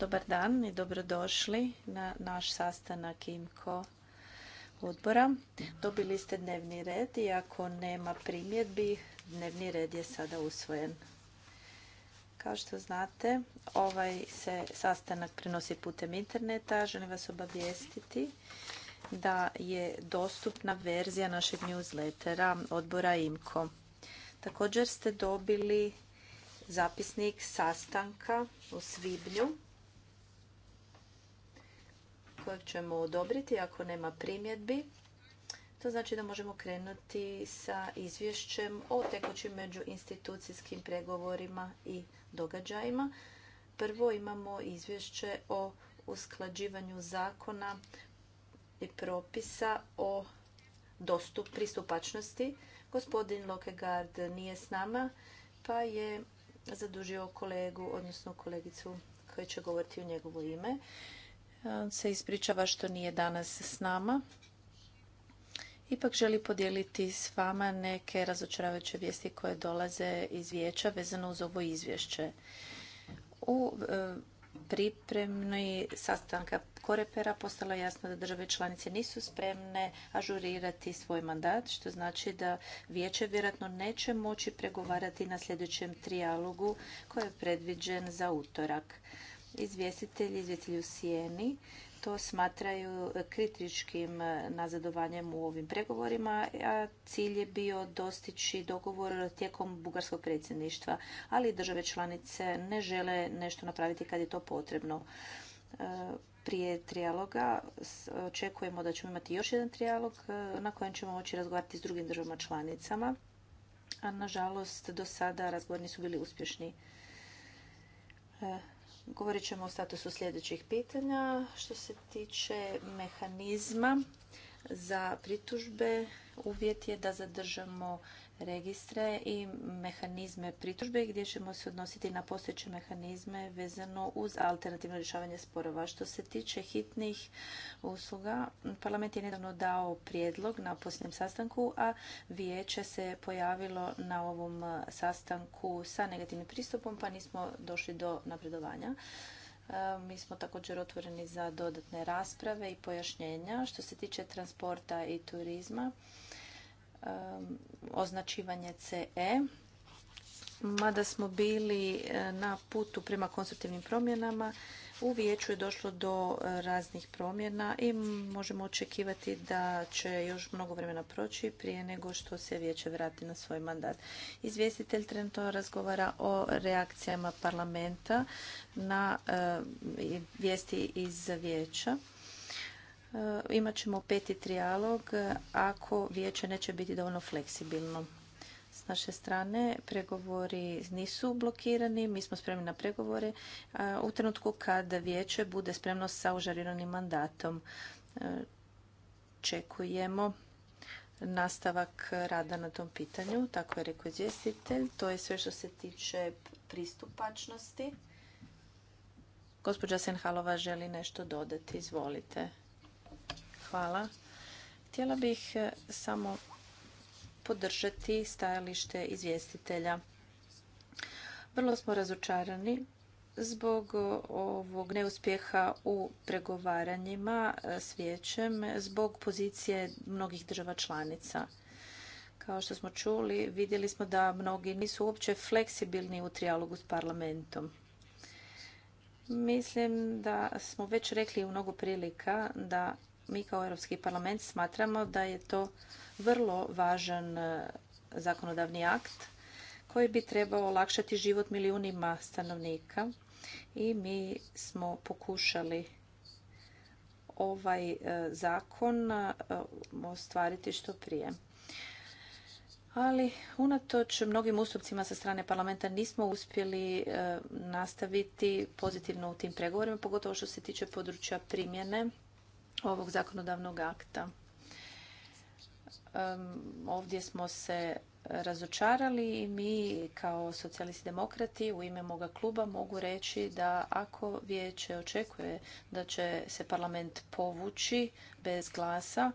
Dobar dan i dobrodošli na naš sastanak IMKO odbora. Dobili ste dnevni red i ako nema primjedbi, dnevni red je sada usvojen. Kao što znate, ovaj se sastanak prenosi putem interneta. Želim vas obavijestiti da je dostupna verzija našeg newslettera odbora IMKO. Također ste dobili zapisnik sastanka u svibnju kojeg ćemo odobriti ako nema primjedbi. To znači da možemo krenuti sa izvješćem o tekućim međuinstitucijskim pregovorima i događajima. Prvo imamo izvješće o usklađivanju zakona i propisa o dostup pristupačnosti. Gospodin Lokegard nije s nama, pa je zadužio kolegu, odnosno kolegicu koja će govoriti u njegovo ime. On se ispričava što nije danas s nama. Ipak želi podijeliti s vama neke razočaravajuće vijesti koje dolaze iz vijeća vezano uz ovo izvješće. U e, pripremni sastanka Korepera postalo je jasno da države članice nisu spremne ažurirati svoj mandat, što znači da vijeće vjerojatno neće moći pregovarati na sljedećem trijalogu koji je predviđen za utorak. Izvjestitelj izvjestitelji u Sijeni to smatraju kritičkim nazadovanjem u ovim pregovorima, a cilj je bio dostići dogovor tijekom bugarskog predsjedništva, ali države članice ne žele nešto napraviti kad je to potrebno. E, prije trijaloga očekujemo da ćemo imati još jedan trijalog e, na kojem ćemo moći razgovarati s drugim državama članicama, a nažalost do sada razgovor nisu bili uspješni. E, Govorit ćemo o statusu sljedećih pitanja. Što se tiče mehanizma za pritužbe, uvjet je da zadržamo registre i mehanizme pritužbe gdje ćemo se odnositi na postojeće mehanizme vezano uz alternativno rješavanje sporova. Što se tiče hitnih usluga, parlament je nedavno dao prijedlog na posljednjem sastanku, a vijeće se pojavilo na ovom sastanku sa negativnim pristupom, pa nismo došli do napredovanja. E, mi smo također otvoreni za dodatne rasprave i pojašnjenja. Što se tiče transporta i turizma, Um, označivanje CE. Mada smo bili e, na putu prema konstruktivnim promjenama, u vijeću je došlo do e, raznih promjena i možemo očekivati da će još mnogo vremena proći prije nego što se vijeće vrati na svoj mandat. Izvjestitelj trenutno razgovara o reakcijama parlamenta na e, vijesti iz vijeća E, imat ćemo peti trijalog e, ako vijeće neće biti dovoljno fleksibilno. S naše strane pregovori nisu blokirani, mi smo spremni na pregovore e, u trenutku kad vijeće bude spremno sa užariranim mandatom. Čekujemo nastavak rada na tom pitanju, tako je rekao izvjestitelj. To je sve što se tiče pristupačnosti. Gospođa Senhalova želi nešto dodati, izvolite. Hvala. Htjela bih e, samo podržati stajalište izvjestitelja. Vrlo smo razočarani zbog e, ovog neuspjeha u pregovaranjima e, s vijećem zbog pozicije mnogih država članica. Kao što smo čuli, vidjeli smo da mnogi nisu uopće fleksibilni u trijalogu s parlamentom. Mislim da smo već rekli u mnogo prilika da mi kao Europski parlament smatramo da je to vrlo važan e, zakonodavni akt koji bi trebao olakšati život milijunima stanovnika i mi smo pokušali ovaj e, zakon e, ostvariti što prije. Ali unatoč mnogim ustupcima sa strane parlamenta nismo uspjeli nastaviti pozitivno u tim pregovorima, pogotovo što se tiče područja primjene ovog zakonodavnog akta. Ovdje smo se razočarali i mi kao socijalisti demokrati u ime moga kluba mogu reći da ako vijeće očekuje da će se parlament povući bez glasa,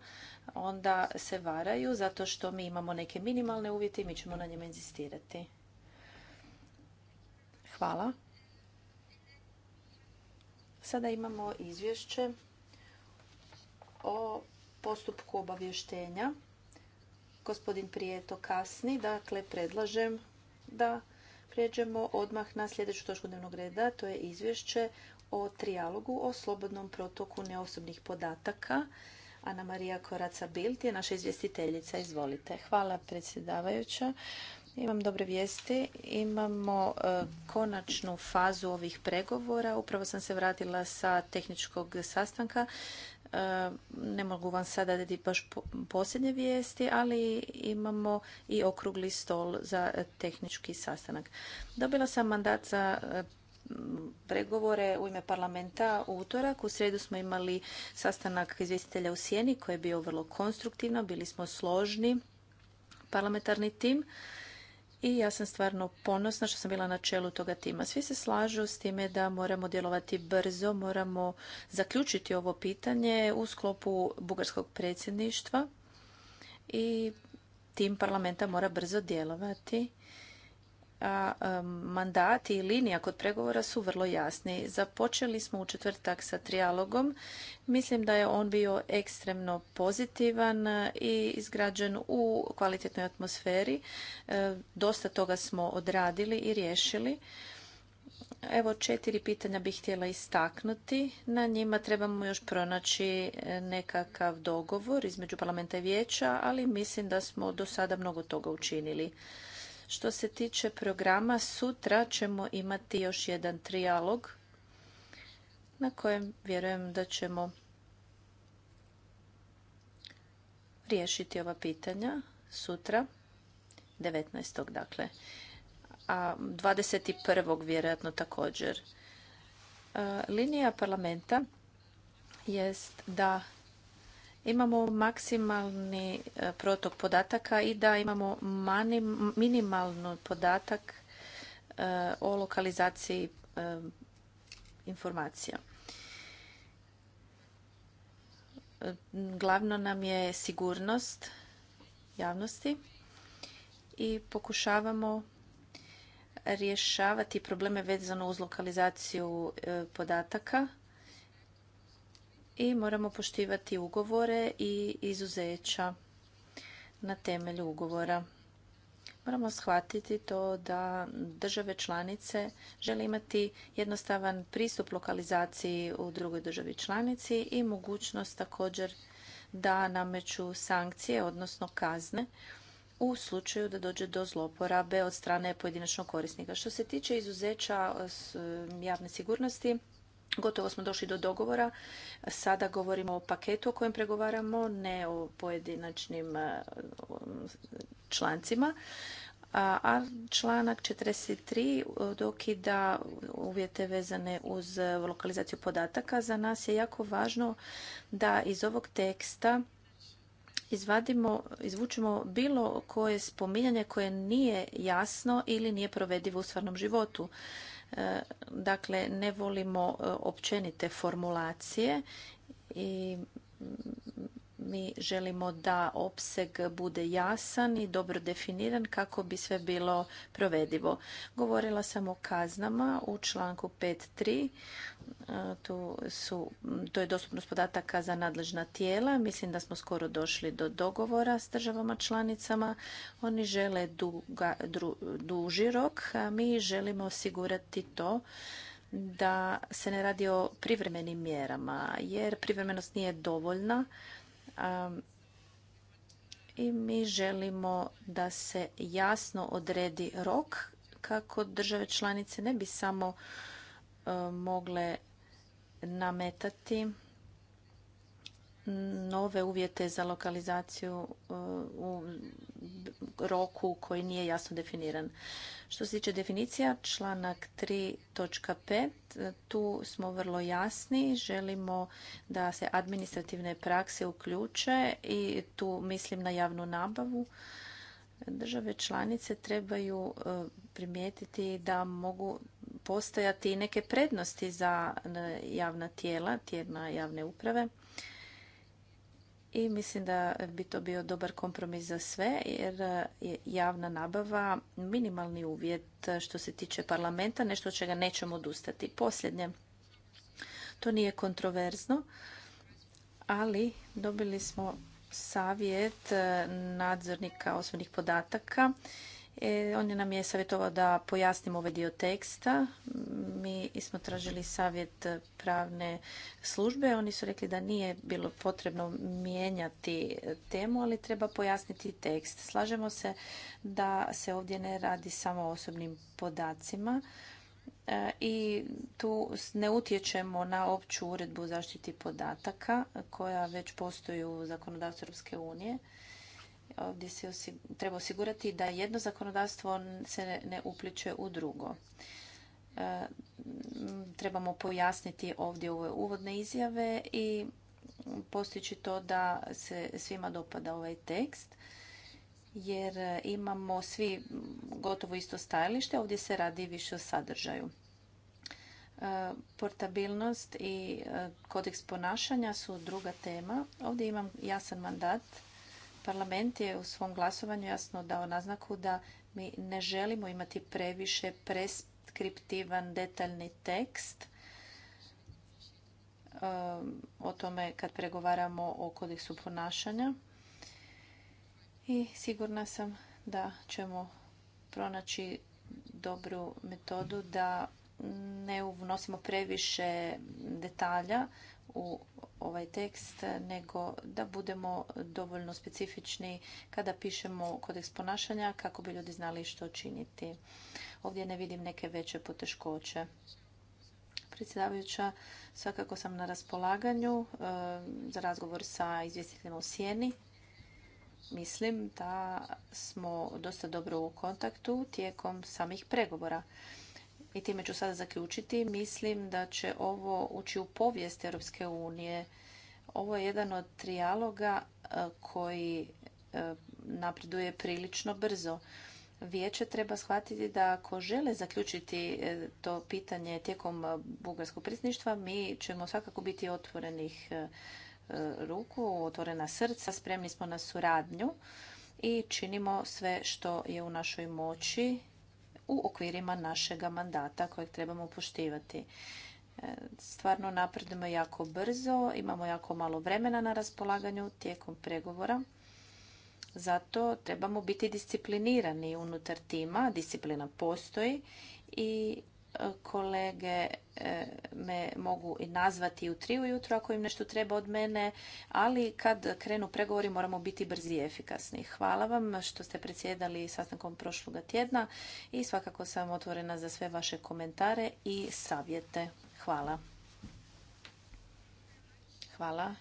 onda se varaju zato što mi imamo neke minimalne uvjete i mi ćemo na njima inzistirati. Hvala. Sada imamo izvješće o postupku obavještenja. Gospodin Prijeto kasni, dakle predlažem da prijeđemo odmah na sljedeću točku dnevnog reda, to je izvješće o trijalogu o slobodnom protoku neosobnih podataka. Ana Marija Koraca Bilt je naša izvjestiteljica. Izvolite. Hvala predsjedavajuća. Imam dobre vijesti. Imamo e, konačnu fazu ovih pregovora. Upravo sam se vratila sa tehničkog sastanka ne mogu vam sada dati baš posljednje vijesti, ali imamo i okrugli stol za tehnički sastanak. Dobila sam mandat za e, pregovore u ime parlamenta u utorak. U sredu smo imali sastanak izvjestitelja u Sjeni koji je bio vrlo konstruktivno. Bili smo složni parlamentarni tim i ja sam stvarno ponosna što sam bila na čelu toga tima. Svi se slažu s time da moramo djelovati brzo, moramo zaključiti ovo pitanje u sklopu bugarskog predsjedništva i tim parlamenta mora brzo djelovati a mandati i linija kod pregovora su vrlo jasni. Započeli smo u četvrtak sa trijalogom. Mislim da je on bio ekstremno pozitivan e, i izgrađen u kvalitetnoj atmosferi. E, dosta toga smo odradili i riješili. Evo četiri pitanja bih htjela istaknuti. Na njima trebamo još pronaći e, nekakav dogovor između parlamenta i vijeća, ali mislim da smo do sada mnogo toga učinili. Što se tiče programa, sutra ćemo imati još jedan trijalog na kojem vjerujem da ćemo riješiti ova pitanja sutra, 19. dakle, a 21. vjerojatno također. E, linija parlamenta jest da imamo maksimalni e, protok podataka i da imamo minimalni podatak e, o lokalizaciji e, informacija. Glavno nam je sigurnost javnosti i pokušavamo rješavati probleme vezano uz lokalizaciju podataka i moramo poštivati ugovore i izuzeća na temelju ugovora. Moramo shvatiti to da države članice žele imati jednostavan pristup lokalizaciji u drugoj državi članici i mogućnost također da nameću sankcije, odnosno kazne, u slučaju da dođe do zloporabe od strane pojedinačnog korisnika. Što se tiče izuzeća javne sigurnosti, Gotovo smo došli do dogovora. Sada govorimo o paketu o kojem pregovaramo, ne o pojedinačnim e, člancima. A članak 43 dokida uvjete vezane uz lokalizaciju podataka. Za nas je jako važno da iz ovog teksta izvadimo, izvučemo bilo koje spominjanje koje nije jasno ili nije provedivo u stvarnom životu. E, dakle, ne volimo e, općenite formulacije i mi želimo da opseg bude jasan i dobro definiran kako bi sve bilo provedivo. Govorila sam o kaznama u članku 5.3. Tu, su, to je dostupnost podataka za nadležna tijela. Mislim da smo skoro došli do dogovora s državama članicama. Oni žele duži rok, a mi želimo osigurati to da se ne radi o privremenim mjerama, jer privremenost nije dovoljna i mi želimo da se jasno odredi rok kako države članice ne bi samo e, mogle nametati nove uvjete za lokalizaciju uh, u roku koji nije jasno definiran. Što se tiče definicija, članak 3.5, tu smo vrlo jasni, želimo da se administrativne prakse uključe i tu mislim na javnu nabavu. Države članice trebaju uh, primijetiti da mogu postojati i neke prednosti za e, javna tijela, tjedna javne uprave. I mislim da bi to bio dobar kompromis za sve, jer e, je javna nabava minimalni uvjet što se tiče parlamenta, nešto od čega nećemo odustati. Posljednje, to nije kontroverzno, ali dobili smo savjet e, nadzornika osobnih podataka E, on je nam je savjetovao da pojasnimo ovaj dio teksta. Mi smo tražili savjet pravne službe. Oni su rekli da nije bilo potrebno mijenjati temu, ali treba pojasniti tekst. Slažemo se da se ovdje ne radi samo o osobnim podacima e, i tu ne utječemo na opću uredbu zaštiti podataka koja već postoji u zakonodavstvu Europske unije Ovdje se treba osigurati da jedno zakonodavstvo se ne upliče u drugo. E, trebamo pojasniti ovdje ove uvodne izjave i postići to da se svima dopada ovaj tekst jer imamo svi gotovo isto stajalište, ovdje se radi više o sadržaju. E, portabilnost i e, kodeks ponašanja su druga tema. Ovdje imam jasan mandat Parlament je u svom glasovanju jasno dao naznaku da mi ne želimo imati previše preskriptivan detaljni tekst um, o tome kad pregovaramo o kodeksu ponašanja. I sigurna sam da ćemo pronaći dobru metodu da ne unosimo previše detalja u ovaj tekst, nego da budemo dovoljno specifični kada pišemo kodeks ponašanja kako bi ljudi znali što činiti. Ovdje ne vidim neke veće poteškoće. Predsjedavajuća, svakako sam na raspolaganju e, za razgovor sa izvjestiteljima u Sjeni. Mislim da smo dosta dobro u kontaktu tijekom samih pregovora i time ću sada zaključiti, mislim da će ovo ući u povijest Europske unije. Ovo je jedan od trijaloga e, koji e, napreduje prilično brzo. Vijeće treba shvatiti da ako žele zaključiti e, to pitanje tijekom bugarskog predsjedništva, mi ćemo svakako biti otvorenih ruku, otvorena srca, spremni smo na suradnju i činimo sve što je u našoj moći u okvirima našega mandata kojeg trebamo poštivati. E, stvarno napredujemo jako brzo, imamo jako malo vremena na raspolaganju tijekom pregovora. Zato trebamo biti disciplinirani unutar tima, disciplina postoji i kolege e, me mogu i nazvati u tri ujutro ako im nešto treba od mene, ali kad krenu pregovori moramo biti brzi i efikasni. Hvala vam što ste predsjedali sastankom prošloga tjedna i svakako sam otvorena za sve vaše komentare i savjete. Hvala. Hvala.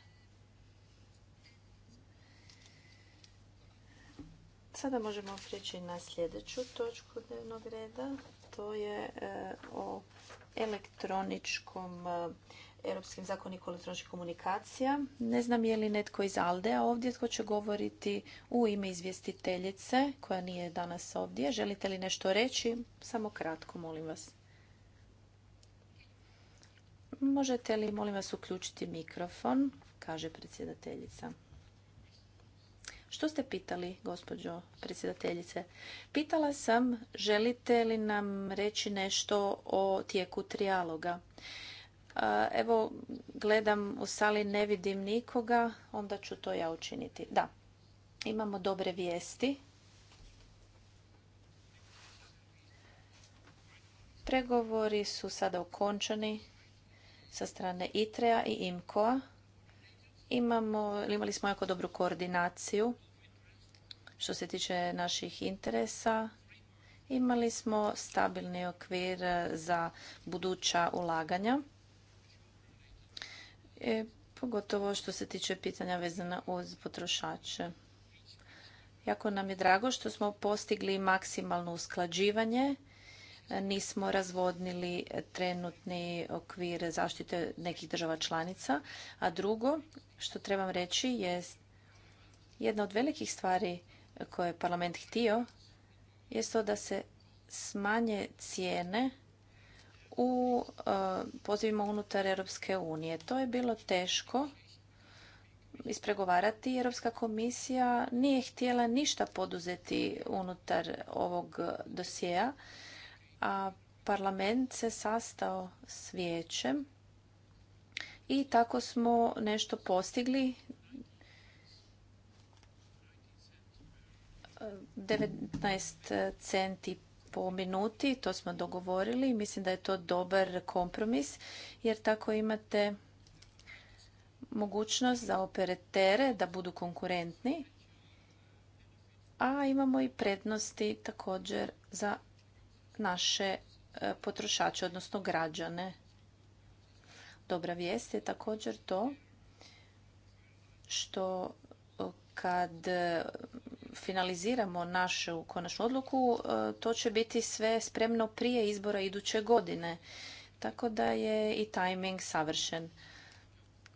Sada možemo prijeći na sljedeću točku dnevnog reda to je e, o elektroničkom e, Europskim zakoniku elektroničkih komunikacija. Ne znam je li netko iz Aldea ovdje tko će govoriti u ime izvjestiteljice koja nije danas ovdje. Želite li nešto reći? Samo kratko, molim vas. Možete li, molim vas, uključiti mikrofon, kaže predsjedateljica. Što ste pitali, gospođo predsjedateljice? Pitala sam želite li nam reći nešto o tijeku trijaloga. Evo, gledam u sali, ne vidim nikoga, onda ću to ja učiniti. Da, imamo dobre vijesti. Pregovori su sada okončani sa strane ITREA i IMKOA. Imamo, imali smo jako dobru koordinaciju što se tiče naših interesa. Imali smo stabilni okvir za buduća ulaganja. E, pogotovo što se tiče pitanja vezana uz potrošače. Jako nam je drago što smo postigli maksimalno usklađivanje nismo razvodnili trenutni okvir zaštite nekih država članica. A drugo, što trebam reći, je jedna od velikih stvari koje je parlament htio, je to da se smanje cijene u e, pozivima unutar Europske unije. To je bilo teško ispregovarati. Europska komisija nije htjela ništa poduzeti unutar ovog dosjea a parlament se sastao s vijećem i tako smo nešto postigli 19 centi po minuti, to smo dogovorili. Mislim da je to dobar kompromis jer tako imate mogućnost za operetere da budu konkurentni, a imamo i prednosti također za naše e, potrošače, odnosno građane. Dobra vijest je također to što e, kad e, finaliziramo našu konačnu odluku, to će biti sve spremno prije izbora iduće godine. Tako da je i tajming savršen.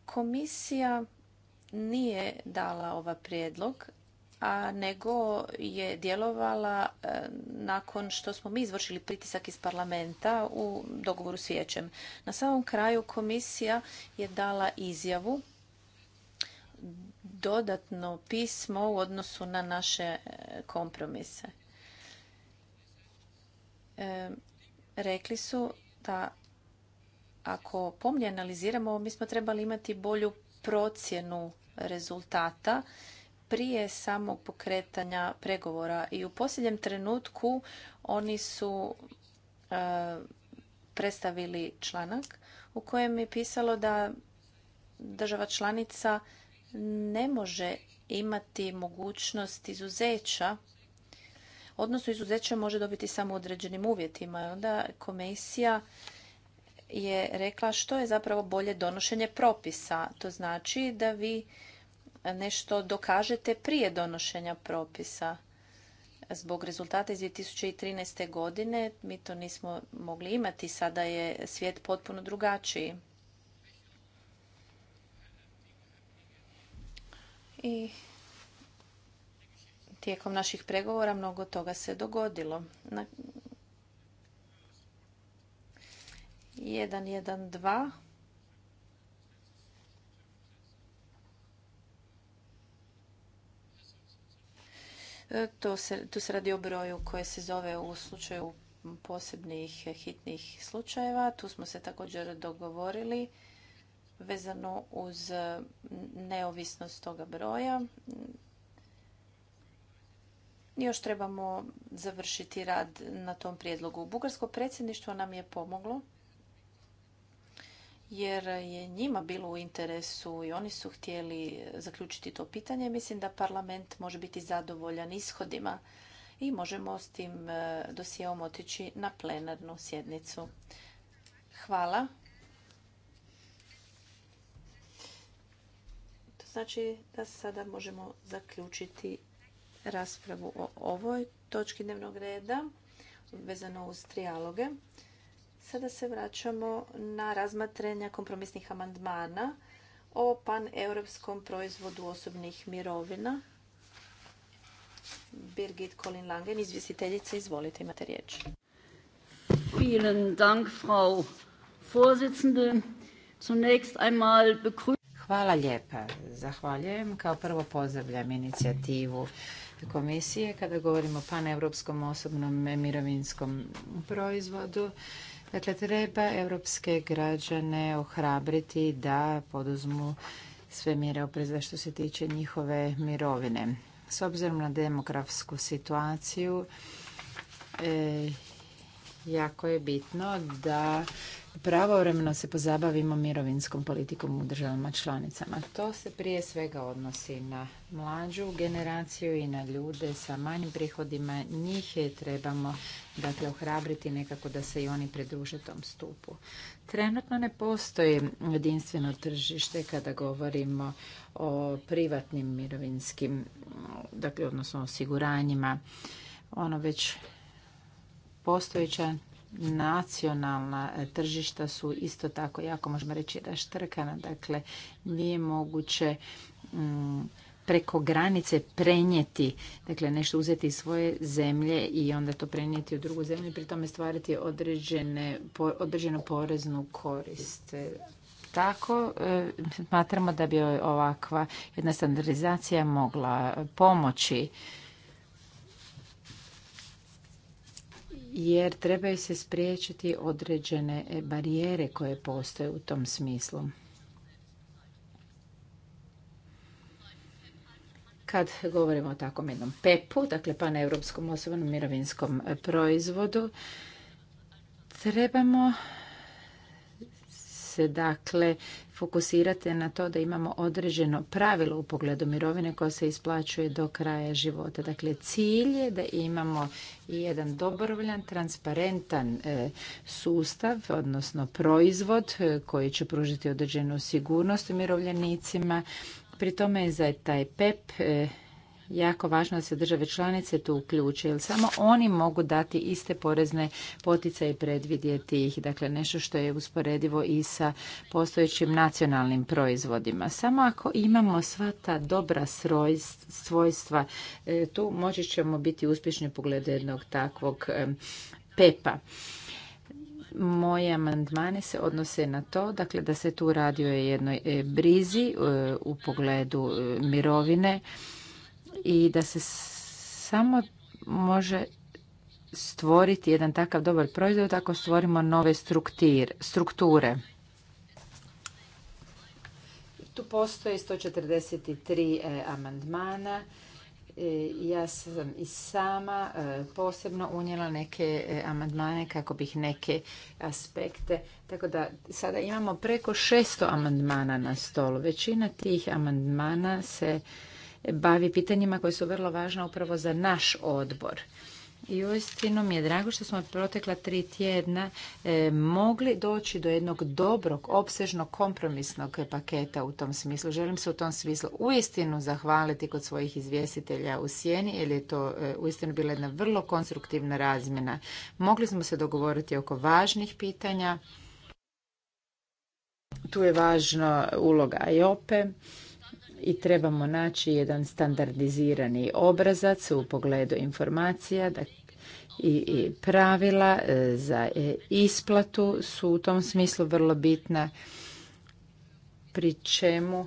Komisija nije dala ovaj prijedlog a nego je djelovala e, nakon što smo mi izvršili pritisak iz parlamenta u dogovoru s vijećem. Na samom kraju komisija je dala izjavu dodatno pismo u odnosu na naše e, kompromise. E, rekli su da ako pomnije analiziramo, mi smo trebali imati bolju procjenu rezultata prije samog pokretanja pregovora i u posljednjem trenutku oni su e, predstavili članak u kojem je pisalo da država članica ne može imati mogućnost izuzeća odnosno izuzeće može dobiti samo u određenim uvjetima. i Onda komisija je rekla što je zapravo bolje donošenje propisa. To znači da vi nešto dokažete prije donošenja propisa. Zbog rezultata iz 2013. godine mi to nismo mogli imati. Sada je svijet potpuno drugačiji. I tijekom naših pregovora mnogo toga se dogodilo. jedan dva E, to se, tu se radi o broju koje se zove u slučaju posebnih hitnih slučajeva. Tu smo se također dogovorili vezano uz neovisnost toga broja. Još trebamo završiti rad na tom prijedlogu. Bugarsko predsjedništvo nam je pomoglo jer je njima bilo u interesu i oni su htjeli zaključiti to pitanje. Mislim da parlament može biti zadovoljan ishodima i možemo s tim e, dosijevom otići na plenarnu sjednicu. Hvala. To znači da sada možemo zaključiti raspravu o ovoj točki dnevnog reda vezano uz trijaloge. Sada se vraćamo na razmatranje kompromisnih amandmana o paneuropskom proizvodu osobnih mirovina. Birgit Colin Langen, izvjestiteljica, izvolite, imate riječ. Vielen Dank, Hvala lijepa. Zahvaljujem. Kao prvo pozdravljam inicijativu komisije kada govorimo o paneuropskom osobnom mirovinskom proizvodu. Dakle, treba europske građane ohrabriti da poduzmu sve mjere opreza što se tiče njihove mirovine. S obzirom na demografsku situaciju, e, jako je bitno da pravovremeno se pozabavimo mirovinskom politikom u državama članicama. To se prije svega odnosi na mlađu generaciju i na ljude sa manjim prihodima. Njih je trebamo dakle, ohrabriti nekako da se i oni pridruže tom stupu. Trenutno ne postoji jedinstveno tržište kada govorimo o privatnim mirovinskim, dakle, odnosno osiguranjima. Ono već postojeća nacionalna tržišta su isto tako jako možemo reći raštrkana, dakle nije moguće mm, preko granice prenijeti, dakle nešto uzeti iz svoje zemlje i onda to prenijeti u drugu zemlju i pri tome stvarati određenu poreznu korist. Tako e, smatramo da bi ovakva jedna standardizacija mogla pomoći jer trebaju se spriječiti određene barijere koje postoje u tom smislu. Kad govorimo o takvom jednom PEP-u, dakle paneuropskom osobnom mirovinskom proizvodu, trebamo dakle fokusirate na to da imamo određeno pravilo u pogledu mirovine koja se isplaćuje do kraja života. Dakle, cilj je da imamo i jedan dobrovoljan, transparentan e, sustav, odnosno proizvod e, koji će pružiti određenu sigurnost umirovljenicima. Pri tome je za taj PEP e jako važno da se države članice tu uključe, jer samo oni mogu dati iste porezne potice i predvidjeti ih, dakle nešto što je usporedivo i sa postojećim nacionalnim proizvodima. Samo ako imamo sva ta dobra svojstva, e, tu moći ćemo biti uspješni u pogledu jednog takvog e, pepa. Moje amandmane se odnose na to, dakle da se tu radi o jednoj e, brizi u pogledu mirovine i da se samo može stvoriti jedan takav dobar proizvod ako stvorimo nove strukture. Tu postoje 143 e, amandmana. E, ja sam i sama e, posebno unijela neke e, amandmane kako bih neke aspekte. Tako da sada imamo preko 600 amandmana na stolu. Većina tih amandmana se bavi pitanjima koje su vrlo važna upravo za naš odbor. I uistinu mi je drago što smo protekla tri tjedna e, mogli doći do jednog dobrog, opsežnog, kompromisnog paketa u tom smislu. Želim se u tom smislu uistinu zahvaliti kod svojih izvjestitelja u Sjeni, jer je to e, uistinu bila jedna vrlo konstruktivna razmjena. Mogli smo se dogovoriti oko važnih pitanja. Tu je važna uloga IOPE i trebamo naći jedan standardizirani obrazac u pogledu informacija da i pravila e, za e, isplatu su u tom smislu vrlo bitna pri čemu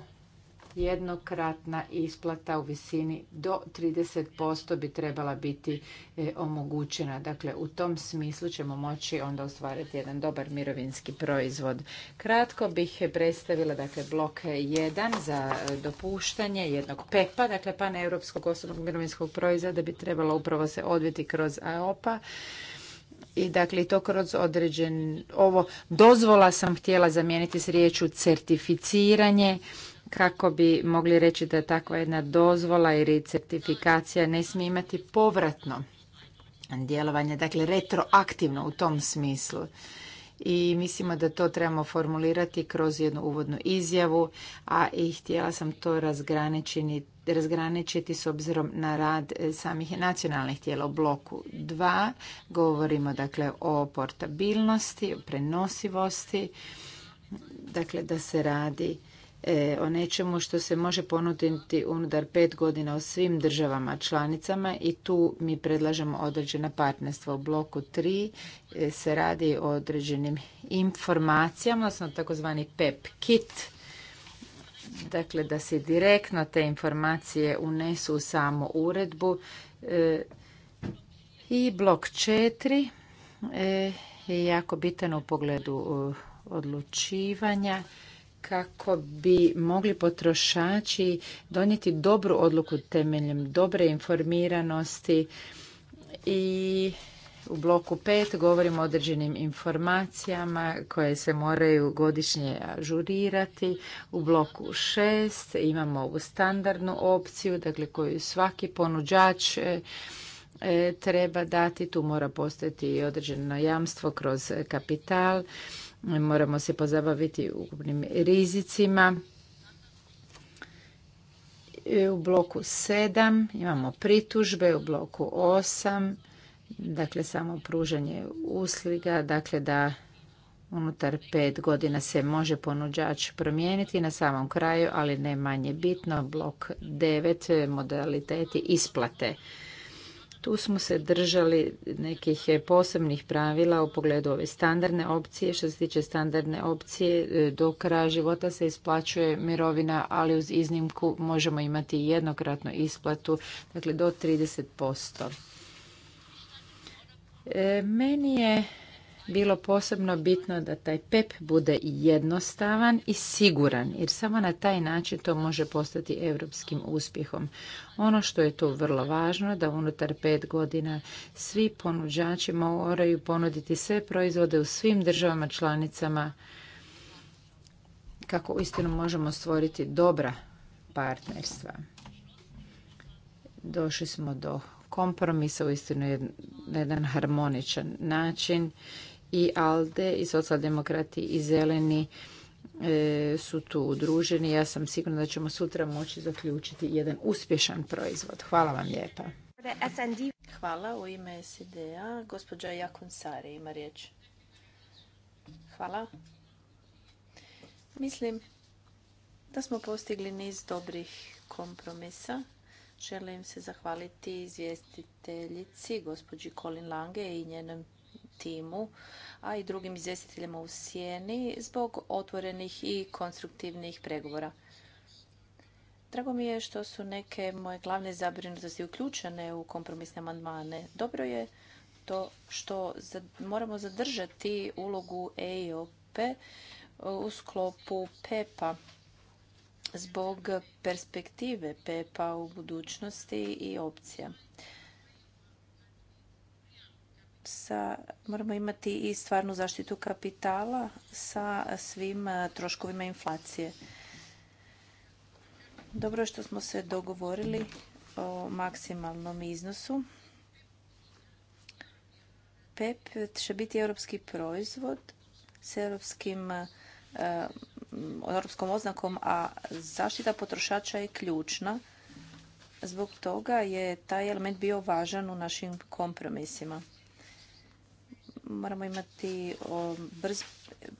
jednokratna isplata u visini do 30% bi trebala biti e, omogućena. Dakle, u tom smislu ćemo moći onda ostvariti jedan dobar mirovinski proizvod. Kratko bih predstavila dakle, blok 1 za e, dopuštanje jednog PEPA, dakle Europskog osobnog mirovinskog proizvoda bi trebalo upravo se odviti kroz AOPA i dakle to kroz određen ovo dozvola sam htjela zamijeniti s riječu certificiranje kako bi mogli reći da je takva jedna dozvola ili certifikacija ne smije imati povratno djelovanje, dakle retroaktivno u tom smislu. I mislimo da to trebamo formulirati kroz jednu uvodnu izjavu, a i htjela sam to razgraničiti, razgraničiti s obzirom na rad e, samih nacionalnih tijela u bloku 2. Govorimo dakle o portabilnosti, o prenosivosti, dakle da se radi E, o nečemu što se može ponuditi unutar pet godina u svim državama članicama i tu mi predlažemo određena partnerstva. U bloku tri e, se radi o određenim informacijama, odnosno takozvani PEP e kit, dakle da se direktno te informacije unesu u samu uredbu i blok četiri je jako bitan u pogledu odlučivanja kako bi mogli potrošači donijeti dobru odluku temeljem dobre informiranosti i u bloku 5 govorimo o određenim informacijama koje se moraju godišnje ažurirati. U bloku 6 imamo ovu standardnu opciju, dakle koju svaki ponuđač E, treba dati, tu mora i određeno jamstvo kroz kapital, moramo se pozabaviti ukupnim rizicima. E, u bloku 7 imamo pritužbe, u bloku 8 dakle samo pružanje usliga. dakle da unutar pet godina se može ponuđač promijeniti na samom kraju, ali ne manje bitno, blok 9, modaliteti isplate. Tu smo se držali nekih posebnih pravila u pogledu ove standardne opcije. Što se tiče standardne opcije, e, do kraja života se isplaćuje mirovina, ali uz iznimku možemo imati jednokratnu isplatu, dakle do 30%. E, meni je bilo posebno bitno da taj PEP bude jednostavan i siguran, jer samo na taj način to može postati europskim uspjehom. Ono što je tu vrlo važno, da unutar pet godina svi ponuđači moraju ponuditi sve proizvode u svim državama članicama kako istinu možemo stvoriti dobra partnerstva. Došli smo do kompromisa uistinu na jedan harmoničan način i ALDE i socijaldemokrati i zeleni e, su tu udruženi. Ja sam sigurna da ćemo sutra moći zaključiti jedan uspješan proizvod. Hvala vam lijepa. Hvala u ime SID-a. Gospođa Jakun Sari ima riječ. Hvala. Mislim da smo postigli niz dobrih kompromisa. Želim se zahvaliti izvjestiteljici, gospođi Colin Lange i njenom timu, a i drugim izvjestiteljima u sjeni zbog otvorenih i konstruktivnih pregovora. Drago mi je što su neke moje glavne zabrinutosti uključene u kompromisne amandmane. Dobro je to što moramo zadržati ulogu EIOP e, u sklopu PEPA zbog perspektive PEPA u budućnosti i opcija sa, moramo imati i stvarnu zaštitu kapitala sa svim e, troškovima inflacije. Dobro je što smo se dogovorili o maksimalnom iznosu. PEP će biti europski proizvod s e, europskom oznakom, a zaštita potrošača je ključna. Zbog toga je taj element bio važan u našim kompromisima moramo imati brz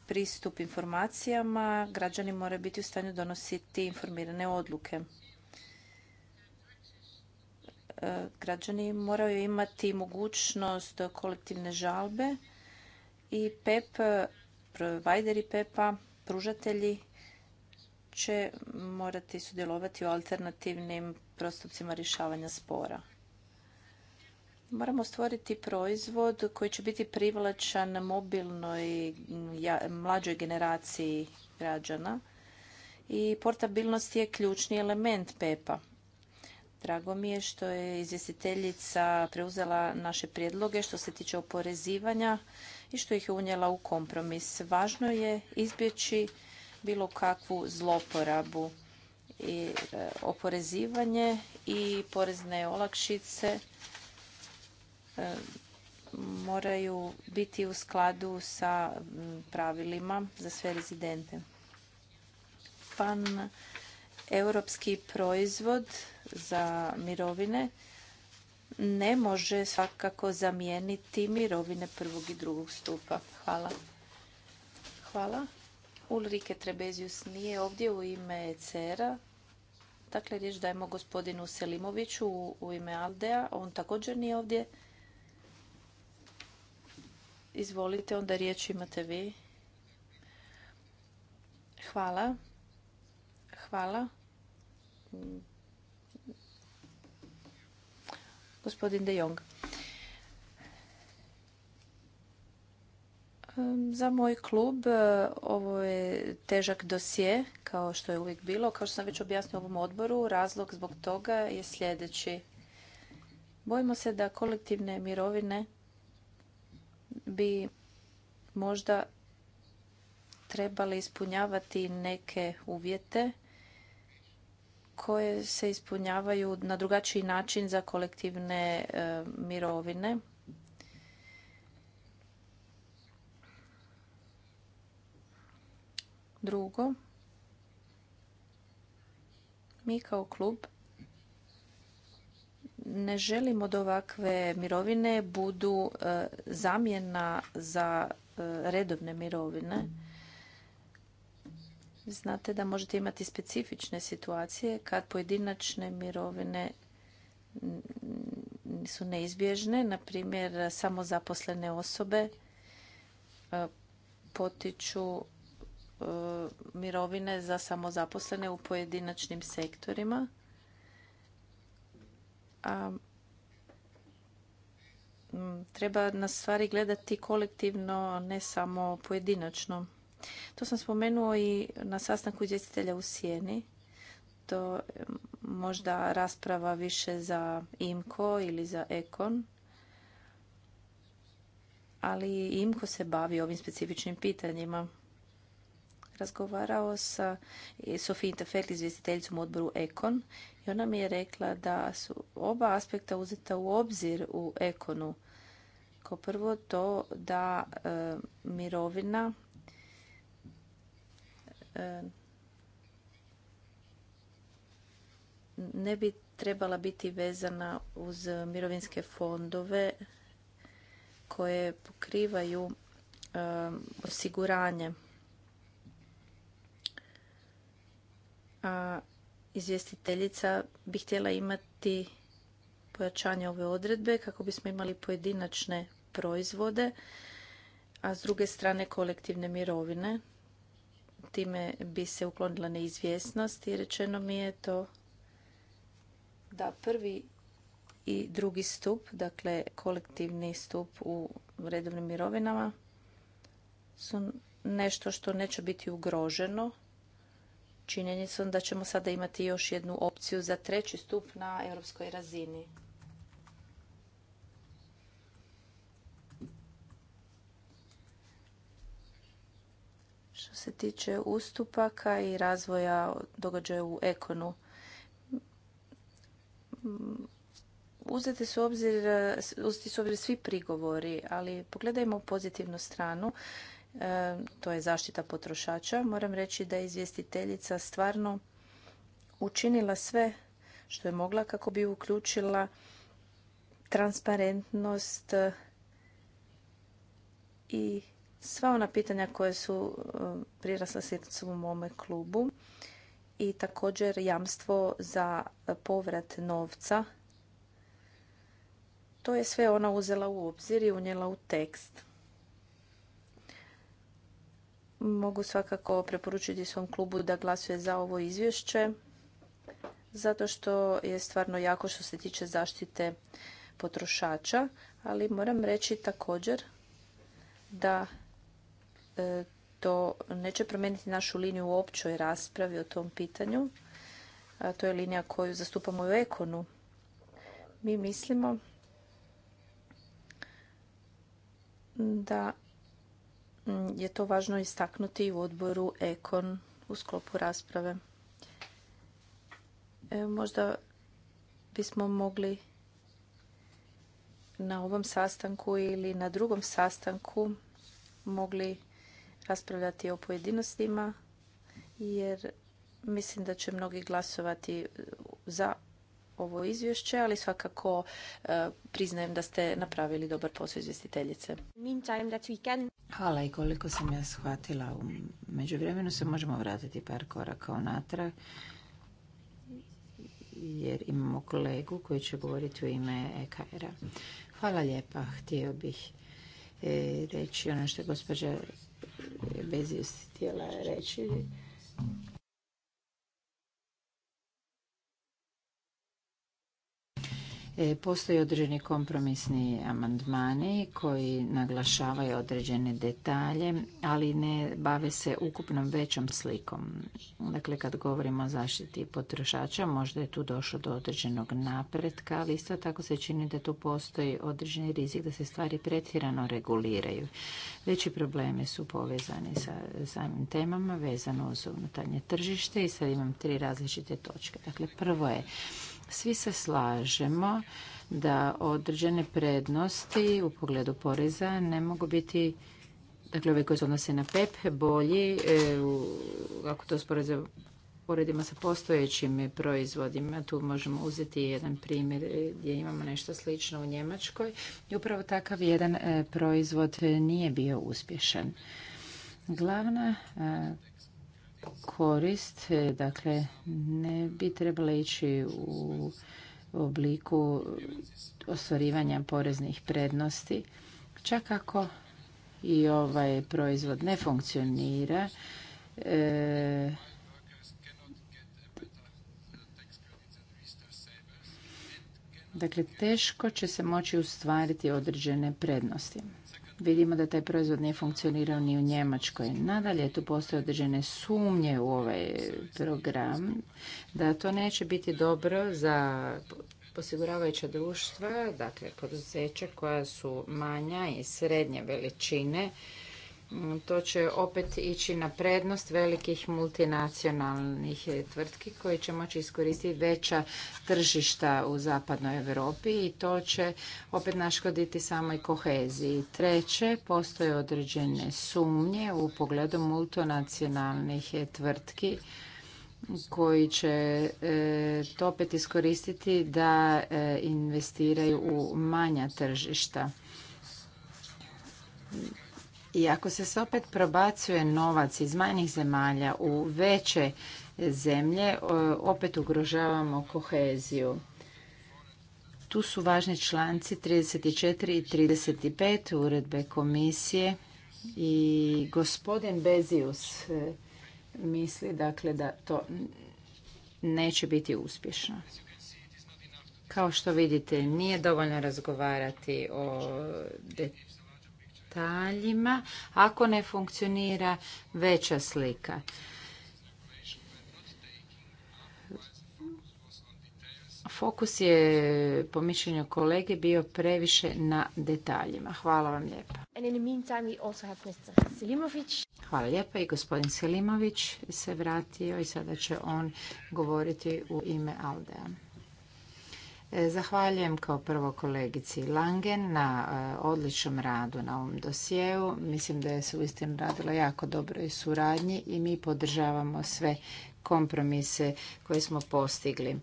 pristup informacijama, građani moraju biti u stanju donositi informirane odluke. E, građani moraju imati mogućnost kolektivne žalbe i PEP, e provideri PEP-a, pružatelji će morati sudjelovati u alternativnim prostupcima rješavanja spora. Moramo stvoriti proizvod koji će biti privlačan mobilnoj mlađoj generaciji građana i portabilnost je ključni element PEPA. Drago mi je što je izvjestiteljica preuzela naše prijedloge što se tiče oporezivanja i što ih je unijela u kompromis. Važno je izbjeći bilo kakvu zloporabu i e, oporezivanje i porezne olakšice moraju biti u skladu sa mm, pravilima za sve rezidente. Pan europski proizvod za mirovine ne može svakako zamijeniti mirovine prvog i drugog stupa. Hvala. Hvala. Ulrike Trebezius nije ovdje u ime Cera. Dakle, riječ dajemo gospodinu Selimoviću u ime Aldea. On također nije ovdje. Izvolite, onda riječ imate vi. Hvala. Hvala. Gospodin De Jong. Za moj klub e, ovo je težak dosje, kao što je uvijek bilo. Kao što sam već objasnila ovom odboru, razlog zbog toga je sljedeći. Bojimo se da kolektivne mirovine bi možda trebali ispunjavati neke uvjete koje se ispunjavaju na drugačiji način za kolektivne e, mirovine. Drugo, mi kao klub ne želimo da ovakve mirovine budu e, zamjena za e, redovne mirovine. Znate da možete imati specifične situacije kad pojedinačne mirovine su neizbježne, na primjer samozaposlene osobe e, potiču mirovine za samozaposlene u pojedinačnim sektorima a mm, treba na stvari gledati kolektivno, ne samo pojedinačno. To sam spomenuo i na sastanku izvjestitelja u Sjeni. To je mm, možda rasprava više za IMKO ili za EKON. Ali IMKO se bavi ovim specifičnim pitanjima. Razgovarao sa Sofijom Tefel, izvjestiteljicom u odboru EKON i ona mi je rekla da su oba aspekta uzeta u obzir u ekonu. Kao prvo to da e, mirovina e, ne bi trebala biti vezana uz mirovinske fondove koje pokrivaju e, osiguranje. A izvjestiteljica bi htjela imati pojačanje ove odredbe kako bismo imali pojedinačne proizvode, a s druge strane kolektivne mirovine. Time bi se uklonila neizvjesnost i rečeno mi je to da prvi i drugi stup, dakle kolektivni stup u redovnim mirovinama su nešto što neće biti ugroženo činjenicom da ćemo sada imati još jednu opciju za treći stup na europskoj razini. Što se tiče ustupaka i razvoja događaja u ekonu, uzeti su obzir, uzeti su svi prigovori, ali pogledajmo pozitivnu stranu. E, to je zaštita potrošača. Moram reći da je izvjestiteljica stvarno učinila sve što je mogla kako bi uključila transparentnost i sva ona pitanja koja su e, prirasla sjednicom u mome klubu i također jamstvo za povrat novca. To je sve ona uzela u obzir i unijela u tekst mogu svakako preporučiti svom klubu da glasuje za ovo izvješće zato što je stvarno jako što se tiče zaštite potrošača, ali moram reći također da e, to neće promijeniti našu liniju u općoj raspravi o tom pitanju. A to je linija koju zastupamo u Ekonu. Mi mislimo da je to važno istaknuti i u odboru Ekon u sklopu rasprave. E, možda bismo mogli na ovom sastanku ili na drugom sastanku mogli raspravljati o pojedinostima jer mislim da će mnogi glasovati za ovo izvješće, ali svakako e, priznajem da ste napravili dobar posao izvjestiteljice. Hvala i koliko sam ja shvatila, u međuvremenu se možemo vratiti par koraka unatrag jer imamo kolegu koji će govoriti u ime ekr Hvala lijepa, htio bih e, reći ono što je gospođa Bezijus htjela reći E, postoje određeni kompromisni amandmani koji naglašavaju određene detalje, ali ne bave se ukupnom većom slikom. Dakle, kad govorimo o zaštiti potrošača, možda je tu došlo do određenog napretka, ali isto tako se čini da tu postoji određeni rizik da se stvari pretjerano reguliraju. Veći problemi su povezani sa samim temama vezano uz unutarnje tržište i sad imam tri različite točke. Dakle, prvo je svi se slažemo da određene prednosti u pogledu poreza ne mogu biti dakle ove koje se odnose na PEP, bolji, e, ako to usporedimo sa postojećim proizvodima, tu možemo uzeti jedan primjer gdje imamo nešto slično u Njemačkoj i upravo takav jedan e, proizvod nije bio uspješan. Glavna e, korist, e, dakle ne bi trebalo ići u obliku ostvarivanja poreznih prednosti. Čak ako i ovaj proizvod ne funkcionira, e, dakle teško će se moći ustvariti određene prednosti vidimo da taj proizvod nije funkcionirao ni u Njemačkoj. Nadalje tu postoje određene sumnje u ovaj program, da to neće biti dobro za osiguravajuća društva, dakle poduzeća koja su manja i srednje veličine, to će opet ići na prednost velikih multinacionalnih tvrtki koje će moći iskoristiti veća tržišta u zapadnoj Europi i to će opet naškoditi samoj koheziji. Treće, postoje određene sumnje u pogledu multinacionalnih tvrtki koji će e, to opet iskoristiti da e, investiraju u manja tržišta i ako se se opet probacuje novac iz manjih zemalja u veće zemlje, opet ugrožavamo koheziju. Tu su važni članci 34 i 35 uredbe komisije i gospodin Bezius e, misli dakle da to neće biti uspješno. Kao što vidite, nije dovoljno razgovarati o detaljima detaljima ako ne funkcionira veća slika. Fokus je, po mišljenju kolege, bio previše na detaljima. Hvala vam lijepa. Hvala lijepa i gospodin Selimović se vratio i sada će on govoriti u ime Aldea. E, zahvaljujem kao prvo kolegici Langen na e, odličnom radu na ovom dosjeu. Mislim da je se uistinu radila jako dobro i suradnji i mi podržavamo sve kompromise koje smo postigli.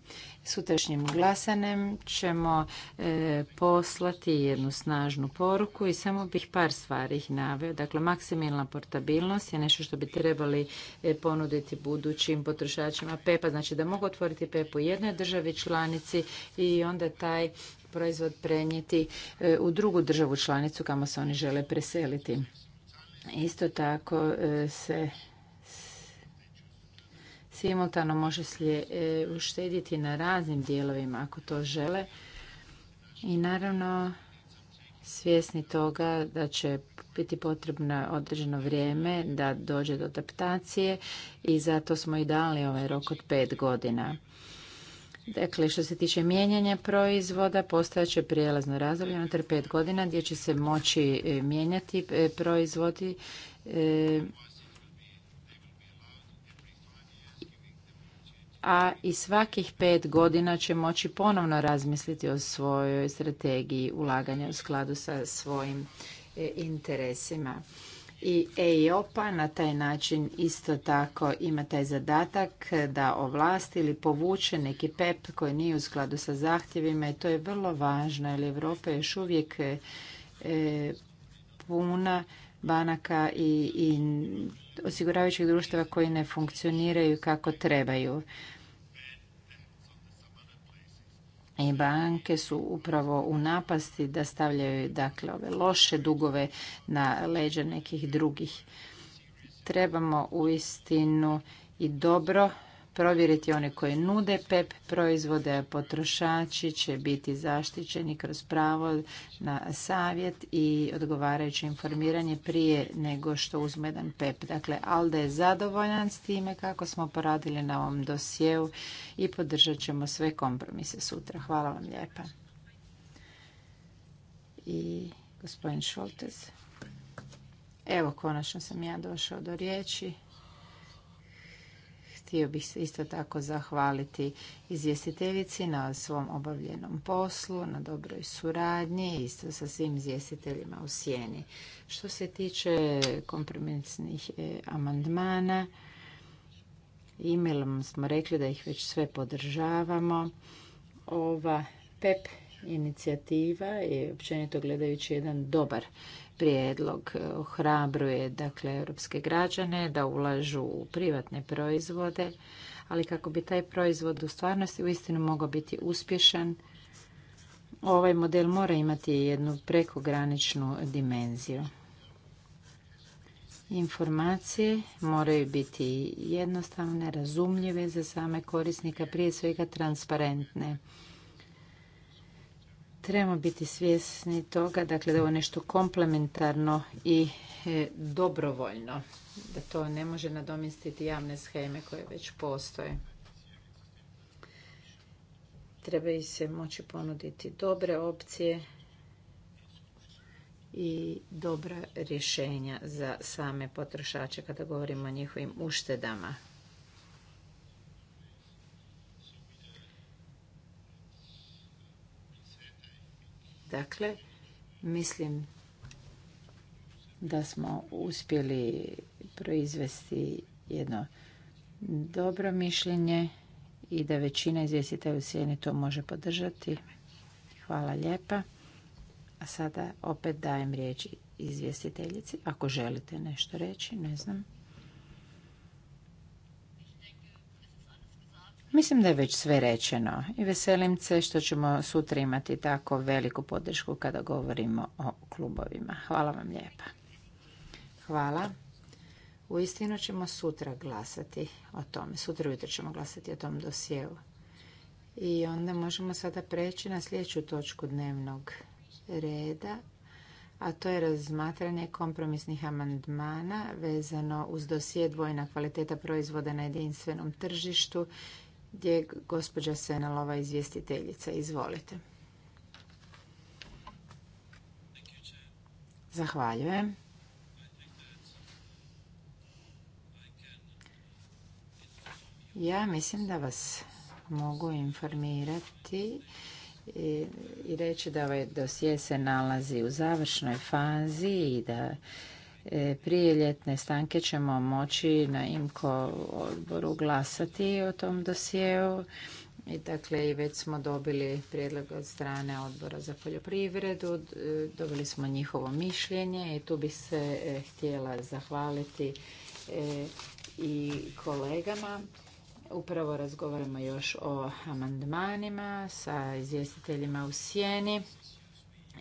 Sutrašnjim glasanjem ćemo e, poslati jednu snažnu poruku i samo bih par stvari ih naveo. Dakle, maksimalna portabilnost je nešto što bi trebali e, ponuditi budućim potrošačima PEPA, znači da mogu otvoriti PEP u jednoj državi članici i onda taj proizvod prenijeti e, u drugu državu članicu kamo se oni žele preseliti. Isto tako se simultano može e, uštedjeti na raznim dijelovima ako to žele. I naravno svjesni toga da će biti potrebno određeno vrijeme da dođe do adaptacije i zato smo i dali ovaj rok od pet godina. Dakle, što se tiče mijenjanja proizvoda, će prijelazno razdoblje unutar pet godina gdje će se moći e, mijenjati e, proizvodi a i svakih pet godina će moći ponovno razmisliti o svojoj strategiji ulaganja u skladu sa svojim e, interesima. I EIOPA na taj način isto tako ima taj zadatak da ovlasti ili povuče neki PEP koji nije u skladu sa zahtjevima i to je vrlo važno jer Europa je još uvijek e, puna banaka i, i osiguravajućih društava koji ne funkcioniraju kako trebaju. I banke su upravo u napasti da stavljaju dakle ove loše dugove na leđa nekih drugih. Trebamo istinu i dobro provjeriti one koje nude PEP e proizvode, a potrošači će biti zaštićeni kroz pravo na savjet i odgovarajuće informiranje prije nego što uzme jedan PEP. E dakle, Alda je zadovoljan s time kako smo poradili na ovom dosjeu i podržat ćemo sve kompromise sutra. Hvala vam lijepa. I gospodin Šoltez. Evo, konačno sam ja došao do riječi. Htio bih isto tako zahvaliti izvjestiteljici na svom obavljenom poslu, na dobroj suradnji, isto sa svim izvjestiteljima u sjeni. Što se tiče kompromisnih e, amandmana, e smo rekli da ih već sve podržavamo. Ova PEP inicijativa i općenito gledajući jedan dobar prijedlog ohrabruje dakle europske građane da ulažu u privatne proizvode, ali kako bi taj proizvod u stvarnosti uistinu mogao biti uspješan, ovaj model mora imati jednu prekograničnu dimenziju. Informacije moraju biti jednostavne, razumljive za same korisnika, prije svega transparentne. Trebamo biti svjesni toga dakle, da je ovo nešto komplementarno i e, dobrovoljno, da to ne može nadomjestiti javne scheme koje već postoje. Treba i se moći ponuditi dobre opcije i dobra rješenja za same potrošače kada govorimo o njihovim uštedama. Dakle, mislim da smo uspjeli proizvesti jedno dobro mišljenje i da većina izvjestitelja u sjeni to može podržati. Hvala lijepa. A sada opet dajem riječ izvjestiteljici. Ako želite nešto reći, ne znam. Mislim da je već sve rečeno i veselim se što ćemo sutra imati tako veliku podršku kada govorimo o klubovima. Hvala vam lijepa. Hvala. Uistinu ćemo sutra glasati o tome. Sutra ujutro ćemo glasati o tom dosjeu. I onda možemo sada preći na sljedeću točku dnevnog reda, a to je razmatranje kompromisnih amandmana vezano uz dosije dvojna kvaliteta proizvoda na jedinstvenom tržištu gdje je gospođa Senalova izvjestiteljica. Izvolite. Zahvaljujem. Ja mislim da vas mogu informirati i reći da ovaj dosje se nalazi u završnoj fazi i da E, prije ljetne stanke ćemo moći na IMKO odboru glasati o tom dosjeu. I dakle, i već smo dobili prijedlog od strane odbora za poljoprivredu, e, dobili smo njihovo mišljenje i tu bi se e, htjela zahvaliti i kolegama. Upravo razgovaramo još o amandmanima sa izvjestiteljima u sjeni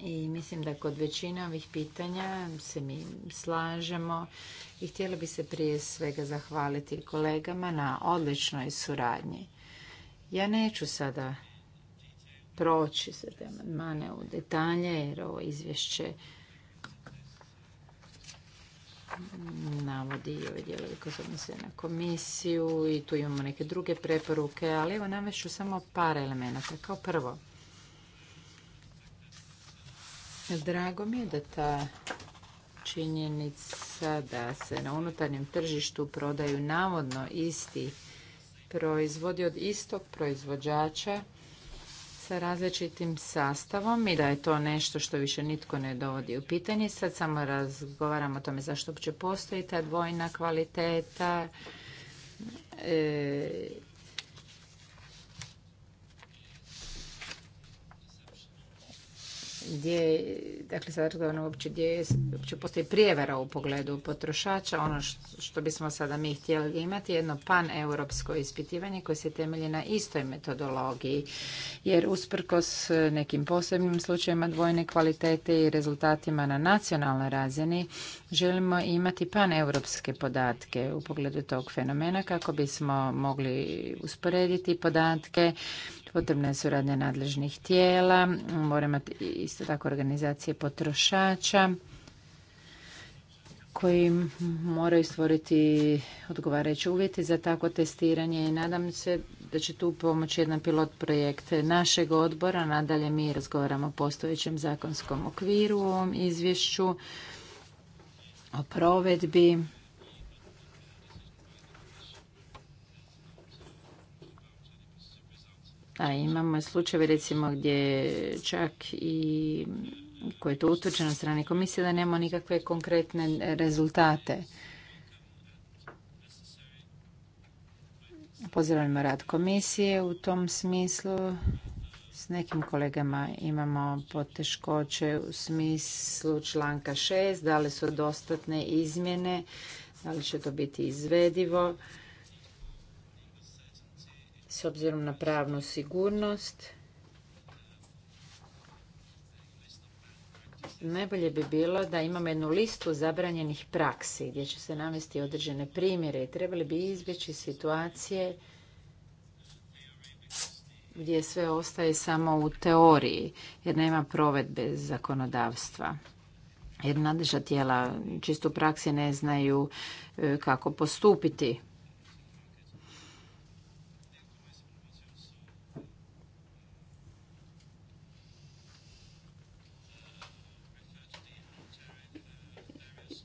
i mislim da kod većine ovih pitanja se mi slažemo i htjela bi se prije svega zahvaliti kolegama na odličnoj suradnji. Ja neću sada proći sve te amandmane u detalje jer ovo izvješće navodi i ove dijelovi koji se odnose na komisiju i tu imamo neke druge preporuke, ali evo navešću samo par elemenata. Kao prvo, Drago mi je da ta činjenica da se na unutarnjem tržištu prodaju navodno isti proizvodi od istog proizvođača sa različitim sastavom i da je to nešto što više nitko ne dovodi u pitanje. Sad samo razgovaramo o tome zašto uopće postoji ta dvojna kvaliteta. E, gdje, dakle sad ono uopće gdje uopće postoji prijevara u pogledu potrošača, ono što, što bismo sada mi htjeli imati, jedno paneuropsko ispitivanje koje se temelji na istoj metodologiji, jer usprkos nekim posebnim slučajevima dvojne kvalitete i rezultatima na nacionalnoj razini, želimo imati paneuropske podatke u pogledu tog fenomena kako bismo mogli usporediti podatke Potrebna je suradnja nadležnih tijela, mora imati isto tako organizacije potrošača koji moraju stvoriti odgovarajuće uvjete za takvo testiranje i nadam se da će tu pomoći jedan pilot projekt našeg odbora. Nadalje mi razgovaramo o postojećem zakonskom okviru u ovom izvješću, o provedbi A imamo slučajeve recimo gdje čak i koje je to utvrđeno strane komisije da nemamo nikakve konkretne rezultate. Pozdravljamo rad komisije u tom smislu. S nekim kolegama imamo poteškoće u smislu članka 6. Da li su dostatne izmjene, da li će to biti izvedivo s obzirom na pravnu sigurnost. Najbolje bi bilo da imamo jednu listu zabranjenih praksi gdje će se navesti određene primjere i trebali bi izbjeći situacije gdje sve ostaje samo u teoriji jer nema provedbe zakonodavstva. Jer nadležna tijela čisto u praksi ne znaju e, kako postupiti.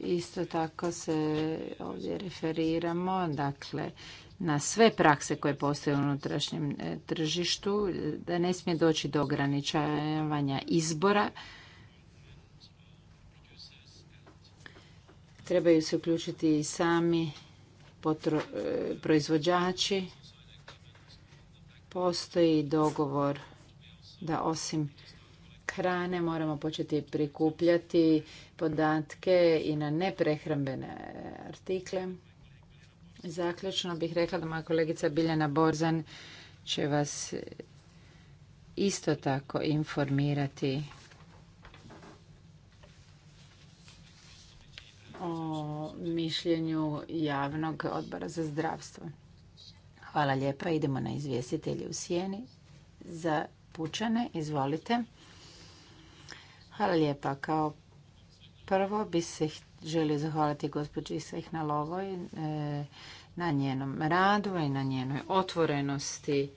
Isto tako se ovdje referiramo, dakle, na sve prakse koje postoje u unutrašnjem e, tržištu, da ne smije doći do ograničavanja izbora. Trebaju se uključiti i sami e, proizvođači. Postoji dogovor da osim hrane moramo početi prikupljati podatke i na neprehrambene artikle. Zaključno bih rekla da moja kolegica Biljana Borzan će vas isto tako informirati o mišljenju javnog odbora za zdravstvo. Hvala lijepa. Idemo na izvjestitelje u sjeni. Za pučane, izvolite. Hvala lijepa. Kao prvo bi se želio zahvaliti gospođi nalovoj e, na njenom radu i na njenoj otvorenosti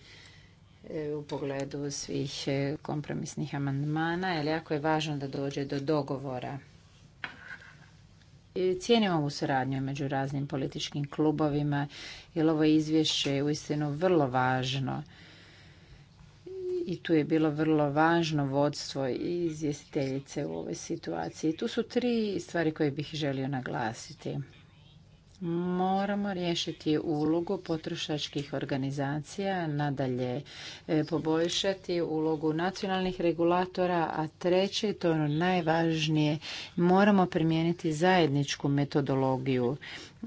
e, u pogledu svih e, kompromisnih amandmana, jer jako je važno da dođe do dogovora. Cijenimo ovu suradnju među raznim političkim klubovima, jer ovo izvješće je uistinu vrlo važno i tu je bilo vrlo važno vodstvo i izvjestiteljice u ovoj situaciji. Tu su tri stvari koje bih želio naglasiti. Moramo riješiti ulogu potrošačkih organizacija, nadalje e, poboljšati ulogu nacionalnih regulatora, a treće, to je ono najvažnije, moramo primijeniti zajedničku metodologiju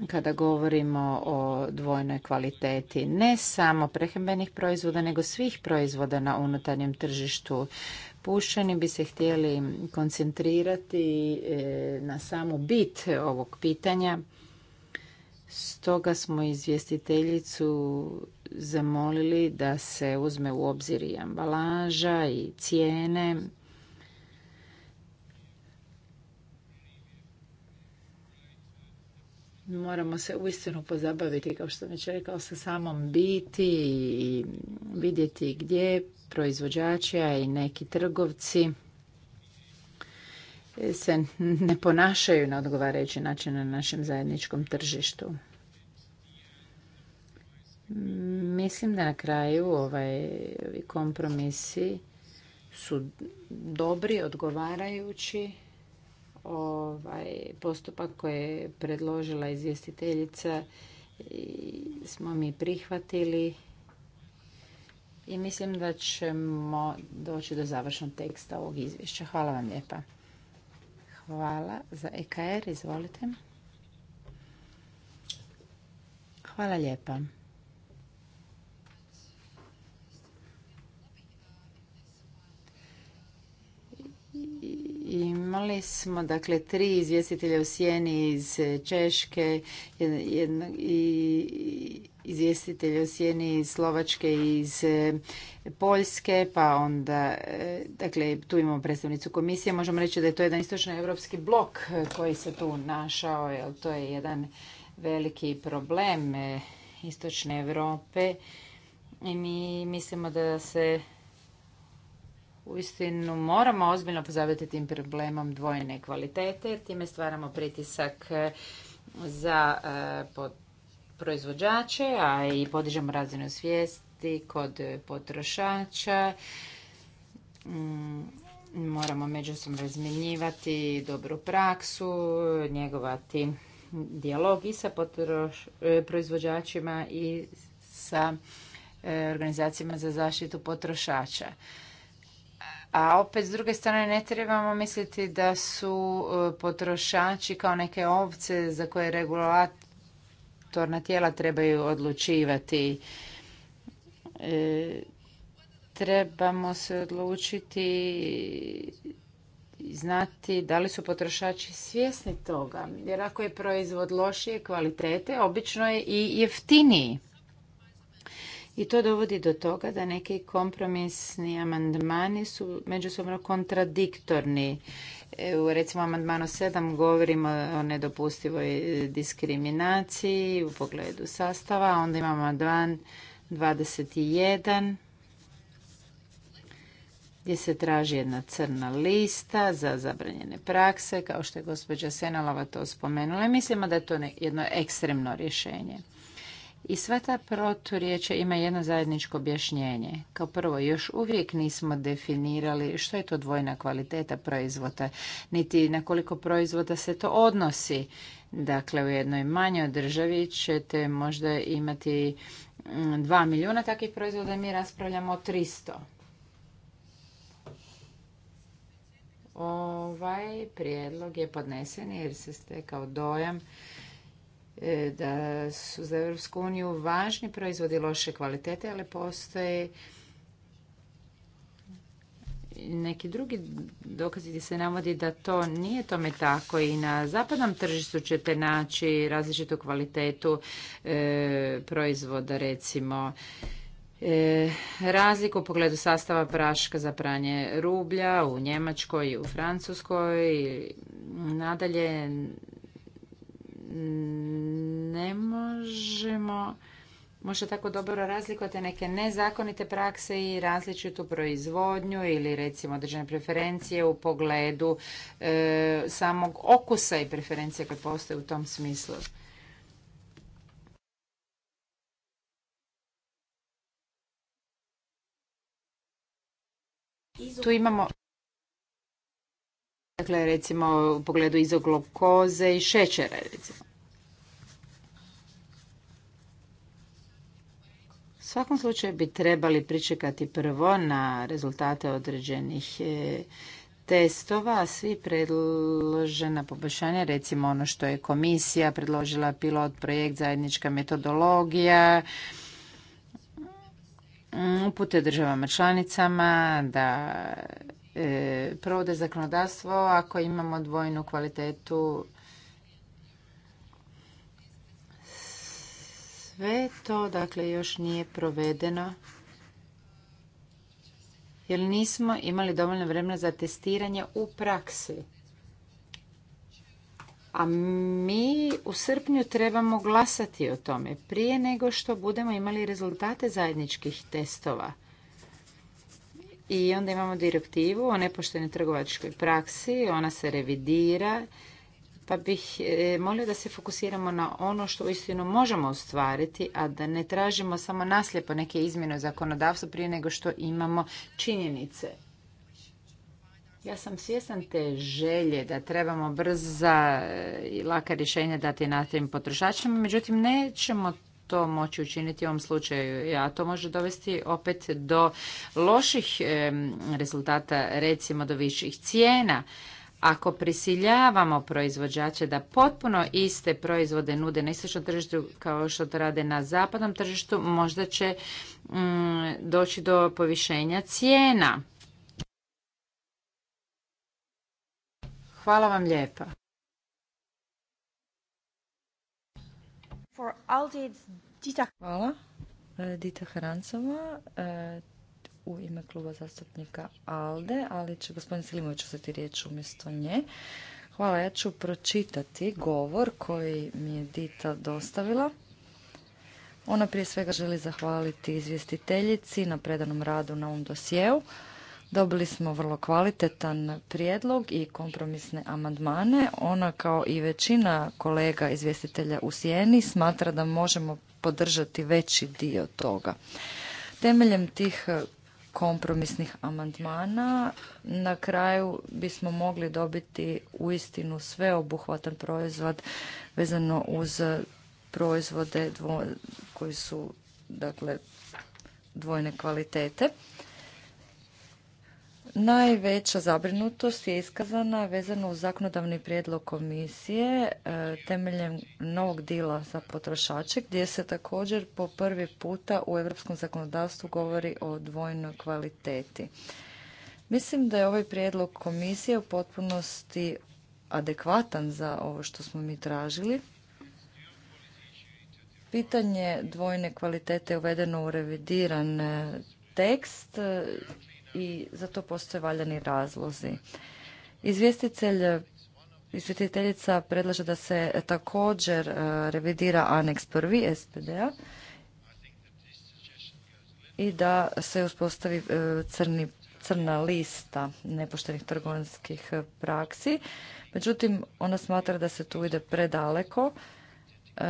kada govorimo o dvojnoj kvaliteti, ne samo prehrambenih proizvoda, nego svih proizvoda na unutarnjem tržištu. Pušćani bi se htjeli koncentrirati e, na samu bit ovog pitanja, Stoga smo izvjestiteljicu zamolili da se uzme u obzir i ambalaža i cijene. Moramo se uistinu pozabaviti, kao što već rekao, sa samom biti i vidjeti gdje proizvođači, a i neki trgovci se ne ponašaju na odgovarajući način na našem zajedničkom tržištu. Mislim da na kraju ovaj kompromisi su dobri, odgovarajući. Ovaj postupak koji je predložila izvjestiteljica smo mi prihvatili i mislim da ćemo doći do završnog teksta ovog izvješća. Hvala vam lijepa. Hvala za EKR, izvolite. Hvala lijepa. Imali smo dakle tri izvjestitelja u sjeni iz e, Češke jedna, i izvjestitelja u sjeni iz Slovačke i iz e, Poljske, pa onda e, dakle tu imamo predstavnicu komisije. Možemo reći da je to jedan istočno europski blok koji se tu našao, jer to je jedan veliki problem istočne Europe i mi mislimo da se uistinu moramo ozbiljno pozabaviti tim problemom dvojne kvalitete jer time stvaramo pritisak e, za e, proizvođače, a i podižemo razinu svijesti kod potrošača. Mm, moramo međusobno razmjenjivati dobru praksu, njegovati dijalog i sa e, proizvođačima i sa organizacijama za zaštitu potrošača. A opet s druge strane ne trebamo misliti da su e, potrošači kao neke ovce za koje regulatorna tijela trebaju odlučivati. E, trebamo se odlučiti znati da li su potrošači svjesni toga. Jer ako je proizvod lošije kvalitete, obično je i jeftiniji. I to dovodi do toga da neki kompromisni amandmani su međusobno kontradiktorni. E, u recimo amandmanu 7 govorimo o nedopustivoj diskriminaciji u pogledu sastava, onda imamo amandman 21 gdje se traži jedna crna lista za zabranjene prakse, kao što je gospođa Senalova to spomenula. Mislimo da je to jedno ekstremno rješenje. I sva ta proturječja ima jedno zajedničko objašnjenje. Kao prvo, još uvijek nismo definirali što je to dvojna kvaliteta proizvoda, niti na koliko proizvoda se to odnosi. Dakle, u jednoj manjoj državi ćete možda imati mm, dva milijuna takvih proizvoda, mi raspravljamo o 300. Ovaj prijedlog je podnesen jer se stekao dojam E, da su za Europsku uniju važni proizvodi loše kvalitete, ali postoje neki drugi dokazi gdje se navodi da to nije tome tako i na zapadnom tržištu ćete naći različitu kvalitetu e, proizvoda recimo e, razliku u pogledu sastava praška za pranje rublja u Njemačkoj i u Francuskoj nadalje ne možemo možda tako dobro razlikovati neke nezakonite prakse i različitu proizvodnju ili recimo određene preferencije u pogledu e, samog okusa i preferencije koje postoje u tom smislu. Tu imamo Dakle, recimo u pogledu izoglukoze i šećera, recimo. U svakom slučaju bi trebali pričekati prvo na rezultate određenih e, testova, a svi predložena poboljšanja, recimo ono što je komisija predložila, pilot projekt, zajednička metodologija, upute državama članicama da E, provode zakonodavstvo ako imamo dvojnu kvalitetu sve to dakle još nije provedeno jer nismo imali dovoljno vremena za testiranje u praksi. A mi u srpnju trebamo glasati o tome prije nego što budemo imali rezultate zajedničkih testova. I onda imamo direktivu o nepoštenoj trgovačkoj praksi, ona se revidira, pa bih e, molila da se fokusiramo na ono što uistinu možemo ostvariti, a da ne tražimo samo naslijepo neke izmjene u zakonodavstvu prije nego što imamo činjenice. Ja sam svjestan te želje da trebamo brza i laka rješenja dati na tim potrošačima, međutim nećemo to moći učiniti u ovom slučaju. A to može dovesti opet do loših rezultata, recimo do viših cijena. Ako prisiljavamo proizvođače da potpuno iste proizvode nude na istočnom tržištu kao što to rade na zapadnom tržištu, možda će mm, doći do povišenja cijena. Hvala vam lijepa. for Dita. Hvala. E, Dita Harancova e, u ime kluba zastupnika ALDE, ali će gospodin Silimović uzeti riječ umjesto nje. Hvala, ja ću pročitati govor koji mi je Dita dostavila. Ona prije svega želi zahvaliti izvjestiteljici na predanom radu na ovom dosjeu. Dobili smo vrlo kvalitetan prijedlog i kompromisne amandmane. Ona kao i većina kolega izvjestitelja u Sijeni smatra da možemo podržati veći dio toga. Temeljem tih e, kompromisnih amandmana na kraju bismo mogli dobiti uistinu sveobuhvatan proizvod vezano uz proizvode koji su dakle dvojne kvalitete. Najveća zabrinutost je iskazana vezano uz zakonodavni prijedlog komisije e, temeljem novog dila za potrošače gdje se također po prvi puta u europskom zakonodavstvu govori o dvojnoj kvaliteti. Mislim da je ovaj prijedlog komisije u potpunosti adekvatan za ovo što smo mi tražili. Pitanje dvojne kvalitete je uvedeno u revidiran tekst i za to postoje valjani razlozi. Izvjestitelj Izvjetiteljica predlaže da se također e, revidira aneks prvi SPD-a i da se uspostavi e, crni, crna lista nepoštenih trgovinskih praksi. Međutim, ona smatra da se tu ide predaleko e,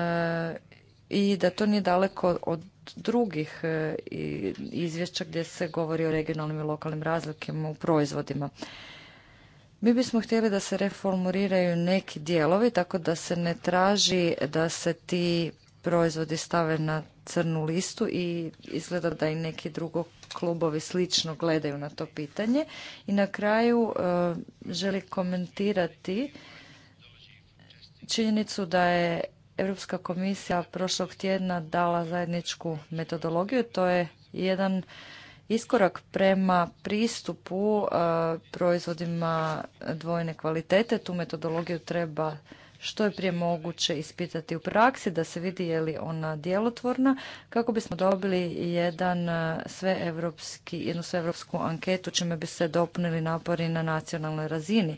i da to nije daleko od drugih e, izvješća gdje se govori o regionalnim i lokalnim razlikama u proizvodima. Mi bismo htjeli da se reformuliraju neki dijelovi tako da se ne traži da se ti proizvodi stave na crnu listu i izgleda da i neki drugo klubovi slično gledaju na to pitanje. I na kraju e, želi komentirati činjenicu da je Europska komisija prošlog tjedna dala zajedničku metodologiju. To je jedan iskorak prema pristupu e, proizvodima dvojne kvalitete. Tu metodologiju treba što je prije moguće ispitati u praksi, da se vidi je li ona djelotvorna, kako bismo dobili jedan e, sveevropski, jednu sveevropsku anketu, čime bi se dopunili napori na nacionalnoj razini.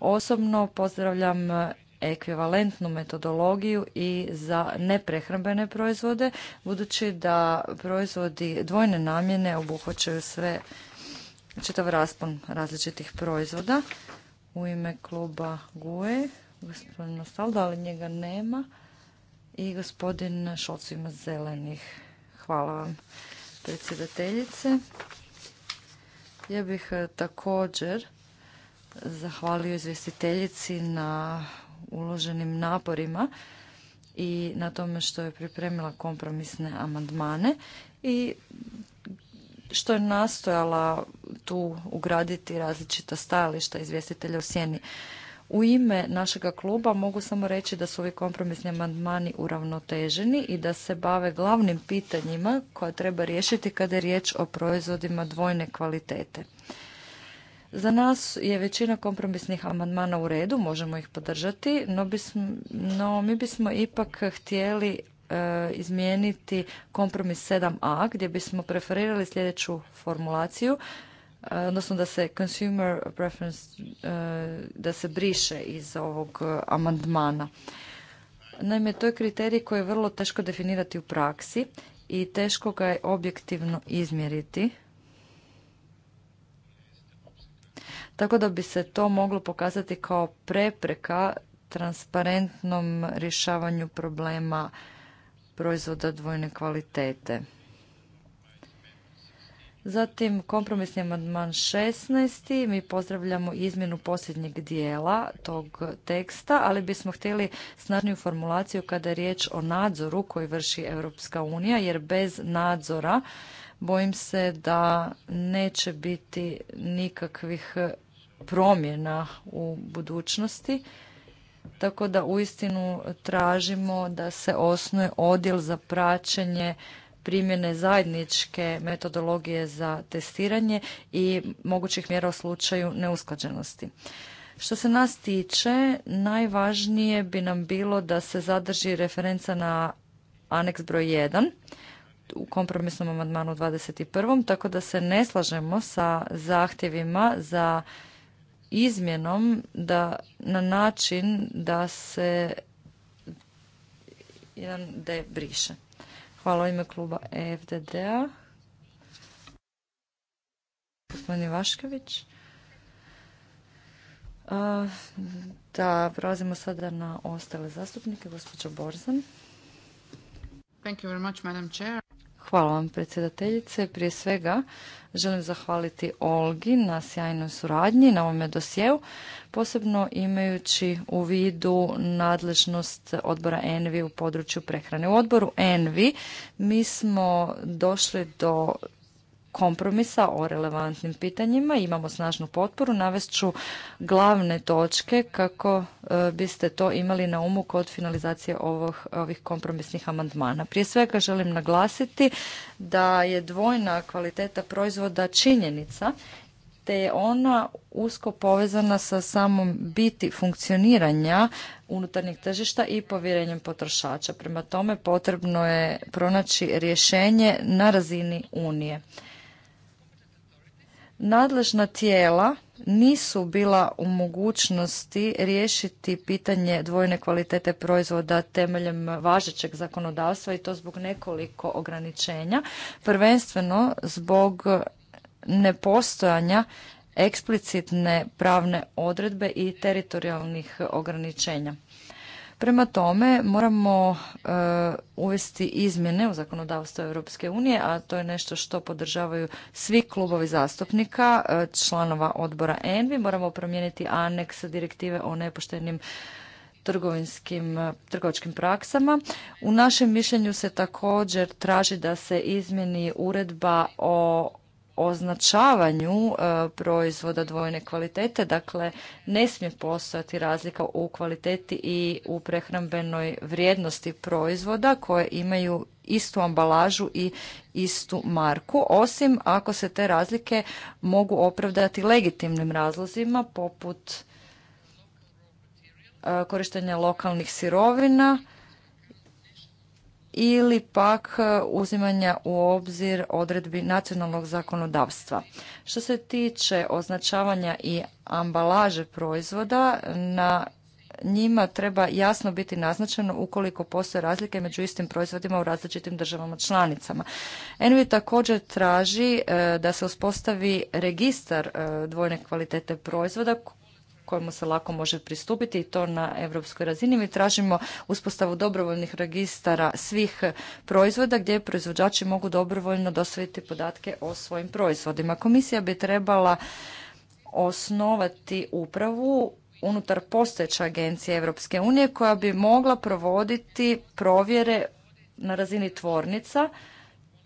Osobno pozdravljam ekvivalentnu metodologiju i za neprehrambene proizvode, budući da proizvodi dvojne namjene obuhvaćaju sve čitav raspon različitih proizvoda. U ime kluba GUE, gospodin Nostalda, ali njega nema, i gospodin Šocima zelenih. Hvala vam, predsjedateljice. Ja bih eh, također zahvalio izvjestiteljici na uloženim naporima i na tome što je pripremila kompromisne amandmane i što je nastojala tu ugraditi različita stajališta izvjestitelja u sjeni. U ime našega kluba mogu samo reći da su ovi kompromisni amandmani uravnoteženi i da se bave glavnim pitanjima koja treba riješiti kada je riječ o proizvodima dvojne kvalitete. Za nas je većina kompromisnih amandmana u redu, možemo ih podržati, no, no mi bismo ipak htjeli e, izmijeniti kompromis 7a gdje bismo preferirali sljedeću formulaciju, e, odnosno da se consumer preference, e, da se briše iz ovog amandmana. Naime, to je kriterij koji je vrlo teško definirati u praksi i teško ga je objektivno izmjeriti tako da bi se to moglo pokazati kao prepreka transparentnom rješavanju problema proizvoda dvojne kvalitete. Zatim kompromisni amandman 16. Mi pozdravljamo izmjenu posljednjeg dijela tog teksta, ali bismo htjeli snažniju formulaciju kada je riječ o nadzoru koji vrši Europska unija, jer bez nadzora bojim se da neće biti nikakvih promjena u budućnosti. Tako da uistinu tražimo da se osnuje odjel za praćenje primjene zajedničke metodologije za testiranje i mogućih mjera u slučaju neusklađenosti. Što se nas tiče, najvažnije bi nam bilo da se zadrži referenca na aneks broj 1 u kompromisnom amandmanu 21. tako da se ne slažemo sa zahtjevima za izmjenom da na način da se jedan d briše. Hvala u ime kluba EFDD-a. Gospodin Ivašković. Da, prelazimo sada na ostale zastupnike. Gospođa Borzan. Thank you very Madam Hvala vam predsjedateljice. Prije svega želim zahvaliti Olgi na sjajnoj suradnji na ovome dosjeu, posebno imajući u vidu nadležnost odbora ENVI u području prehrane. U odboru ENVI mi smo došli do kompromisa o relevantnim pitanjima. Imamo snažnu potporu. Navest ću glavne točke kako e, biste to imali na umu kod finalizacije ovih, ovih kompromisnih amandmana. Prije svega želim naglasiti da je dvojna kvaliteta proizvoda činjenica te je ona usko povezana sa samom biti funkcioniranja unutarnjeg tržišta i povjerenjem potrošača. Prema tome potrebno je pronaći rješenje na razini Unije nadležna tijela nisu bila u mogućnosti riješiti pitanje dvojne kvalitete proizvoda temeljem važećeg zakonodavstva i to zbog nekoliko ograničenja, prvenstveno zbog nepostojanja eksplicitne pravne odredbe i teritorijalnih ograničenja. Prema tome moramo e, uvesti izmjene u zakonodavstvo Europske unije, a to je nešto što podržavaju svi klubovi zastupnika, e, članova odbora ENVI. Moramo promijeniti aneks direktive o nepoštenim trgovinskim, e, trgovačkim praksama. U našem mišljenju se također traži da se izmjeni uredba o označavanju e, proizvoda dvojne kvalitete, dakle ne smije postojati razlika u kvaliteti i u prehrambenoj vrijednosti proizvoda koje imaju istu ambalažu i istu marku, osim ako se te razlike mogu opravdati legitimnim razlozima poput e, korištenja lokalnih sirovina, ili pak e, uzimanja u obzir odredbi nacionalnog zakonodavstva. Što se tiče označavanja i ambalaže proizvoda, na njima treba jasno biti naznačeno ukoliko postoje razlike među istim proizvodima u različitim državama članicama. Envi također traži e, da se uspostavi registar e, dvojne kvalitete proizvoda kojemu se lako može pristupiti i to na europskoj razini. Mi tražimo uspostavu dobrovoljnih registara svih proizvoda gdje proizvođači mogu dobrovoljno dostaviti podatke o svojim proizvodima. Komisija bi trebala osnovati upravu unutar postojeće agencije Europske unije koja bi mogla provoditi provjere na razini tvornica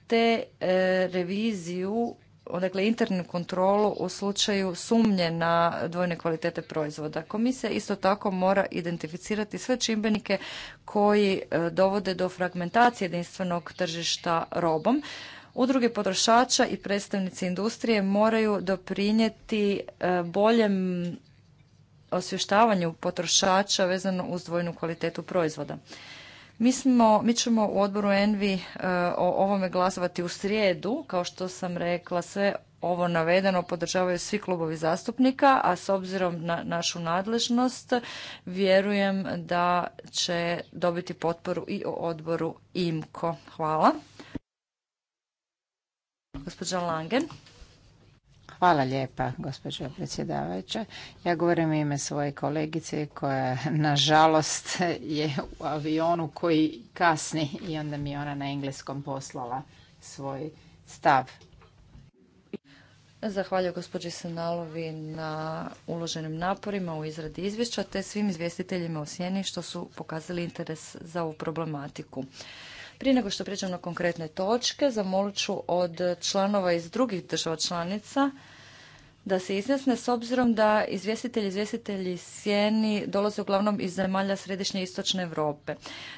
te e, reviziju odakle internu kontrolu u slučaju sumnje na dvojne kvalitete proizvoda. Komisija isto tako mora identificirati sve čimbenike koji e, dovode do fragmentacije jedinstvenog tržišta robom. Udruge potrošača i predstavnici industrije moraju doprinijeti e, boljem osvještavanju potrošača vezano uz dvojnu kvalitetu proizvoda. Mi, ćemo u odboru Envi o ovome glasovati u srijedu. Kao što sam rekla, sve ovo navedeno podržavaju svi klubovi zastupnika, a s obzirom na našu nadležnost vjerujem da će dobiti potporu i o odboru IMKO. Hvala. Gospođa Langen. Hvala lijepa, gospođo predsjedavajuća. Ja govorim ime svoje kolegice koja, nažalost, je u avionu koji kasni i onda mi je ona na engleskom poslala svoj stav. Zahvaljujem gospođi Senalovi na uloženim naporima u izradi izvješća te svim izvjestiteljima u Sjeni što su pokazali interes za ovu problematiku. Prije nego što prijeđem na konkretne točke, zamolit ću od članova iz drugih država članica da se izjasne s obzirom da izvjestitelji izvjestitelji sjeni dolaze uglavnom iz zemalja središnje i istočne Europe.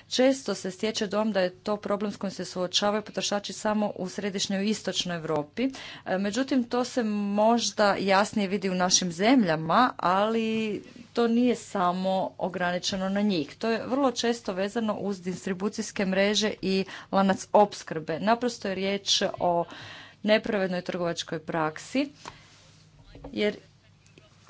Često se stječe dom da je to problem s kojim se suočavaju potrošači samo u središnjoj i istočnoj Europi. E, međutim, to se možda jasnije vidi u našim zemljama, ali to nije samo ograničeno na njih. To je vrlo često vezano uz distribucijske mreže i lanac opskrbe. Naprosto je riječ o nepravednoj trgovačkoj praksi jer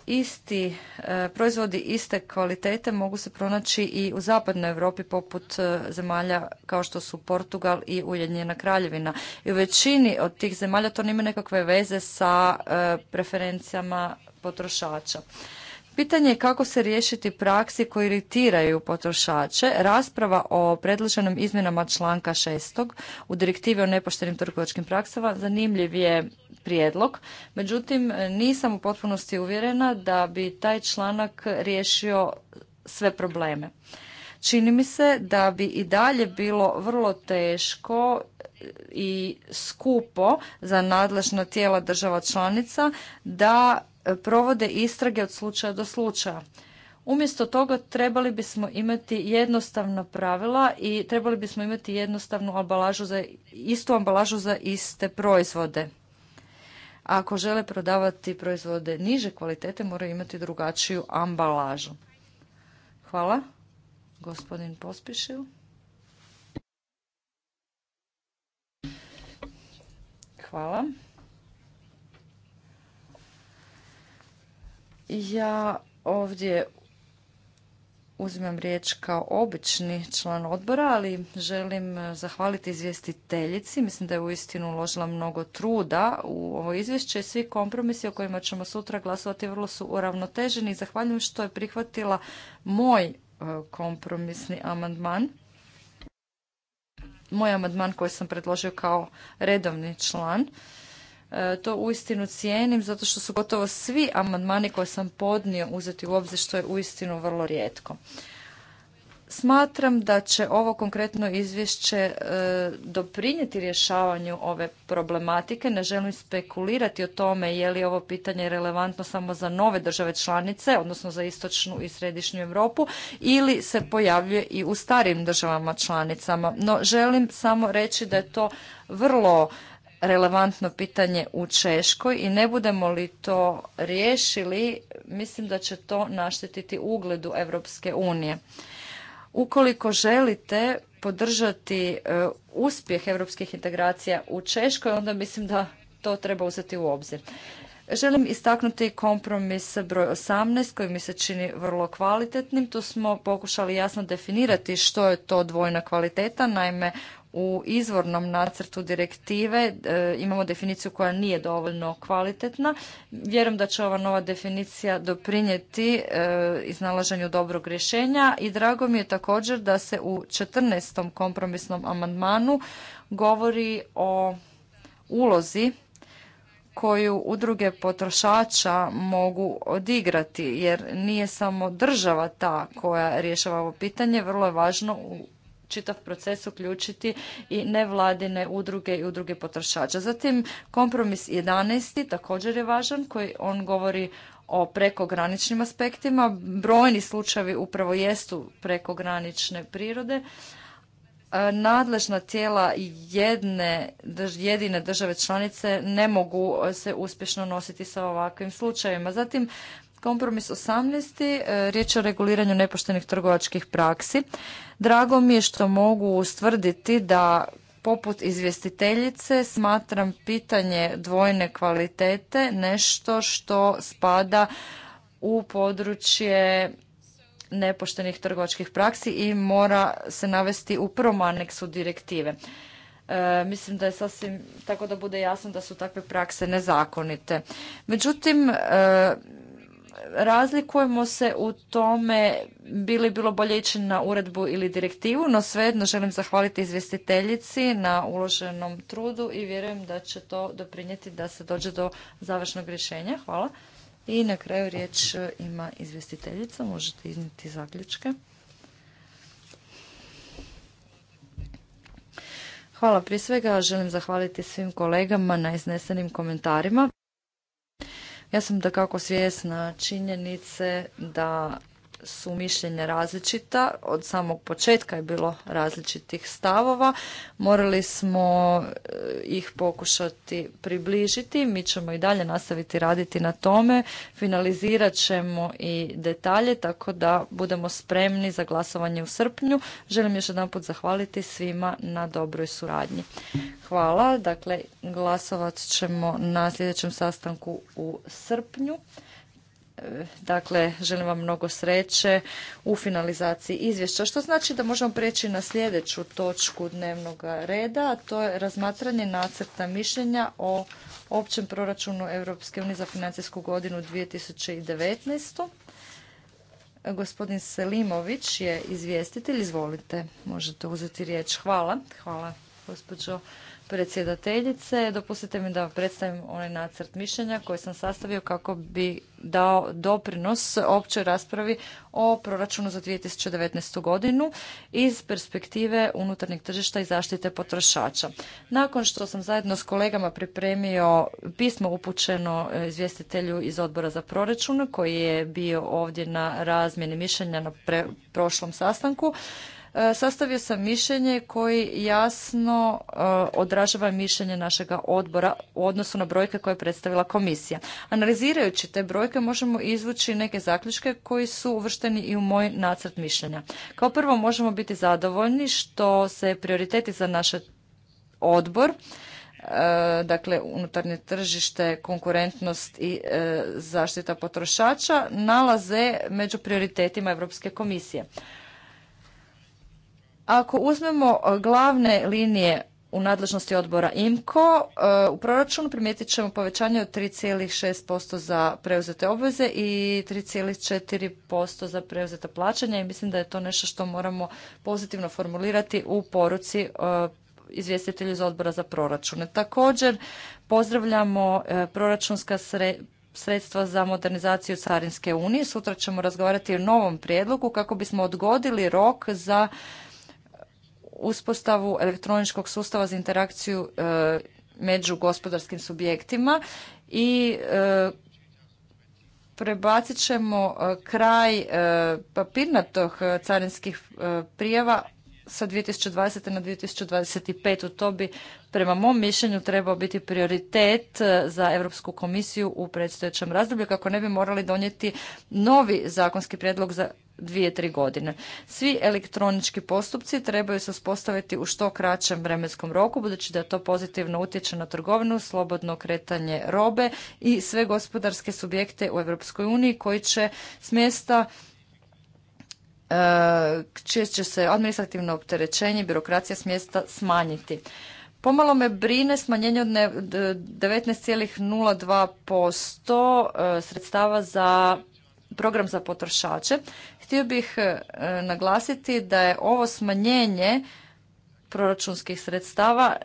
isti e, proizvodi iste kvalitete mogu se pronaći i u zapadnoj Europi poput e, zemalja kao što su Portugal i Ujedinjena Kraljevina. I u većini od tih zemalja to nema nekakve veze sa e, preferencijama potrošača. Pitanje je kako se riješiti praksi koji iritiraju potrošače. Rasprava o predloženom izmjenama članka 6. u direktivi o nepoštenim trgovačkim praksama zanimljiv je prijedlog. Međutim, nisam u potpunosti uvjerena da bi taj članak riješio sve probleme. Čini mi se da bi i dalje bilo vrlo teško i skupo za nadležna tijela država članica da provode istrage od slučaja do slučaja. Umjesto toga trebali bismo imati jednostavna pravila i trebali bismo imati jednostavnu ambalažu za istu ambalažu za iste proizvode ako žele prodavati proizvode niže kvalitete, moraju imati drugačiju ambalažu. Hvala. Gospodin Pospišil. Hvala. Ja ovdje uzmem riječ kao obični član odbora, ali želim e, zahvaliti izvjestiteljici. Mislim da je uistinu uložila mnogo truda u ovo izvješće. Svi kompromisi o kojima ćemo sutra glasovati vrlo su uravnoteženi i zahvaljujem što je prihvatila moj e, kompromisni amandman. Moj amandman koji sam predložio kao redovni član E, to uistinu cijenim zato što su gotovo svi amandmani koje sam podnio uzeti u obzir što je uistinu vrlo rijetko. Smatram da će ovo konkretno izvješće e, doprinijeti rješavanju ove problematike. Ne želim spekulirati o tome je li ovo pitanje relevantno samo za nove države članice, odnosno za istočnu i središnju Europu, ili se pojavljuje i u starim državama članicama. No želim samo reći da je to vrlo relevantno pitanje u Češkoj i ne budemo li to riješili, mislim da će to naštetiti ugledu Europske unije. Ukoliko želite podržati e, uspjeh europskih integracija u Češkoj, onda mislim da to treba uzeti u obzir. Želim istaknuti kompromis broj 18 koji mi se čini vrlo kvalitetnim. Tu smo pokušali jasno definirati što je to dvojna kvaliteta. Naime, u izvornom nacrtu direktive e, imamo definiciju koja nije dovoljno kvalitetna. Vjerujem da će ova nova definicija doprinijeti e, iznalaženju dobrog rješenja i drago mi je također da se u 14. kompromisnom amandmanu govori o ulozi koju udruge potrošača mogu odigrati jer nije samo država ta koja rješava ovo pitanje, vrlo je važno čitav proces uključiti i nevladine udruge i udruge potrošača. Zatim kompromis 11. također je važan koji on govori o prekograničnim aspektima. Brojni slučajevi upravo jesu prekogranične prirode. E, nadležna tijela jedne, jedine države članice ne mogu se uspješno nositi sa ovakvim slučajevima. Zatim Kompromis 18. E, riječ je o reguliranju nepoštenih trgovačkih praksi. Drago mi je što mogu ustvrditi da poput izvjestiteljice smatram pitanje dvojne kvalitete nešto što spada u područje nepoštenih trgovačkih praksi i mora se navesti u prvom aneksu direktive. E, mislim da je sasvim tako da bude jasno da su takve prakse nezakonite. Međutim, e, razlikujemo se u tome bili bilo bolje ići na uredbu ili direktivu, no svejedno želim zahvaliti izvjestiteljici na uloženom trudu i vjerujem da će to doprinijeti da se dođe do završnog rješenja. Hvala. I na kraju riječ ima izvjestiteljica, možete izniti zaključke. Hvala. Prije svega želim zahvaliti svim kolegama na iznesenim komentarima. Ja sam da kako svjesna činjenice da su mišljenja različita, od samog početka je bilo različitih stavova, morali smo e, ih pokušati približiti, mi ćemo i dalje nastaviti raditi na tome, finalizirat ćemo i detalje tako da budemo spremni za glasovanje u srpnju. Želim još jedanput zahvaliti svima na dobroj suradnji. Hvala, dakle glasovat ćemo na sljedećem sastanku u srpnju. Dakle, želim vam mnogo sreće u finalizaciji izvješća, što znači da možemo preći na sljedeću točku dnevnog reda, a to je razmatranje nacrta mišljenja o općem proračunu Europske unije za financijsku godinu 2019. Gospodin Selimović je izvjestitelj, izvolite, možete uzeti riječ. Hvala, hvala gospođo predsjedateljice. Dopustite mi da vam predstavim onaj nacrt mišljenja koji sam sastavio kako bi dao doprinos općoj raspravi o proračunu za 2019. godinu iz perspektive unutarnjeg tržišta i zaštite potrošača. Nakon što sam zajedno s kolegama pripremio pismo upućeno e, izvjestitelju iz odbora za proračun koji je bio ovdje na razmjeni mišljenja na prošlom sastanku, E, sastavio sam mišljenje koji jasno e, odražava mišljenje našega odbora u odnosu na brojke koje je predstavila komisija. Analizirajući te brojke možemo izvući neke zaključke koji su uvršteni i u moj nacrt mišljenja. Kao prvo možemo biti zadovoljni što se prioriteti za naš odbor e, dakle unutarnje tržište, konkurentnost i zaštita potrošača nalaze među prioritetima Europske komisije. Ako uzmemo e, glavne linije u nadležnosti odbora IMCO, e, u proračunu primijetit ćemo povećanje od 3,6% za preuzete obveze i 3,4% za preuzeta plaćanja i mislim da je to nešto što moramo pozitivno formulirati u poruci e, izvjestitelju iz odbora za proračune. Također pozdravljamo proračunska sredstva za modernizaciju Carinske unije. Sutra ćemo razgovarati o novom prijedlogu kako bismo odgodili rok za uspostavu elektroničkog sustava za interakciju e, među gospodarskim subjektima i e, prebacit ćemo e, kraj papirnatog carinskih prijava sa 2020. na 2025. To bi prema mom mišljenju trebao biti prioritet za Europsku komisiju u predstojećem razdoblju kako ne bi morali donijeti novi zakonski prijedlog za dvije, tri godine. Svi elektronički postupci trebaju se uspostaviti u što kraćem vremenskom roku, budući da to pozitivno utječe na trgovinu, slobodno kretanje robe i sve gospodarske subjekte u Europskoj uniji koji će smjesta, mjesta e, čije će se administrativno opterećenje i birokracija s mjesta smanjiti. Pomalo me brine smanjenje od 19,02% e, sredstava za program za potrošače, htio bih e, naglasiti da je ovo smanjenje proračunskih sredstava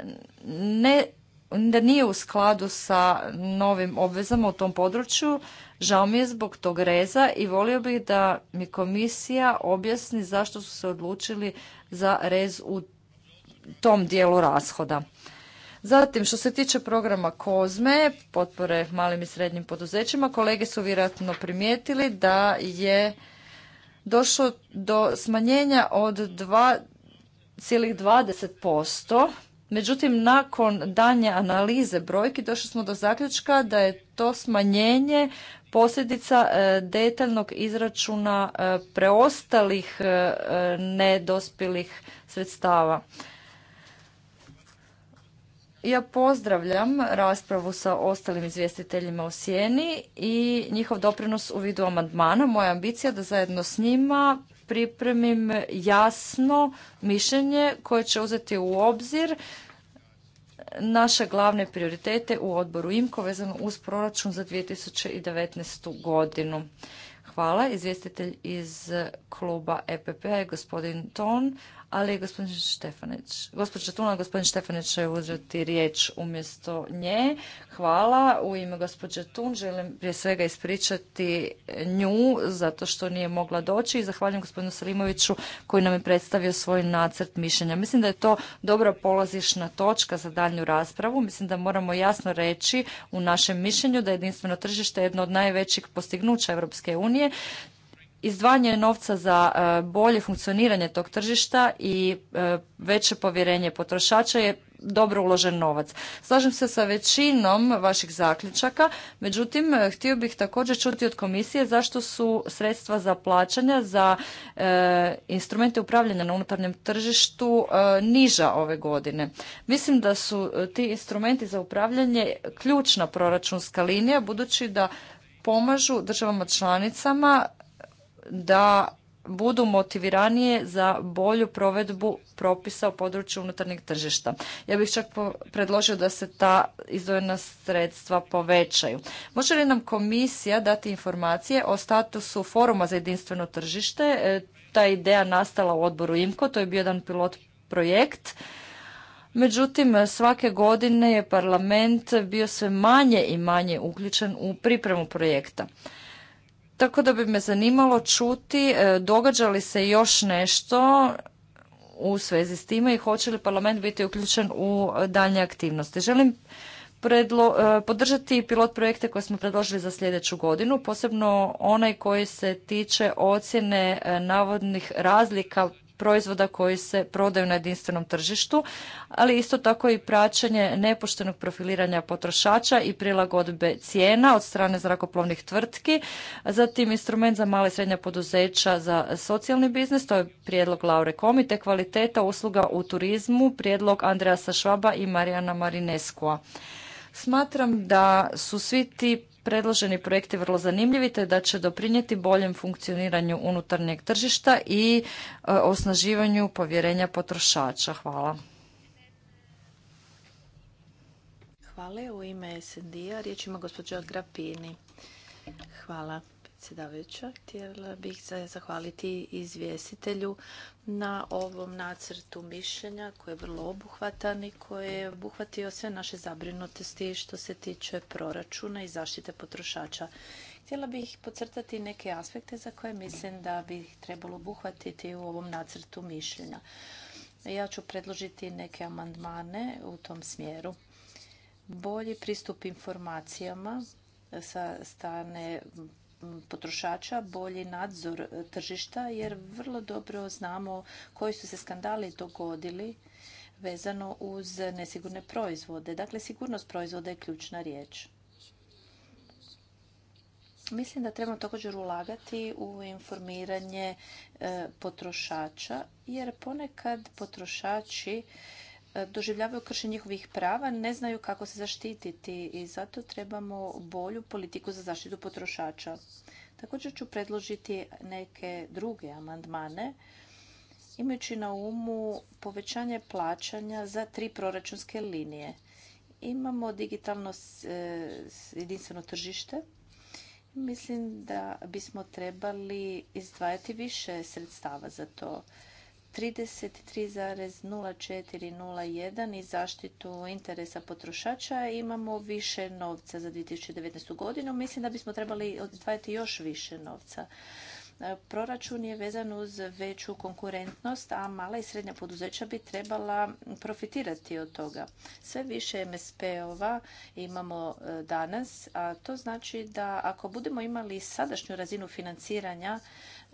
ne da nije u skladu sa novim obvezama u tom području. Žao mi je zbog tog reza i volio bih da mi komisija objasni zašto su se odlučili za rez u tom dijelu rashoda. Zatim, što se tiče programa Kozme, potpore malim i srednjim poduzećima, kolege su vjerojatno primijetili da je došlo do smanjenja od 2,20%. Međutim, nakon danje analize brojki došli smo do zaključka da je to smanjenje posljedica e, detaljnog izračuna e, preostalih e, nedospjelih sredstava. Ja pozdravljam raspravu sa ostalim izvjestiteljima u Sjeni i njihov doprinos u vidu amandmana. Moja ambicija da zajedno s njima pripremim jasno mišljenje koje će uzeti u obzir naše glavne prioritete u odboru IMKO vezano uz proračun za 2019. godinu. Hvala. Izvjestitelj iz kluba EPP je gospodin Ton, ali gospodin štefanić gospođa Tuna, gospodin Štefanić će uzeti riječ umjesto nje. Hvala. U ime gospođe Tun želim prije svega ispričati nju zato što nije mogla doći i zahvaljujem gospodinu Salimoviću koji nam je predstavio svoj nacrt mišljenja. Mislim da je to dobra polazišna točka za daljnju raspravu. Mislim da moramo jasno reći u našem mišljenju da je jedinstveno tržište jedno od najvećih postignuća Europske unije izdvajanje novca za e, bolje funkcioniranje tog tržišta i e, veće povjerenje potrošača je dobro uložen novac. Slažem se sa većinom vaših zaključaka, međutim, e, htio bih također čuti od komisije zašto su sredstva za plaćanja za instrumente upravljanja na unutarnjem tržištu niža ove godine. Mislim da su ti instrumenti za upravljanje ključna proračunska linija, budući da pomažu državama članicama da budu motiviranije za bolju provedbu propisa u području unutarnjeg tržišta. Ja bih čak predložio da se ta izdvojena sredstva povećaju. Može li nam komisija dati informacije o statusu foruma za jedinstveno tržište? E, ta ideja nastala u odboru IMKO, to je bio jedan pilot projekt. Međutim, svake godine je parlament bio sve manje i manje uključen u pripremu projekta. Tako da bi me zanimalo čuti e, događa li se još nešto u svezi s time i hoće li parlament biti uključen u e, daljnje aktivnosti. Želim e, podržati pilot projekte koje smo predložili za sljedeću godinu, posebno onaj koji se tiče ocjene navodnih razlika proizvoda koji se prodaju na jedinstvenom tržištu, ali isto tako i praćenje nepoštenog profiliranja potrošača i prilagodbe cijena od strane zrakoplovnih tvrtki, zatim instrument za male i srednje poduzeća za socijalni biznis, to je prijedlog Laure Komite, kvaliteta usluga u turizmu, prijedlog Andreasa Švaba i Marijana Marineskoa. Smatram da su svi ti predloženi projekti vrlo zanimljivi te da će doprinijeti boljem funkcioniranju unutarnjeg tržišta i e, osnaživanju povjerenja potrošača. Hvala. Hvala. U ime SND-a riječ ima gospođa Grapini. Hvala predsjedavajuća. Htjela bih se zahvaliti izvjestitelju na ovom nacrtu mišljenja koji je vrlo obuhvatan i koji je obuhvatio sve naše zabrinutosti što se tiče proračuna i zaštite potrošača. Htjela bih podcrtati neke aspekte za koje mislim da bi trebalo obuhvatiti u ovom nacrtu mišljenja. Ja ću predložiti neke amandmane u tom smjeru. Bolji pristup informacijama sa strane potrošača, bolji nadzor tržišta jer vrlo dobro znamo koji su se skandali dogodili vezano uz nesigurne proizvode. Dakle, sigurnost proizvoda je ključna riječ. Mislim da trebamo također ulagati u informiranje e, potrošača jer ponekad potrošači doživljavaju kršenje njihovih prava, ne znaju kako se zaštititi i zato trebamo bolju politiku za zaštitu potrošača. Također ću predložiti neke druge amandmane imajući na umu povećanje plaćanja za tri proračunske linije. Imamo digitalno e, jedinstveno tržište. Mislim da bismo trebali izdvajati više sredstava za to 33,0401 i zaštitu interesa potrošača imamo više novca za 2019. godinu. Mislim da bismo trebali odvajati još više novca. Proračun je vezan uz veću konkurentnost, a mala i srednja poduzeća bi trebala profitirati od toga. Sve više MSP-ova imamo e, danas, a to znači da ako budemo imali sadašnju razinu financiranja,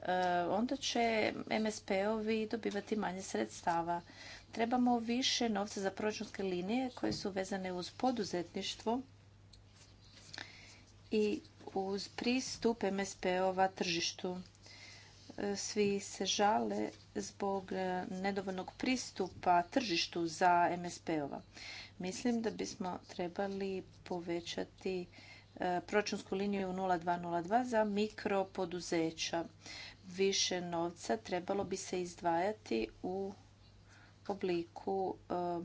E, onda će MSP-ovi dobivati manje sredstava. Trebamo više novca za proračunske linije koje su vezane uz poduzetništvo i uz pristup MSP-ova tržištu. E, svi se žale zbog e, nedovoljnog pristupa tržištu za MSP-ova. Mislim da bismo trebali povećati proračunsku liniju 0202 za mikropoduzeća. Više novca trebalo bi se izdvajati u obliku eh,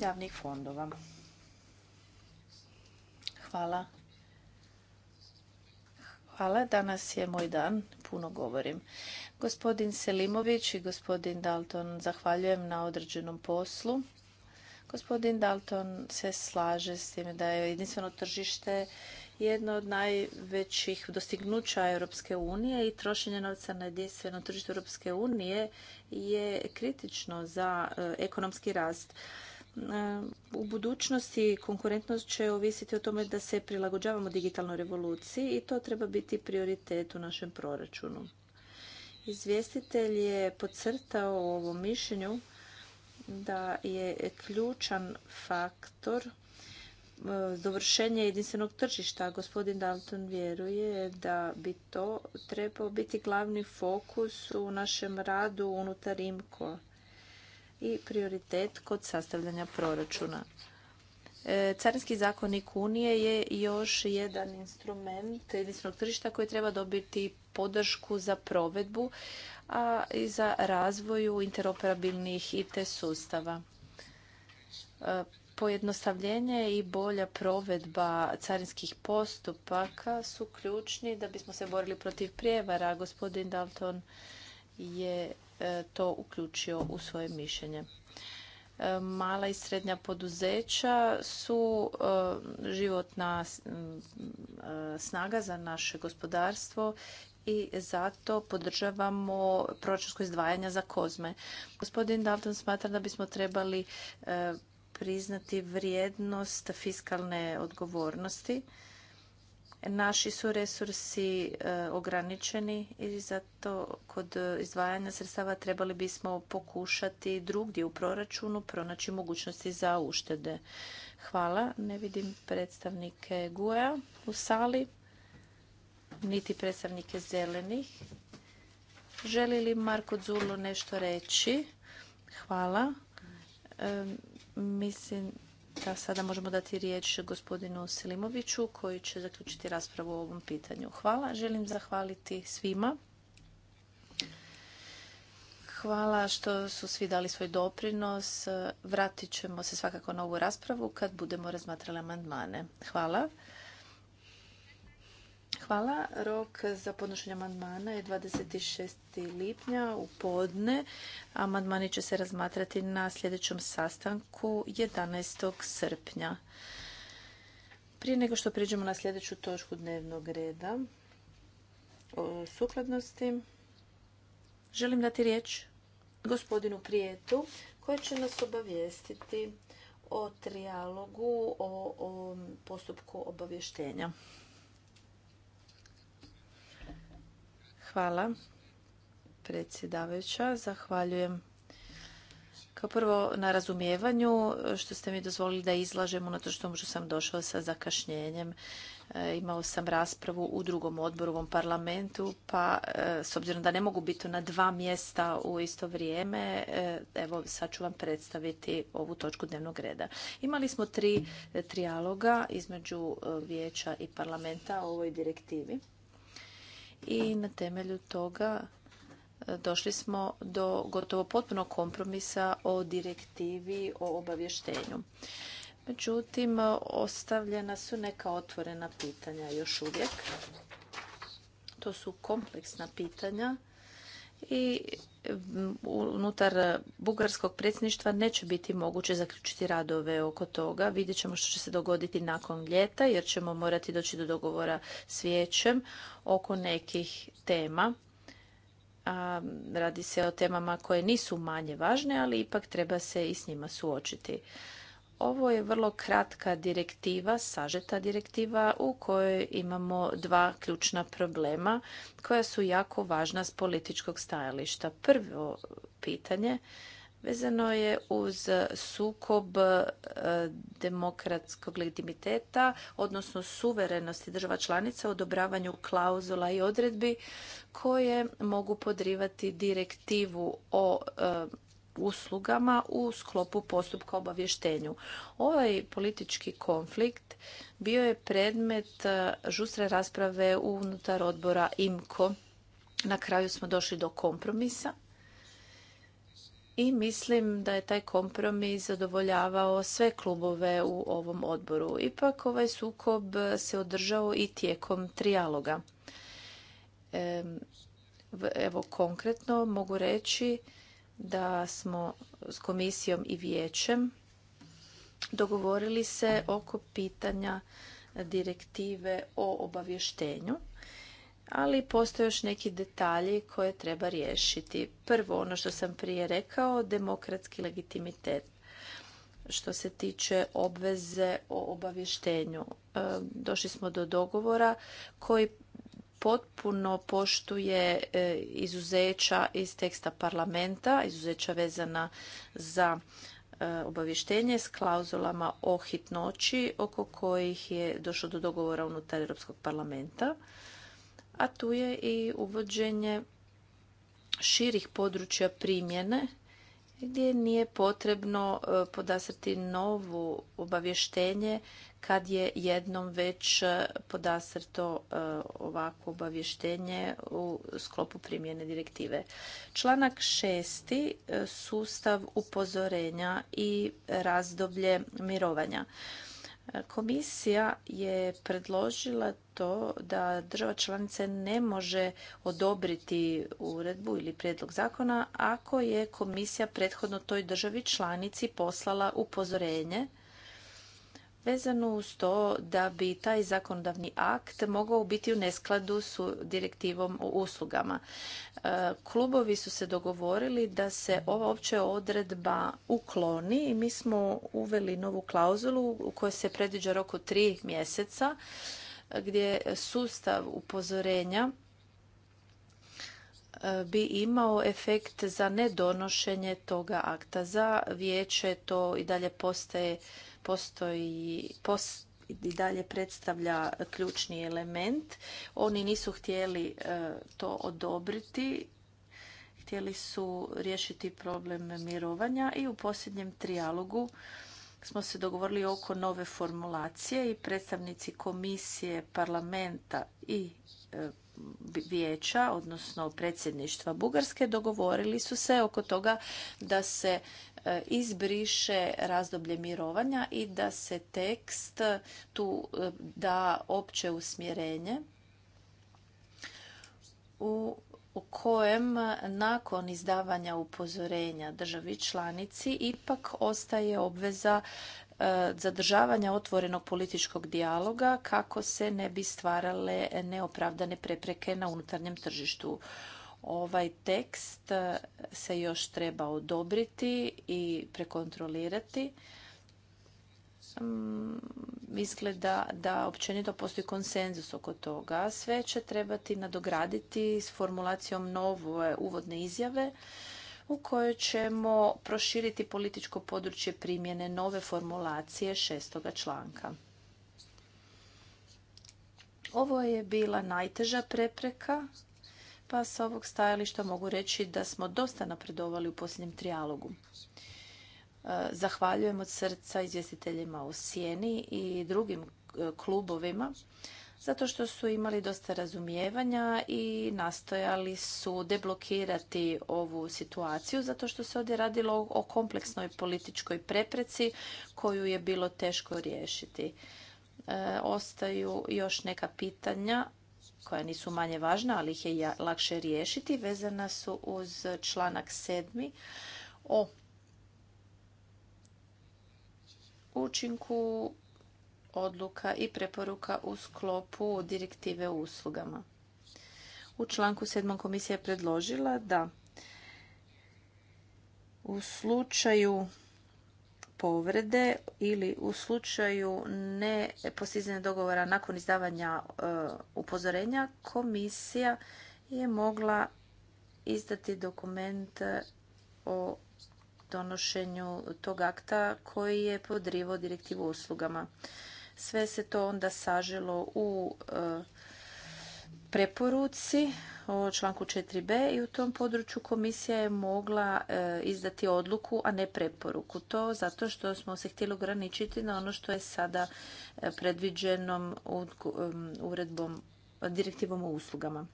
javnih fondova. Hvala. Hvala, danas je moj dan puno govorim. Gospodin Selimović i gospodin Dalton zahvaljujem na određenom poslu. Gospodin Dalton se slaže s tim da je jedinstveno tržište jedno od najvećih dostignuća Europske unije i trošenje novca na jedinstveno tržište Europske unije je kritično za e, ekonomski rast. E, u budućnosti konkurentnost će ovisiti o tome da se prilagođavamo digitalnoj revoluciji i to treba biti prioritet u našem proračunu. Izvjestitelj je podcrtao u ovom mišljenju da je ključan faktor e, dovršenje jedinstvenog tržišta. Gospodin Dalton vjeruje da bi to trebao biti glavni fokus u našem radu unutar IMCO i prioritet kod sastavljanja proračuna. E, Carinski zakonik Unije je još jedan instrument jedinstvenog tržišta koji treba dobiti podršku za provedbu a i za razvoju interoperabilnih IT sustava. E, Pojednostavljenje i bolja provedba carinskih postupaka su ključni da bismo se borili protiv prijevara. Gospodin Dalton je E, to uključio u svoje mišljenje. E, mala i srednja poduzeća su e, životna snaga za naše gospodarstvo i zato podržavamo proračunsko izdvajanje za kozme. Gospodin Dalton smatra da bismo trebali priznati vrijednost fiskalne odgovornosti Naši su resursi e, ograničeni i zato kod izdvajanja sredstava trebali bismo pokušati drugdje u proračunu pronaći mogućnosti za uštede. Hvala. Ne vidim predstavnike Guja u sali, niti predstavnike zelenih. Želi li Marko zulu nešto reći? Hvala. E, mislim da sada možemo dati riječ gospodinu Selimoviću koji će zaključiti raspravu o ovom pitanju. Hvala, želim zahvaliti svima. Hvala što su svi dali svoj doprinos. Vratit ćemo se svakako na ovu raspravu kad budemo razmatrali amandmane. Hvala. Hvala. Rok za podnošenje amandmana je 26. lipnja u podne. Amandmani će se razmatrati na sljedećom sastanku 11. srpnja. Prije nego što priđemo na sljedeću točku dnevnog reda o sukladnosti, želim dati riječ gospodinu Prijetu koji će nas obavijestiti o trijalogu o, o postupku obavještenja. Hvala, predsjedavajuća. Zahvaljujem kao prvo na razumijevanju e, što ste mi dozvolili da izlažem unatoč što sam došla sa zakašnjenjem. E, imao sam raspravu u drugom odboru u ovom parlamentu, pa e, s obzirom da ne mogu biti na dva mjesta u isto vrijeme, evo sad ću vam predstaviti ovu točku dnevnog reda. Imali smo tri trijaloga između vijeća i parlamenta o ovoj direktivi i na temelju toga e, došli smo do gotovo potpunog kompromisa o direktivi o obavještenju. Međutim, ostavljena su neka otvorena pitanja još uvijek. To su kompleksna pitanja i unutar bugarskog predsjedništva neće biti moguće zaključiti radove oko toga. Vidjet ćemo što će se dogoditi nakon ljeta jer ćemo morati doći do dogovora s vijećem oko nekih tema. A, radi se o temama koje nisu manje važne, ali ipak treba se i s njima suočiti. Ovo je vrlo kratka direktiva, sažeta direktiva u kojoj imamo dva ključna problema koja su jako važna s političkog stajališta. Prvo pitanje vezano je uz sukob e, demokratskog legitimiteta, odnosno suverenosti država članica u odobravanju klauzula i odredbi koje mogu podrivati direktivu o e, uslugama u sklopu postupka obavještenju. Ovaj politički konflikt bio je predmet e, žustre rasprave unutar odbora IMKO. Na kraju smo došli do kompromisa i mislim da je taj kompromis zadovoljavao sve klubove u ovom odboru. Ipak ovaj sukob se održao i tijekom trijaloga. Evo konkretno mogu reći da smo s komisijom i vijećem dogovorili se oko pitanja direktive o obavještenju, ali postoje još neki detalji koje treba riješiti. Prvo, ono što sam prije rekao, demokratski legitimitet što se tiče obveze o obavještenju. E, došli smo do dogovora koji potpuno poštuje e, izuzeća iz teksta parlamenta, izuzeća vezana za e, obavještenje s klauzulama o hitnoći oko kojih je došlo do dogovora unutar Europskog parlamenta. A tu je i uvođenje širih područja primjene gdje nije potrebno e, podasrti novu obavještenje kad je jednom već e, podasrto e, ovako obavještenje u sklopu primjene direktive. Članak šesti, e, sustav upozorenja i razdoblje mirovanja. Komisija je predložila to da država članice ne može odobriti uredbu ili prijedlog zakona ako je komisija prethodno toj državi članici poslala upozorenje vezano uz to da bi taj zakonodavni akt mogao biti u neskladu s direktivom o uslugama. E, klubovi su se dogovorili da se ova opća odredba ukloni i mi smo uveli novu klauzulu u kojoj se predviđa roku tri mjeseca gdje sustav upozorenja e, bi imao efekt za nedonošenje toga akta. Za vijeće to i dalje postaje postoji, i dalje predstavlja ključni element. Oni nisu htjeli e, to odobriti, htjeli su riješiti problem mirovanja i u posljednjem trijalogu smo se dogovorili oko nove formulacije i predstavnici komisije, parlamenta i e, vijeća, odnosno predsjedništva Bugarske, dogovorili su se oko toga da se E, izbriše razdoblje mirovanja i da se tekst tu e, da opće usmjerenje u kojem nakon izdavanja upozorenja državi članici ipak ostaje obveza e, zadržavanja otvorenog političkog dijaloga kako se ne bi stvarale neopravdane prepreke na unutarnjem tržištu. Ovaj tekst e, se još treba odobriti i prekontrolirati. Misle mm, da općenito postoji konsenzus oko toga. Sve će trebati nadograditi s formulacijom nove uvodne izjave u kojoj ćemo proširiti političko područje primjene nove formulacije šestoga članka. Ovo je bila najteža prepreka pa s ovog stajališta mogu reći da smo dosta napredovali u posljednjem trijalogu. E, zahvaljujem od srca izvjestiteljima u Sjeni i drugim e, klubovima zato što su imali dosta razumijevanja i nastojali su deblokirati ovu situaciju zato što se ovdje radilo o kompleksnoj političkoj prepreci koju je bilo teško riješiti. E, ostaju još neka pitanja koja nisu manje važna, ali ih je lakše riješiti, vezana su uz članak sedmi o učinku odluka i preporuka u sklopu direktive o uslugama. U članku 7. komisija je predložila da u slučaju povrede ili u slučaju ne postizanja dogovora nakon izdavanja e, upozorenja komisija je mogla izdati dokument o donošenju tog akta koji je podrivao direktivu uslugama. Sve se to onda saželo u e, preporuci o članku 4b i u tom području komisija je mogla e, izdati odluku, a ne preporuku. To zato što smo se htjeli ograničiti na ono što je sada e, predviđenom uredbom, direktivom o uslugama.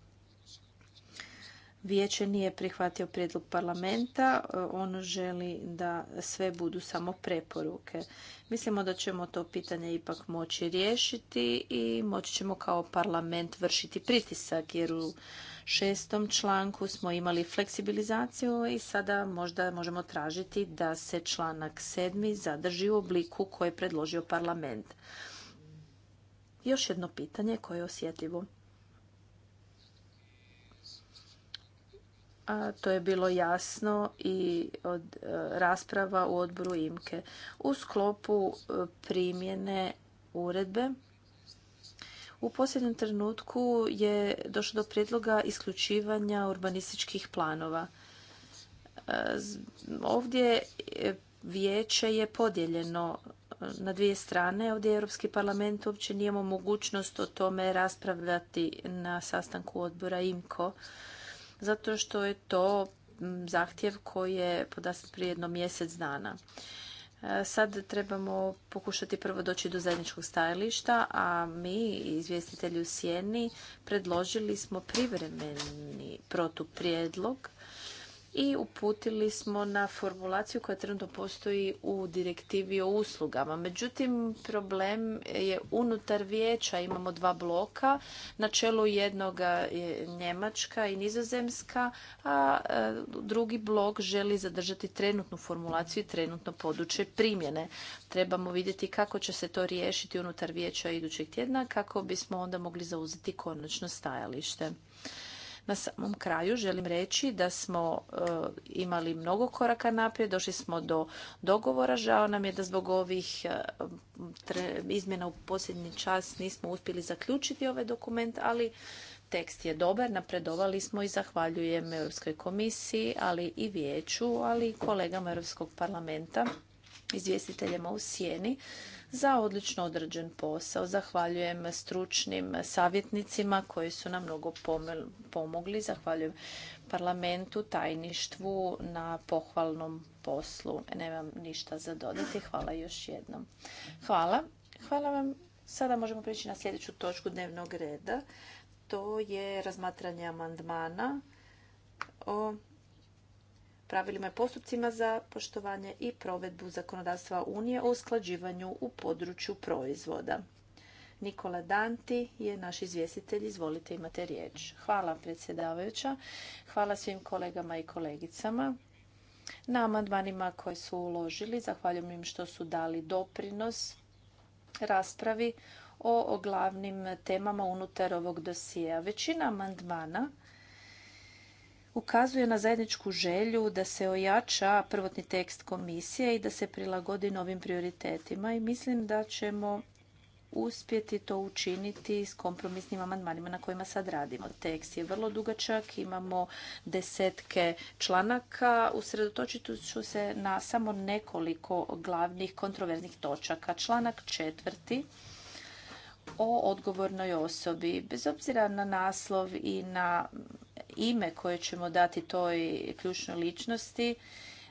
Vijeće nije prihvatio prijedlog parlamenta, e, ono želi da sve budu samo preporuke. Mislimo da ćemo to pitanje ipak moći riješiti i moći ćemo kao parlament vršiti pritisak jer u šestom članku smo imali fleksibilizaciju i sada možda možemo tražiti da se članak sedmi zadrži u obliku koje je predložio parlament. Još jedno pitanje koje je osjetljivo. to je bilo jasno i od e, rasprava u odboru IMKE. U sklopu e, primjene uredbe u posljednjem trenutku je došlo do prijedloga isključivanja urbanističkih planova. E, ovdje vijeće je podijeljeno na dvije strane. Ovdje Europski parlament uopće nijemo mogućnost o tome raspravljati na sastanku odbora IMKO zato što je to mm, zahtjev koji je podastat prije jedno mjesec dana. E, sad trebamo pokušati prvo doći do zajedničkog stajališta, a mi, izvjestitelji u Sjeni, predložili smo privremeni protuprijedlog i uputili smo na formulaciju koja trenutno postoji u direktivi o uslugama. Međutim, problem je unutar vijeća. Imamo dva bloka. Na čelu jednoga je Njemačka i Nizozemska, a drugi blok želi zadržati trenutnu formulaciju i trenutno područje primjene. Trebamo vidjeti kako će se to riješiti unutar vijeća idućeg tjedna kako bismo onda mogli zauzeti konačno stajalište. Na samom kraju želim reći da smo e, imali mnogo koraka naprijed, došli smo do dogovora. Žao nam je da zbog ovih e, izmjena u posljednji čas nismo uspjeli zaključiti ovaj dokument, ali tekst je dobar, napredovali smo i zahvaljujem Europskoj komisiji, ali i vijeću, ali i kolegama Europskog parlamenta, izvjestiteljima u sjeni za odlično odrađen posao. Zahvaljujem stručnim savjetnicima koji su nam mnogo pomogli. Zahvaljujem parlamentu, tajništvu na pohvalnom poslu. Nemam ništa za dodati. Hvala još jednom. Hvala. Hvala vam. Sada možemo prići na sljedeću točku dnevnog reda. To je razmatranje amandmana o pravilima i postupcima za poštovanje i provedbu zakonodavstva Unije o usklađivanju u području proizvoda. Nikola Danti je naš izvjestitelj. Izvolite, imate riječ. Hvala predsjedavajuća. Hvala svim kolegama i kolegicama na amandmanima koje su uložili. Zahvaljujem im što su dali doprinos raspravi o glavnim temama unutar ovog dosija. Većina amandmana ukazuje na zajedničku želju da se ojača prvotni tekst komisije i da se prilagodi novim prioritetima i mislim da ćemo uspjeti to učiniti s kompromisnim amandmanima na kojima sad radimo. Tekst je vrlo dugačak, imamo desetke članaka. Usredotočit ću se na samo nekoliko glavnih kontroverznih točaka. Članak četvrti o odgovornoj osobi. Bez obzira na naslov i na ime koje ćemo dati toj ključnoj ličnosti,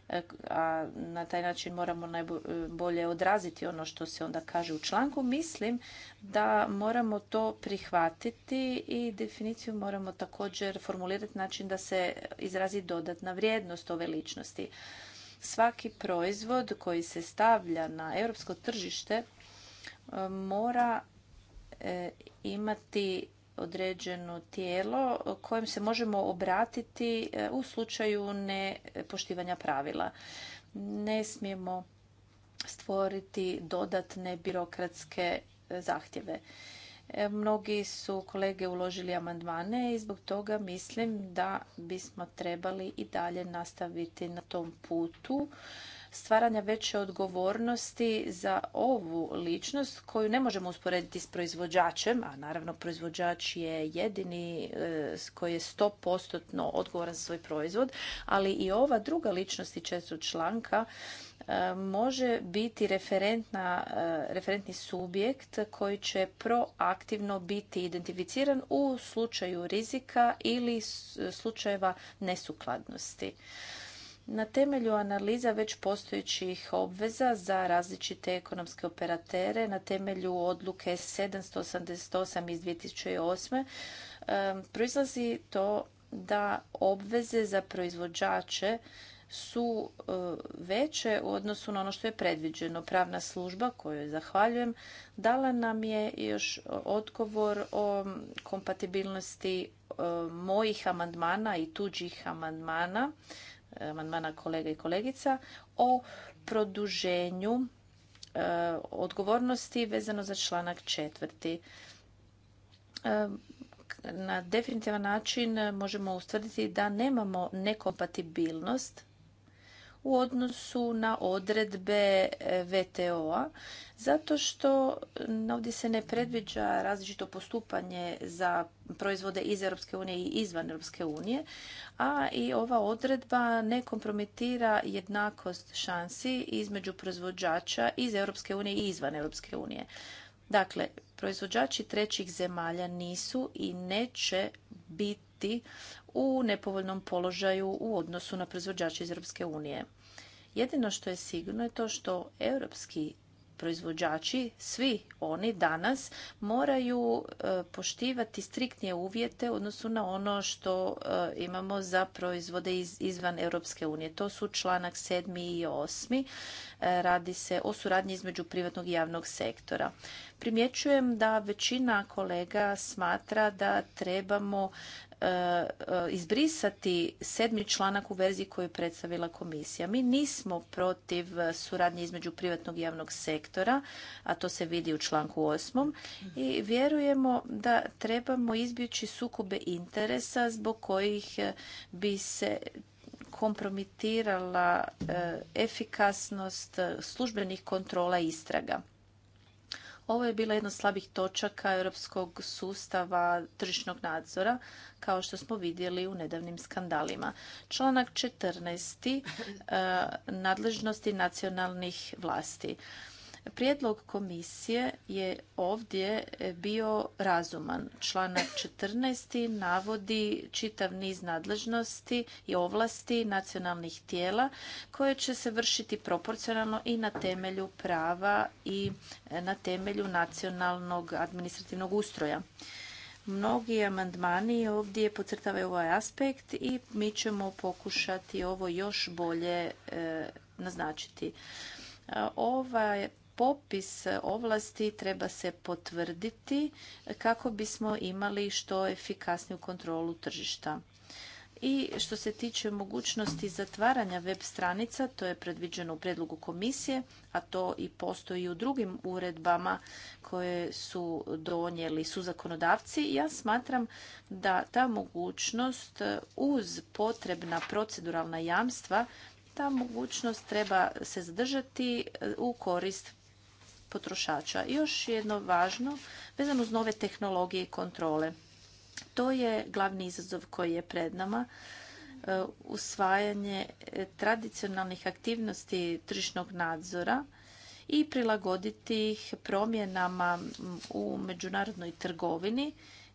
e, a na taj način moramo najbolje e, odraziti ono što se onda kaže u članku, mislim da moramo to prihvatiti i definiciju moramo također formulirati način da se izrazi dodatna vrijednost ove ličnosti. Svaki proizvod koji se stavlja na europsko tržište e, mora imati određeno tijelo kojem se možemo obratiti e, u slučaju nepoštivanja pravila. Ne smijemo stvoriti dodatne birokratske e, zahtjeve. E, mnogi su kolege uložili amandmane i zbog toga mislim da bismo trebali i dalje nastaviti na tom putu stvaranja veće odgovornosti za ovu ličnost koju ne možemo usporediti s proizvođačem, a naravno proizvođač je jedini e, koji je 100% odgovoran za svoj proizvod, ali i ova druga ličnost i četvrtog članka e, može biti e, referentni subjekt koji će proaktivno biti identificiran u slučaju rizika ili slučajeva nesukladnosti. Na temelju analiza već postojećih obveza za različite ekonomske operatere na temelju odluke 788 iz 2008. proizlazi to da obveze za proizvođače su e, veće u odnosu na ono što je predviđeno. Pravna služba, koju zahvaljujem, dala nam je još odgovor o kompatibilnosti e, mojih amandmana i tuđih amandmana amandmana kolega i kolegica o produženju e, odgovornosti vezano za članak četvrti. E, na definitivan način možemo ustvrditi da nemamo nekompatibilnost u odnosu na odredbe e, VTO-a zato što ovdje se ne predviđa različito postupanje za proizvode iz Europske unije i izvan Europske unije, a i ova odredba ne kompromitira jednakost šansi između proizvođača iz Europske unije i izvan Europske unije. Dakle, proizvođači trećih zemalja nisu i neće biti u nepovoljnom položaju u odnosu na proizvođače iz Europske unije. Jedino što je sigurno je to što europski proizvođači, svi oni danas moraju e, poštivati striktnije uvjete u odnosu na ono što e, imamo za proizvode izvan Europske unije. To su članak 7. i 8. E, radi se o suradnji između privatnog i javnog sektora. Primjećujem da većina kolega smatra da trebamo E, izbrisati sedmi članak u verziji koju je predstavila komisija. Mi nismo protiv suradnje između privatnog i javnog sektora, a to se vidi u članku osmom i vjerujemo da trebamo izbjeći sukobe interesa zbog kojih bi se kompromitirala e, efikasnost službenih kontrola istraga. Ovo je bila jedna od slabih točaka europskog sustava tržišnog nadzora, kao što smo vidjeli u nedavnim skandalima. Članak 14. Eh, nadležnosti nacionalnih vlasti. Prijedlog komisije je ovdje bio razuman. Članak 14. navodi čitav niz nadležnosti i ovlasti nacionalnih tijela koje će se vršiti proporcionalno i na temelju prava i na temelju nacionalnog administrativnog ustroja. Mnogi amandmani ovdje podcrtavaju ovaj aspekt i mi ćemo pokušati ovo još bolje e, naznačiti. Ovaj popis ovlasti treba se potvrditi kako bismo imali što efikasniju kontrolu tržišta. I što se tiče mogućnosti zatvaranja web stranica, to je predviđeno u predlogu komisije, a to i postoji u drugim uredbama koje su donijeli su zakonodavci. Ja smatram da ta mogućnost uz potrebna proceduralna jamstva ta mogućnost treba se zadržati u korist potrošača. još jedno važno, vezano uz nove tehnologije i kontrole. To je glavni izazov koji je pred nama e, usvajanje e, tradicionalnih aktivnosti tržišnog nadzora i prilagoditi ih promjenama u međunarodnoj trgovini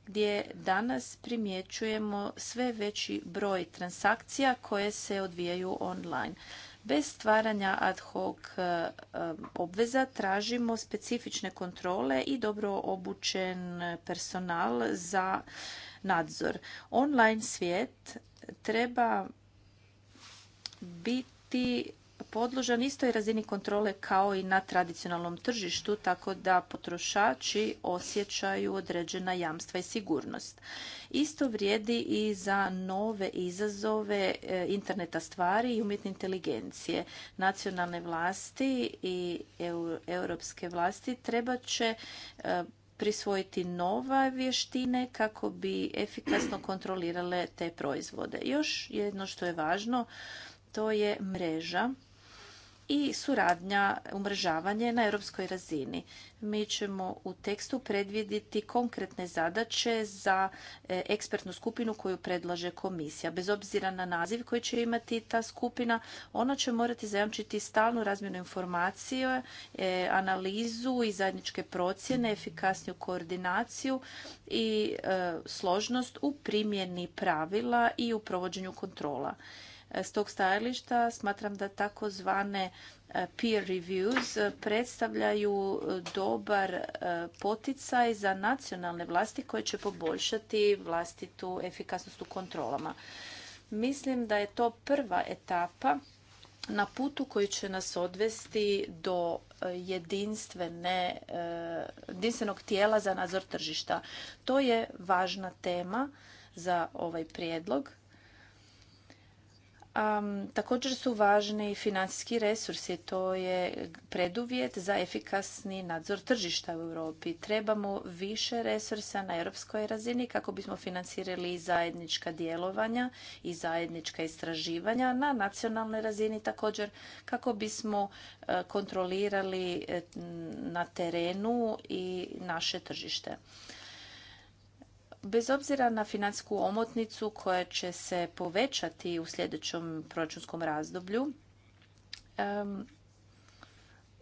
gdje danas primjećujemo sve veći broj transakcija koje se odvijaju online. Bez stvaranja ad hoc e, e, obveza tražimo specifične kontrole i dobro obučen personal za nadzor. Online svijet treba biti podložan istoj razini kontrole kao i na tradicionalnom tržištu, tako da potrošači osjećaju određena jamstva i sigurnost. Isto vrijedi i za nove izazove e, interneta stvari i umjetne inteligencije. Nacionalne vlasti i europske vlasti treba će e, prisvojiti nova vještine kako bi efikasno kontrolirale te proizvode. Još jedno što je važno, to je mreža i suradnja, umržavanje na europskoj razini. Mi ćemo u tekstu predvidjeti konkretne zadaće za e, ekspertnu skupinu koju predlaže komisija. Bez obzira na naziv koji će imati ta skupina, ona će morati zajamčiti stalnu razmjenu informacija, e, analizu i zajedničke procjene, efikasniju koordinaciju i e, složnost u primjeni pravila i u provođenju kontrola. S tog stajališta smatram da takozvane e, peer reviews e, predstavljaju e, dobar poticaj za nacionalne vlasti koje će poboljšati vlastitu efikasnost u kontrolama. Mislim da je to prva etapa na putu koji će nas odvesti do jedinstvene, jedinstvenog tijela za nadzor tržišta. To je važna tema za ovaj prijedlog također su važni financijski resursi, to je preduvjet za efikasni nadzor tržišta u Europi. Trebamo više resursa na europskoj razini kako bismo financirali zajednička djelovanja i zajednička istraživanja na nacionalnoj razini također kako bismo e, kontrolirali e, na terenu i naše tržište bez obzira na financijsku omotnicu koja će se povećati u sljedećem proračunskom razdoblju,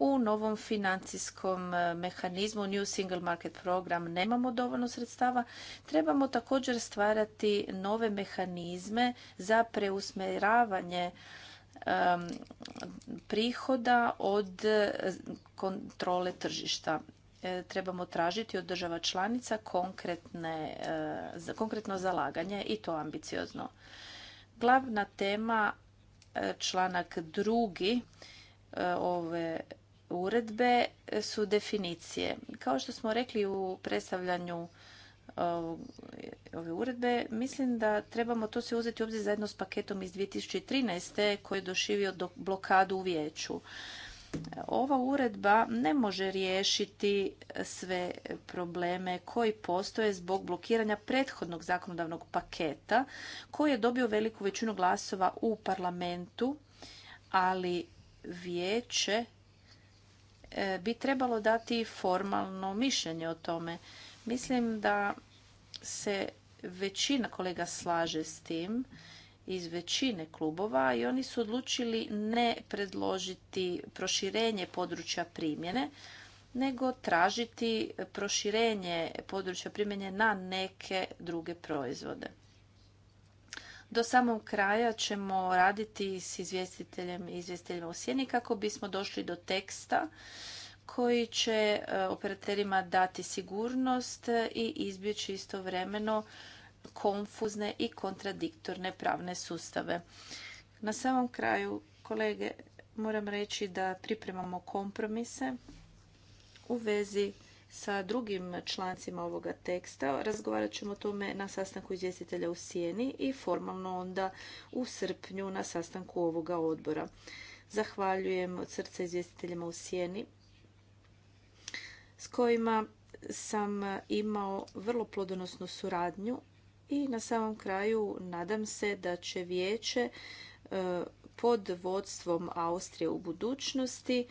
u novom financijskom e, mehanizmu New Single Market Program nemamo dovoljno sredstava. Trebamo također stvarati nove mehanizme za preusmjeravanje prihoda od e, kontrole tržišta. E, trebamo tražiti od država članica e, konkretno zalaganje i to ambiciozno. Glavna tema e, članak drugi ove uredbe su definicije. Kao što smo rekli u predstavljanju ove uredbe, mislim da trebamo to se uzeti u obzir zajedno s paketom iz 2013. koji je došivio blokadu u vijeću ova uredba ne može riješiti sve probleme koji postoje zbog blokiranja prethodnog zakonodavnog paketa koji je dobio veliku većinu glasova u parlamentu, ali vijeće e, bi trebalo dati formalno mišljenje o tome. Mislim da se većina kolega slaže s tim iz većine klubova i oni su odlučili ne predložiti proširenje područja primjene, nego tražiti proširenje područja primjene na neke druge proizvode. Do samog kraja ćemo raditi s izvjestiteljem i izvjestiteljima u sjeni kako bismo došli do teksta koji će e, operaterima dati sigurnost i izbjeći istovremeno konfuzne i kontradiktorne pravne sustave. Na samom kraju, kolege, moram reći da pripremamo kompromise u vezi sa drugim člancima ovoga teksta. Razgovarat ćemo o tome na sastanku izvjestitelja u Sijeni i formalno onda u srpnju na sastanku ovoga odbora. Zahvaljujem od srca izvjestiteljima u Sijeni s kojima sam imao vrlo plodonosnu suradnju i na samom kraju nadam se da će vijeće e, pod vodstvom Austrije u budućnosti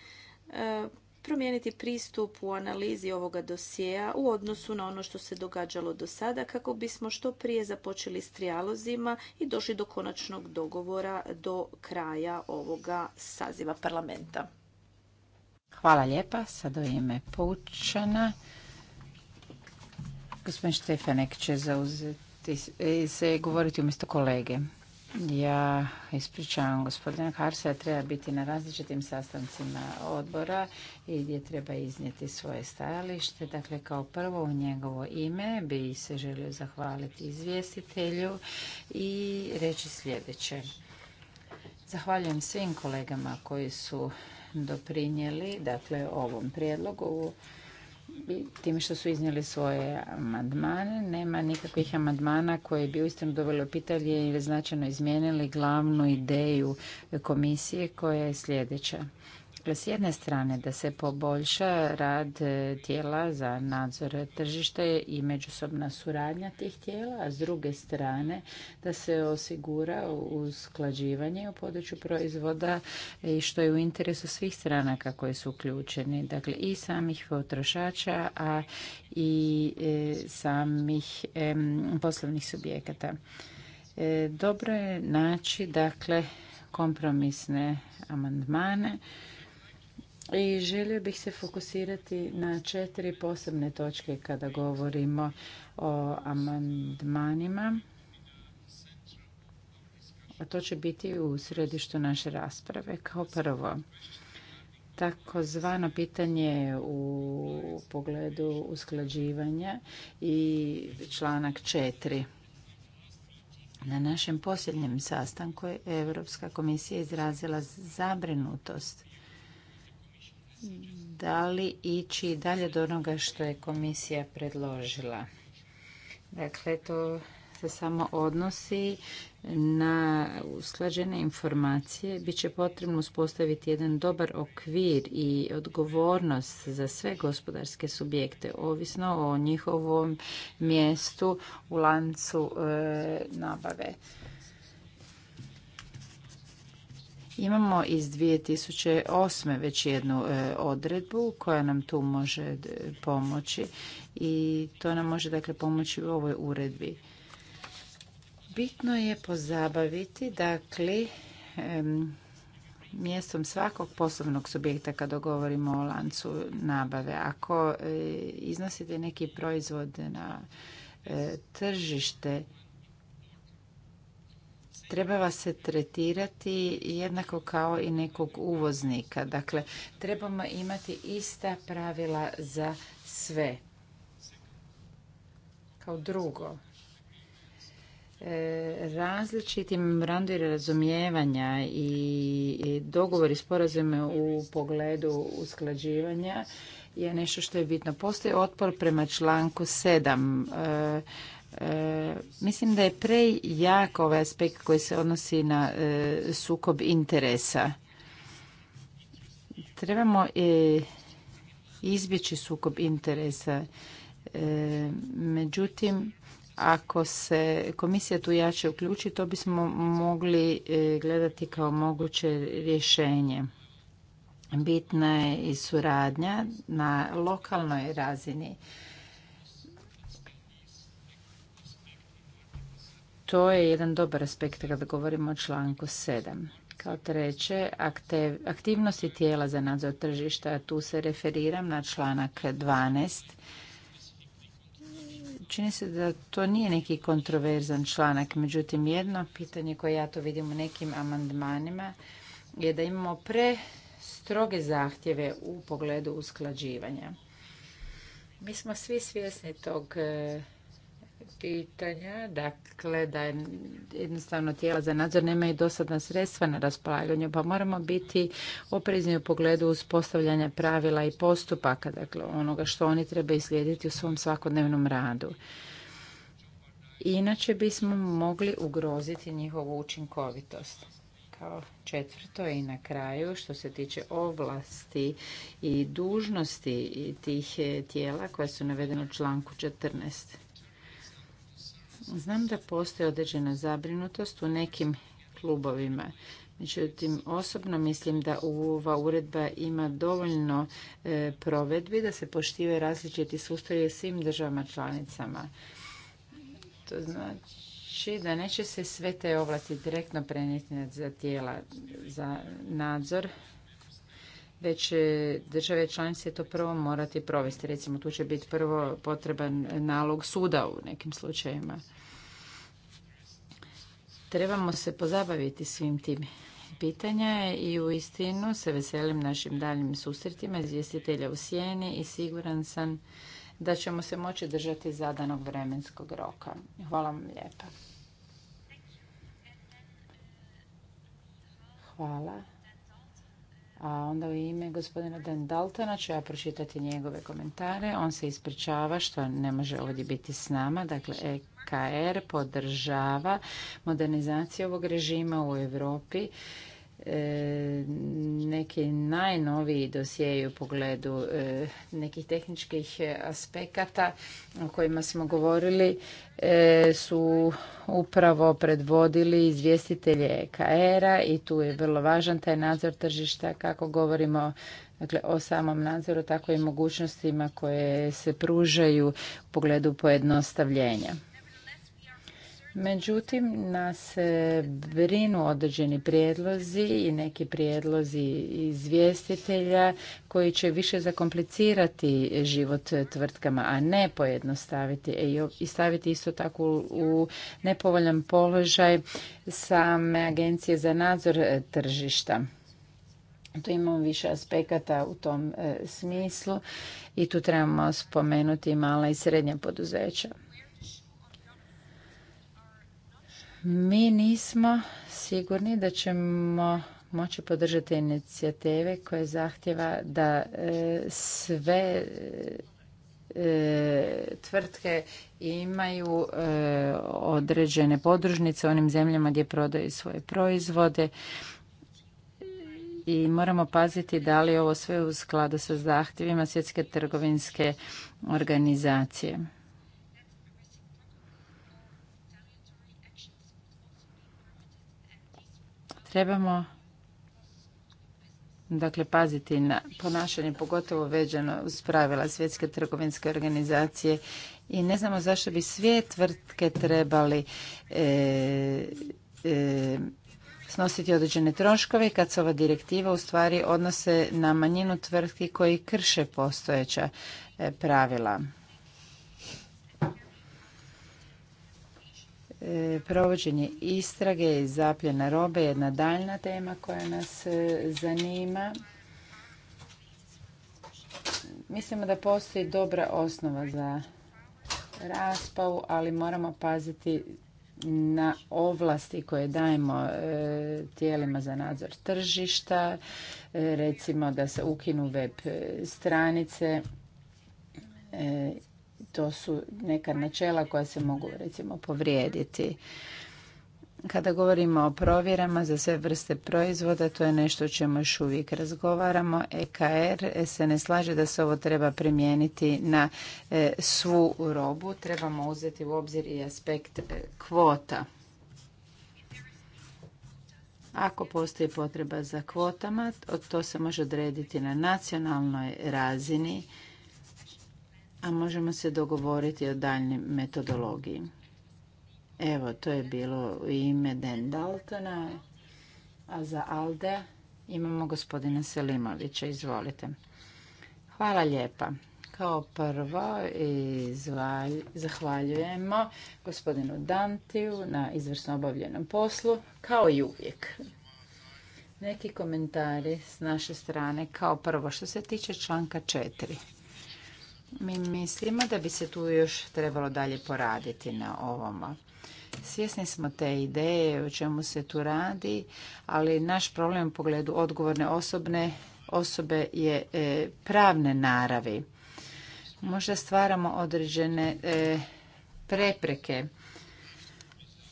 e, promijeniti pristup u analizi ovoga dosjea u odnosu na ono što se događalo do sada kako bismo što prije započeli s trijalozima i došli do konačnog dogovora do kraja ovoga saziva parlamenta. Hvala lijepa. Sad u ime poučena. Gospodin Štefanek će zauzeti E, se govoriti umjesto kolege. Ja ispričavam gospodina Harsa, treba biti na različitim sastancima odbora i gdje treba iznijeti svoje stajalište. Dakle, kao prvo u njegovo ime bi se želio zahvaliti izvjestitelju i reći sljedeće. Zahvaljujem svim kolegama koji su doprinijeli dakle, ovom prijedlogu tim što su iznijeli svoje amandmane. Nema nikakvih amandmana koji bi uistinu doveli pitanje ili značajno izmijenili glavnu ideju komisije koja je sljedeća. Dakle, s jedne strane da se poboljša rad e, tijela za nadzor tržišta i međusobna suradnja tih tijela, a s druge strane da se osigura usklađivanje u području proizvoda i što je u interesu svih stranaka koji su uključeni, dakle i samih potrošača, a i e, samih poslovnih subjekata. E, dobro je naći dakle kompromisne amandmane i želio bih se fokusirati na četiri posebne točke kada govorimo o amandmanima. A to će biti u središtu naše rasprave. Kao prvo, takozvano pitanje u pogledu usklađivanja i članak 4. Na našem posljednjem sastanku je Europska komisija izrazila zabrinutost da li ići dalje do onoga što je komisija predložila. Dakle, to se samo odnosi na usklađene informacije. Biće potrebno uspostaviti jedan dobar okvir i odgovornost za sve gospodarske subjekte, ovisno o njihovom mjestu u lancu e, nabave. Imamo iz 2008. već jednu e, odredbu koja nam tu može e, pomoći i to nam može dakle pomoći u ovoj uredbi. Bitno je pozabaviti dakle mjestom svakog poslovnog subjekta kada govorimo o lancu nabave. Ako e, iznosite neki proizvod na tržište treba se tretirati jednako kao i nekog uvoznika. Dakle, trebamo imati ista pravila za sve. Kao drugo, e, različiti i razumijevanja i, dogovori sporazume u pogledu usklađivanja je nešto što je bitno. Postoji otpor prema članku 7 mislim da je prejak ovaj aspekt koji se odnosi na e, sukob interesa. Trebamo e, izbjeći sukob interesa. E, međutim, ako se komisija tu jače uključi, to bismo mogli gledati kao moguće rješenje. Bitna je i suradnja na lokalnoj razini to je jedan dobar aspekt kada govorimo o članku 7. Kao treće, aktivnosti tijela za nadzor tržišta, tu se referiram na članak 12. Čini se da to nije neki kontroverzan članak, međutim jedno pitanje koje ja to vidim u nekim amandmanima je da imamo pre stroge zahtjeve u pogledu usklađivanja. Mi smo svi svjesni tog pitanja. Dakle, da je jednostavno tijela za nadzor nemaju dosadna sredstva na raspolaganju, pa moramo biti oprezni u pogledu uspostavljanja pravila i postupaka, dakle onoga što oni treba slijediti u svom svakodnevnom radu. Inače bismo mogli ugroziti njihovu učinkovitost. Kao četvrto i na kraju što se tiče ovlasti i dužnosti tih tijela koje su navedene u članku 14. Znam da postoje određena zabrinutost u nekim klubovima. Međutim, osobno mislim da ova uredba ima dovoljno e, provedbi da se poštive različiti sustavi u svim državama članicama. To znači da neće se sve te ovlasti direktno prenijeti za tijela za nadzor, već države članice to prvo morati provesti. Recimo, tu će biti prvo potreban nalog suda u nekim slučajevima. Trebamo se pozabaviti svim tim pitanja i u istinu se veselim našim daljim susretima izvjestitelja u sjeni i siguran sam da ćemo se moći držati zadanog vremenskog roka. Hvala vam lijepa. Hvala. A onda u ime gospodina Dan Daltona ću ja pročitati njegove komentare. On se ispričava što ne može ovdje biti s nama. Dakle, EKR podržava modernizaciju ovog režima u Europi E, neki najnoviji dosjeji u pogledu e, nekih tehničkih aspekata o kojima smo govorili e, su upravo predvodili izvjestitelje EKR-a i tu je vrlo važan taj nadzor tržišta kako govorimo dakle, o samom nadzoru, tako i mogućnostima koje se pružaju u pogledu pojednostavljenja. Međutim, nas e, brinu određeni prijedlozi i neki prijedlozi izvjestitelja koji će više zakomplicirati život tvrtkama, a ne pojednostaviti e, i staviti isto tako u nepovoljan položaj same agencije za nadzor e, tržišta. Tu imamo više aspekata u tom smislu i tu trebamo spomenuti mala i srednja poduzeća. Mi nismo sigurni da ćemo moći podržati inicijative koje zahtjeva da e, sve e, tvrtke imaju e, određene podružnice u onim zemljama gdje prodaju svoje proizvode i moramo paziti da li je ovo sve u skladu sa zahtjevima svjetske trgovinske organizacije. Trebamo dakle paziti na ponašanje pogotovo veđano uz pravila svjetske trgovinske organizacije i ne znamo zašto bi sve tvrtke trebali e, e, snositi određene troškove kad se ova direktiva u stvari odnose na manjinu tvrtki koji krše postojeća e, pravila. E, provođenje istrage i zapljena robe jedna daljna tema koja nas e, zanima. Mislimo da postoji dobra osnova za raspavu, ali moramo paziti na ovlasti koje dajemo e, tijelima za nadzor tržišta, recimo da se ukinu web stranice to su neka načela koja se mogu recimo povrijediti. Kada govorimo o provjerama za sve vrste proizvoda, to je nešto o čemu još uvijek razgovaramo. EKR er se ne slaže da se ovo treba primijeniti na e, svu robu. Trebamo uzeti u obzir i aspekt e, kvota. Ako postoji potreba za kvotama, to se može odrediti na nacionalnoj razini a možemo se dogovoriti o daljnjim metodologiji. Evo, to je bilo u ime Dan Daltona, a za Alde imamo gospodina Selimovića. Izvolite. Hvala lijepa. Kao prvo zahvaljujemo gospodinu Dantiju na izvrsno obavljenom poslu, kao i uvijek. Neki komentari s naše strane kao prvo što se tiče članka 4. Mi mislimo da bi se tu još trebalo dalje poraditi na ovom. Svjesni smo te ideje, o čemu se tu radi, ali naš problem u pogledu odgovorne osobne osobe je e, pravne naravi. Možda stvaramo određene e, prepreke,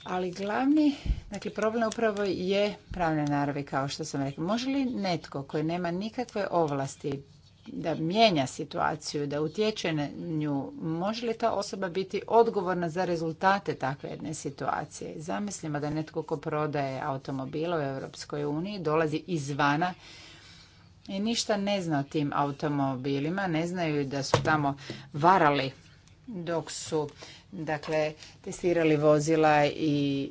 ali glavni dakle, problem upravo je pravne naravi, kao što sam rekla. Može li netko koji nema nikakve ovlasti da mijenja situaciju, da utječe na nju, može li ta osoba biti odgovorna za rezultate takve jedne situacije? Zamislimo da netko ko prodaje automobile u Europskoj uniji dolazi izvana i ništa ne zna o tim automobilima, ne znaju da su tamo varali dok su dakle testirali vozila i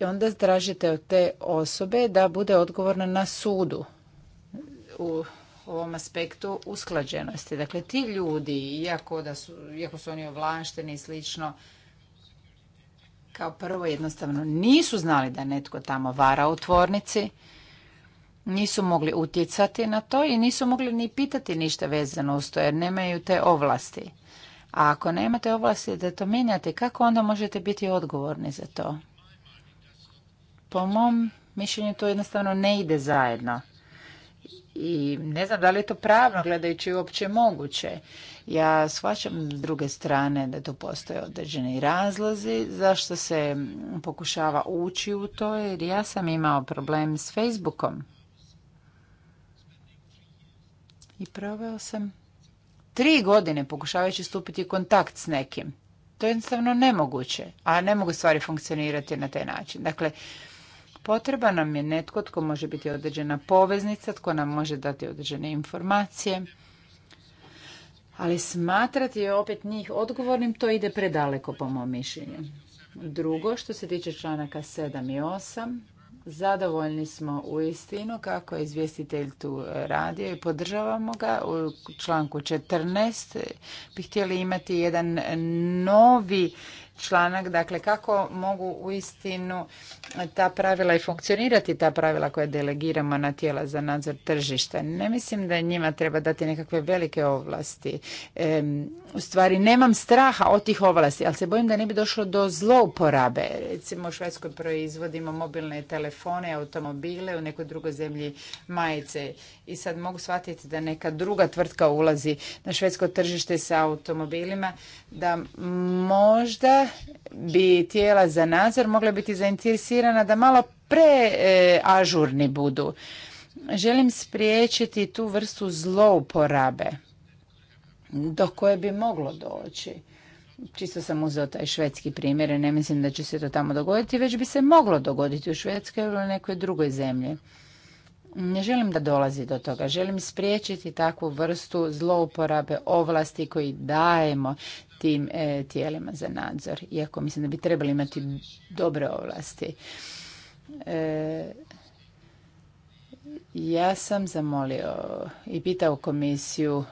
i onda tražite od te osobe da bude odgovorna na sudu u ovom aspektu usklađenosti. Dakle, ti ljudi, iako, da su, iako su oni ovlašteni i slično, kao prvo jednostavno nisu znali da netko tamo vara u tvornici, nisu mogli utjecati na to i nisu mogli ni pitati ništa vezano uz to jer nemaju te ovlasti. A ako nemate ovlasti da to mijenjate, kako onda možete biti odgovorni za to? Po mom mišljenju to jednostavno ne ide zajedno i ne znam da li je to pravno gledajući uopće moguće. Ja shvaćam s druge strane da tu postoje određeni razlozi zašto se pokušava ući u to jer ja sam imao problem s Facebookom. I proveo sam tri godine pokušavajući stupiti u kontakt s nekim. To je jednostavno nemoguće, a ne mogu stvari funkcionirati na taj način. Dakle, Potreba nam je netko tko može biti određena poveznica, tko nam može dati određene informacije. Ali smatrati je opet njih odgovornim, to ide predaleko po mom mišljenju. Drugo, što se tiče članaka 7 i 8, zadovoljni smo u istinu kako je izvjestitelj tu radio i podržavamo ga. U članku 14 bi htjeli imati jedan novi članak, dakle kako mogu u istinu ta pravila i funkcionirati ta pravila koja delegiramo na tijela za nadzor tržišta. Ne mislim da njima treba dati nekakve velike ovlasti. E, u stvari nemam straha od tih ovlasti, ali se bojim da ne bi došlo do zlouporabe. Recimo u Švedskoj proizvodimo mobilne telefone, automobile, u nekoj drugoj zemlji majice. I sad mogu shvatiti da neka druga tvrtka ulazi na švedsko tržište sa automobilima, da možda bi tijela za nadzor mogla biti zainteresirana da malo preažurni e, budu. Želim spriječiti tu vrstu zlouporabe do koje bi moglo doći. Čisto sam uzeo taj švedski primjer i ne mislim da će se to tamo dogoditi, već bi se moglo dogoditi u Švedskoj ili u nekoj drugoj zemlji. Ne želim da dolazi do toga. Želim spriječiti takvu vrstu zlouporabe ovlasti koji dajemo tim e, tijelima za nadzor, iako mislim da bi trebali imati dobre ovlasti. E, ja sam zamolio i pitao komisiju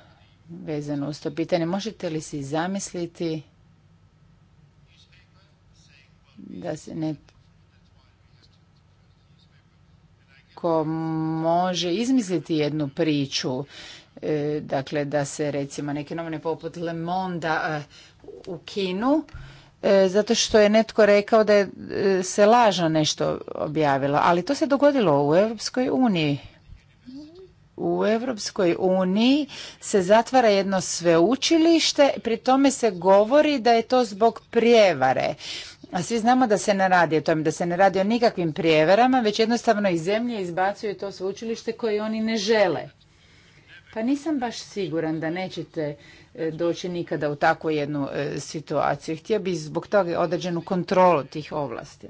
vezano uz to pitanje, možete li si zamisliti da se ko može izmisliti jednu priču E, dakle da se recimo neke novine poput Le Monda e, ukinu e, zato što je netko rekao da se lažno nešto objavilo, ali to se dogodilo u Europskoj uniji. U Europskoj uniji se zatvara jedno sveučilište, pri tome se govori da je to zbog prijevare. A svi znamo da se ne radi o tome, da se ne radi o nikakvim prijevarama, već jednostavno iz zemlje izbacuju to sveučilište koje oni ne žele. Pa nisam baš siguran da nećete e, doći nikada u takvu jednu e, situaciju. Htio bih zbog toga određenu kontrolu tih ovlasti.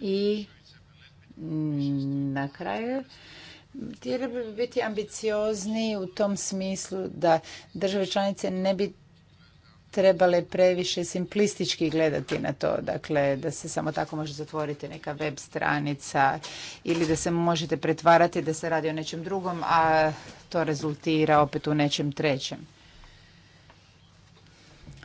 I mm, na kraju htjeli bi biti ambiciozni u tom smislu da države članice ne bi trebale previše simplistički gledati na to, dakle da se samo tako može zatvoriti neka web stranica ili da se možete pretvarati da se radi o nečem drugom, a to rezultira opet u nečem trećem.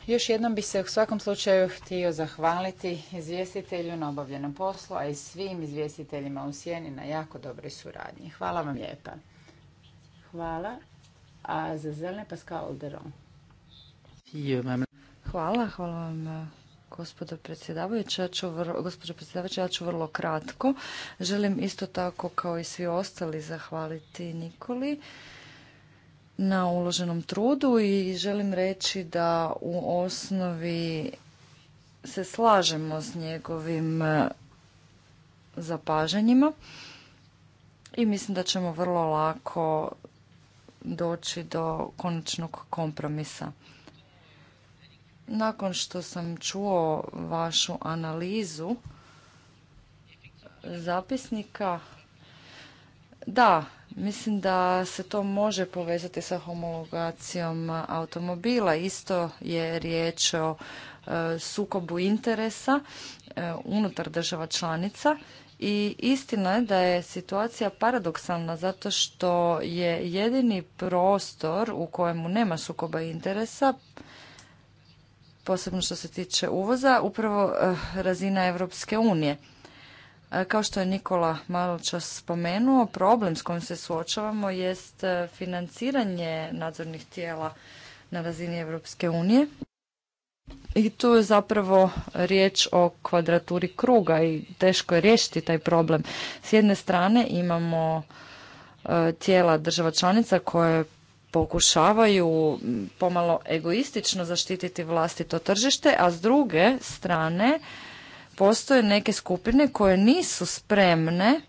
Još jednom bih se u svakom slučaju htio zahvaliti izvjestitelju na obavljenom poslu, a i svim izvjestiteljima u Sjeni na jako dobroj suradnji. Hvala vam lijepa. Hvala. A za zelene Pascal Hvala, hvala vam eh, gospodo predsjedavajuća. predsjedavajuća, ja ću vrlo kratko. Želim isto tako kao i svi ostali zahvaliti Nikoli na uloženom trudu i želim reći da u osnovi se slažemo s njegovim eh, zapažanjima i mislim da ćemo vrlo lako doći do konačnog kompromisa. Nakon što sam čuo vašu analizu zapisnika, da, mislim da se to može povezati sa homologacijom automobila. Isto je riječ o e, sukobu interesa e, unutar država članica i istina je da je situacija paradoksalna zato što je jedini prostor u kojemu nema sukoba interesa posebno što se tiče uvoza, upravo eh, razina Europske unije. Eh, kao što je Nikola malo čas spomenuo, problem s kojim se suočavamo jest eh, financiranje nadzornih tijela na razini Europske unije. I tu je zapravo riječ o kvadraturi kruga i teško je riješiti taj problem. S jedne strane imamo tijela država članica koje pokušavaju pomalo egoistično zaštititi vlastito tržište, a s druge strane postoje neke skupine koje nisu spremne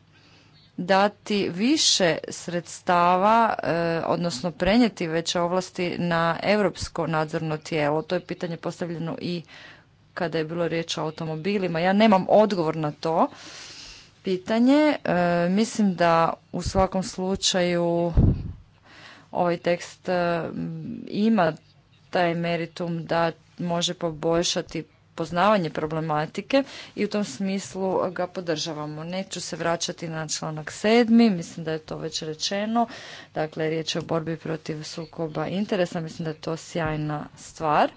dati više sredstava, e, odnosno prenijeti veće ovlasti na europsko nadzorno tijelo. To je pitanje postavljeno i kada je bilo riječ o automobilima. Ja nemam odgovor na to pitanje. E, mislim da u svakom slučaju ovaj tekst e, ima taj meritum da može poboljšati poznavanje problematike i u tom smislu ga podržavamo. Neću se vraćati na članak sedmi, mislim da je to već rečeno. Dakle, riječ je o borbi protiv sukoba interesa, mislim da je to sjajna stvar.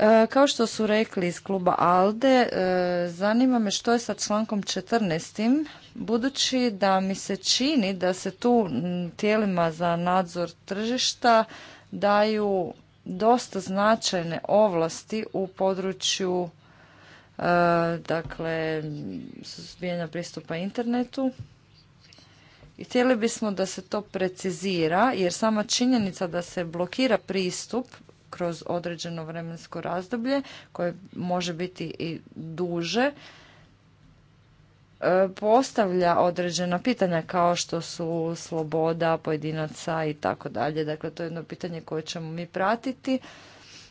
E, kao što su rekli iz kluba ALDE, e, zanima me što je sa člankom 14. Budući da mi se čini da se tu tijelima za nadzor tržišta daju dosta značajne ovlasti u području e, dakle suzbijanja pristupa internetu. I htjeli bismo da se to precizira jer sama činjenica da se blokira pristup kroz određeno vremensko razdoblje koje može biti i duže e, postavlja određena pitanja kao što su sloboda pojedinaca i tako dalje. Dakle, to je jedno pitanje koje ćemo mi pratiti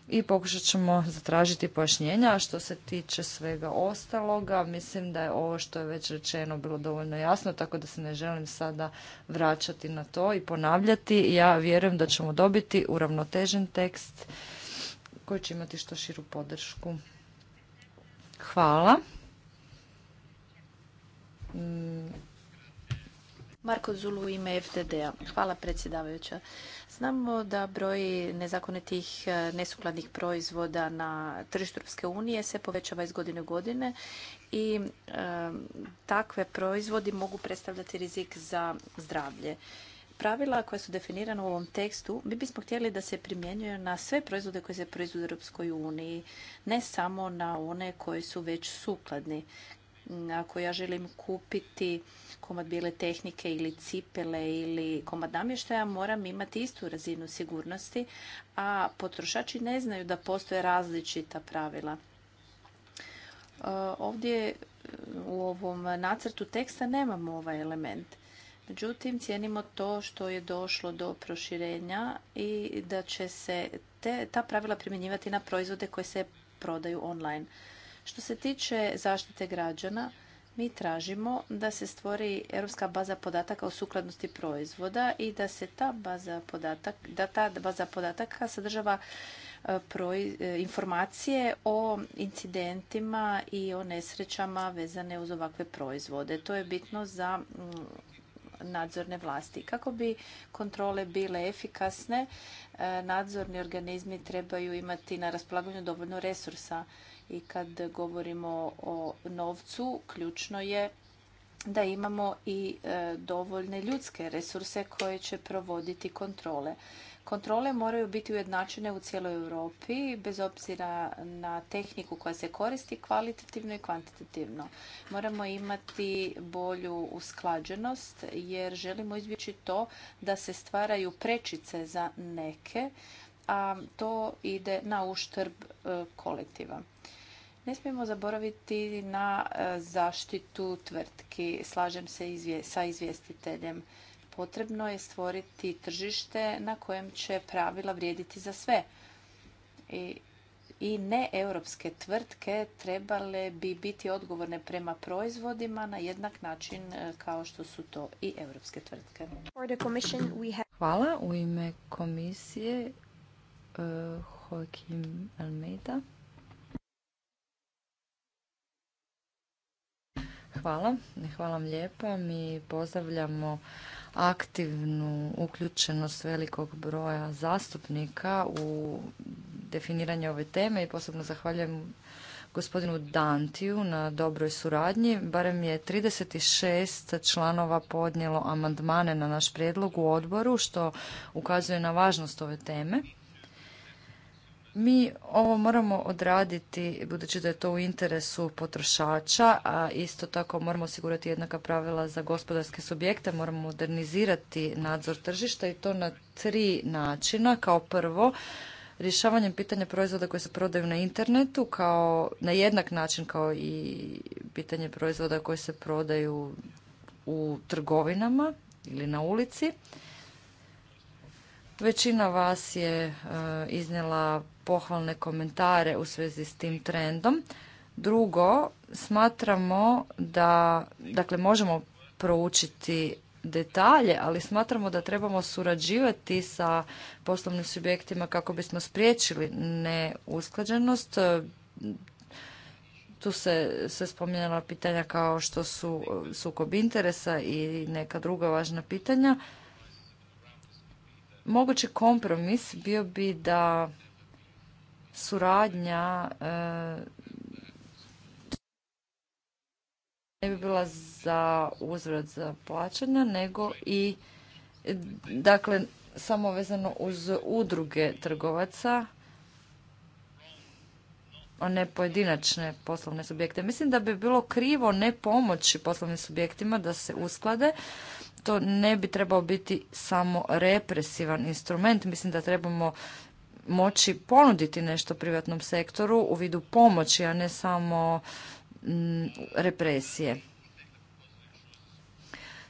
i pokušat ćemo zatražiti pojašnjenja. A što se tiče svega ostaloga, mislim da je ovo što je već rečeno bilo dovoljno jasno, tako da se ne želim sada vraćati na to i ponavljati. Ja vjerujem da ćemo dobiti uravnotežen tekst koji će imati što širu podršku. Hvala. Marko Zulu u ime FDD-a. Hvala predsjedavajuća. Znamo da broj nezakonitih e, nesukladnih proizvoda na tržištu Europske unije se povećava iz godine u godine i e, takve proizvodi mogu predstavljati rizik za zdravlje. Pravila koja su definirana u ovom tekstu, mi bismo htjeli da se primjenjuju na sve proizvode koje se proizvode u Europskoj uniji, ne samo na one koji su već sukladni, ako ja želim kupiti komad bile tehnike ili cipele ili komad namještaja, moram imati istu razinu sigurnosti, a potrošači ne znaju da postoje različita pravila. E, ovdje e, u ovom nacrtu teksta nemamo ovaj element. Međutim, cijenimo to što je došlo do proširenja i da će se ta pravila primjenjivati na proizvode koje se prodaju online. Što se tiče zaštite građana, mi tražimo da se stvori europska baza podataka o sukladnosti proizvoda i da se ta baza podataka, da ta baza podataka sadržava e, e, informacije o incidentima i o nesrećama vezane uz ovakve proizvode. To je bitno za nadzorne vlasti. Kako bi kontrole bile efikasne, e, nadzorni organizmi trebaju imati na raspolaganju dovoljno resursa i kad govorimo o novcu, ključno je da imamo i e, dovoljne ljudske resurse koje će provoditi kontrole. Kontrole moraju biti ujednačene u cijeloj Europi, bez obzira na tehniku koja se koristi, kvalitativno i kvantitativno. Moramo imati bolju usklađenost jer želimo izbjeći to da se stvaraju prečice za neke, a to ide na uštrb e, kolektiva. Ne smijemo zaboraviti na e, zaštitu tvrtki. Slažem se sa izvjestiteljem. Potrebno je stvoriti tržište na kojem će pravila vrijediti za sve. I, ne-europske tvrtke trebale bi biti odgovorne prema proizvodima na jednak način e, kao što su to i europske tvrtke. Hvala. U ime komisije e, Joaquim Almeida. Hvala. Hvala vam lijepa. Mi pozdravljamo aktivnu uključenost velikog broja zastupnika u definiranje ove teme i posebno zahvaljujem gospodinu Dantiju na dobroj suradnji. Barem je 36 članova podnijelo amandmane na naš prijedlog u odboru, što ukazuje na važnost ove teme. Mi ovo moramo odraditi, budući da je to u interesu potrošača, a isto tako moramo osigurati jednaka pravila za gospodarske subjekte, moramo modernizirati nadzor tržišta i to na tri načina. Kao prvo, rješavanjem pitanja proizvoda koje se prodaju na internetu kao na jednak način kao i pitanje proizvoda koje se prodaju u trgovinama ili na ulici. Većina vas je e, iznijela pohvalne komentare u svezi s tim trendom. Drugo, smatramo da, dakle možemo proučiti detalje, ali smatramo da trebamo surađivati sa poslovnim subjektima kako bismo spriječili neusklađenost. E, tu se, se spominjala pitanja kao što su e, sukob interesa i neka druga važna pitanja. Mogući kompromis bio bi da suradnja e, ne bi bila za uzvrat za plaćanja, nego i dakle samo vezano uz udruge trgovaca, a ne pojedinačne poslovne subjekte. Mislim da bi bilo krivo ne pomoći poslovnim subjektima da se usklade, to ne bi trebao biti samo represivan instrument. Mislim da trebamo moći ponuditi nešto privatnom sektoru u vidu pomoći, a ne samo mm, represije.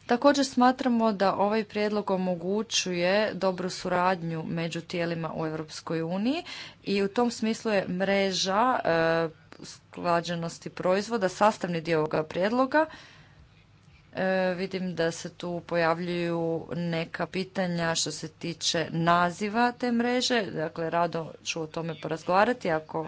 Također smatramo da ovaj prijedlog omogućuje dobru suradnju među tijelima u Europskoj uniji i u tom smislu je mreža e, sklađenosti proizvoda sastavni dio ovoga prijedloga E, vidim da se tu pojavljuju neka pitanja što se tiče naziva te mreže. Dakle, rado ću o tome porazgovarati ako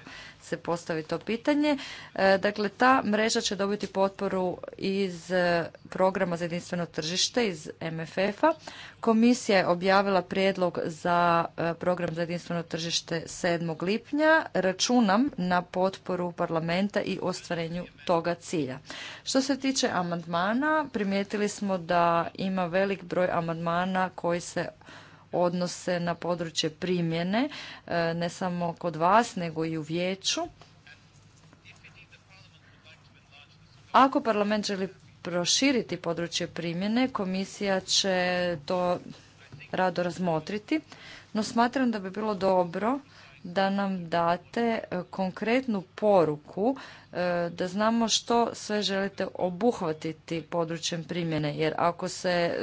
se postavi to pitanje. E, dakle, ta mreža će dobiti potporu iz e, programa za jedinstveno tržište, iz MFF-a. Komisija je objavila prijedlog za e, program za jedinstveno tržište 7. lipnja. Računam na potporu parlamenta i ostvarenju toga cilja. Što se tiče amandmana, primijetili smo da ima velik broj amandmana koji se odnose na područje primjene, e, ne samo kod vas, nego i u vijeću. Ako parlament želi proširiti područje primjene, komisija će to rado razmotriti, no smatram da bi bilo dobro da nam date e, konkretnu poruku e, da znamo što sve želite obuhvatiti područjem primjene jer ako se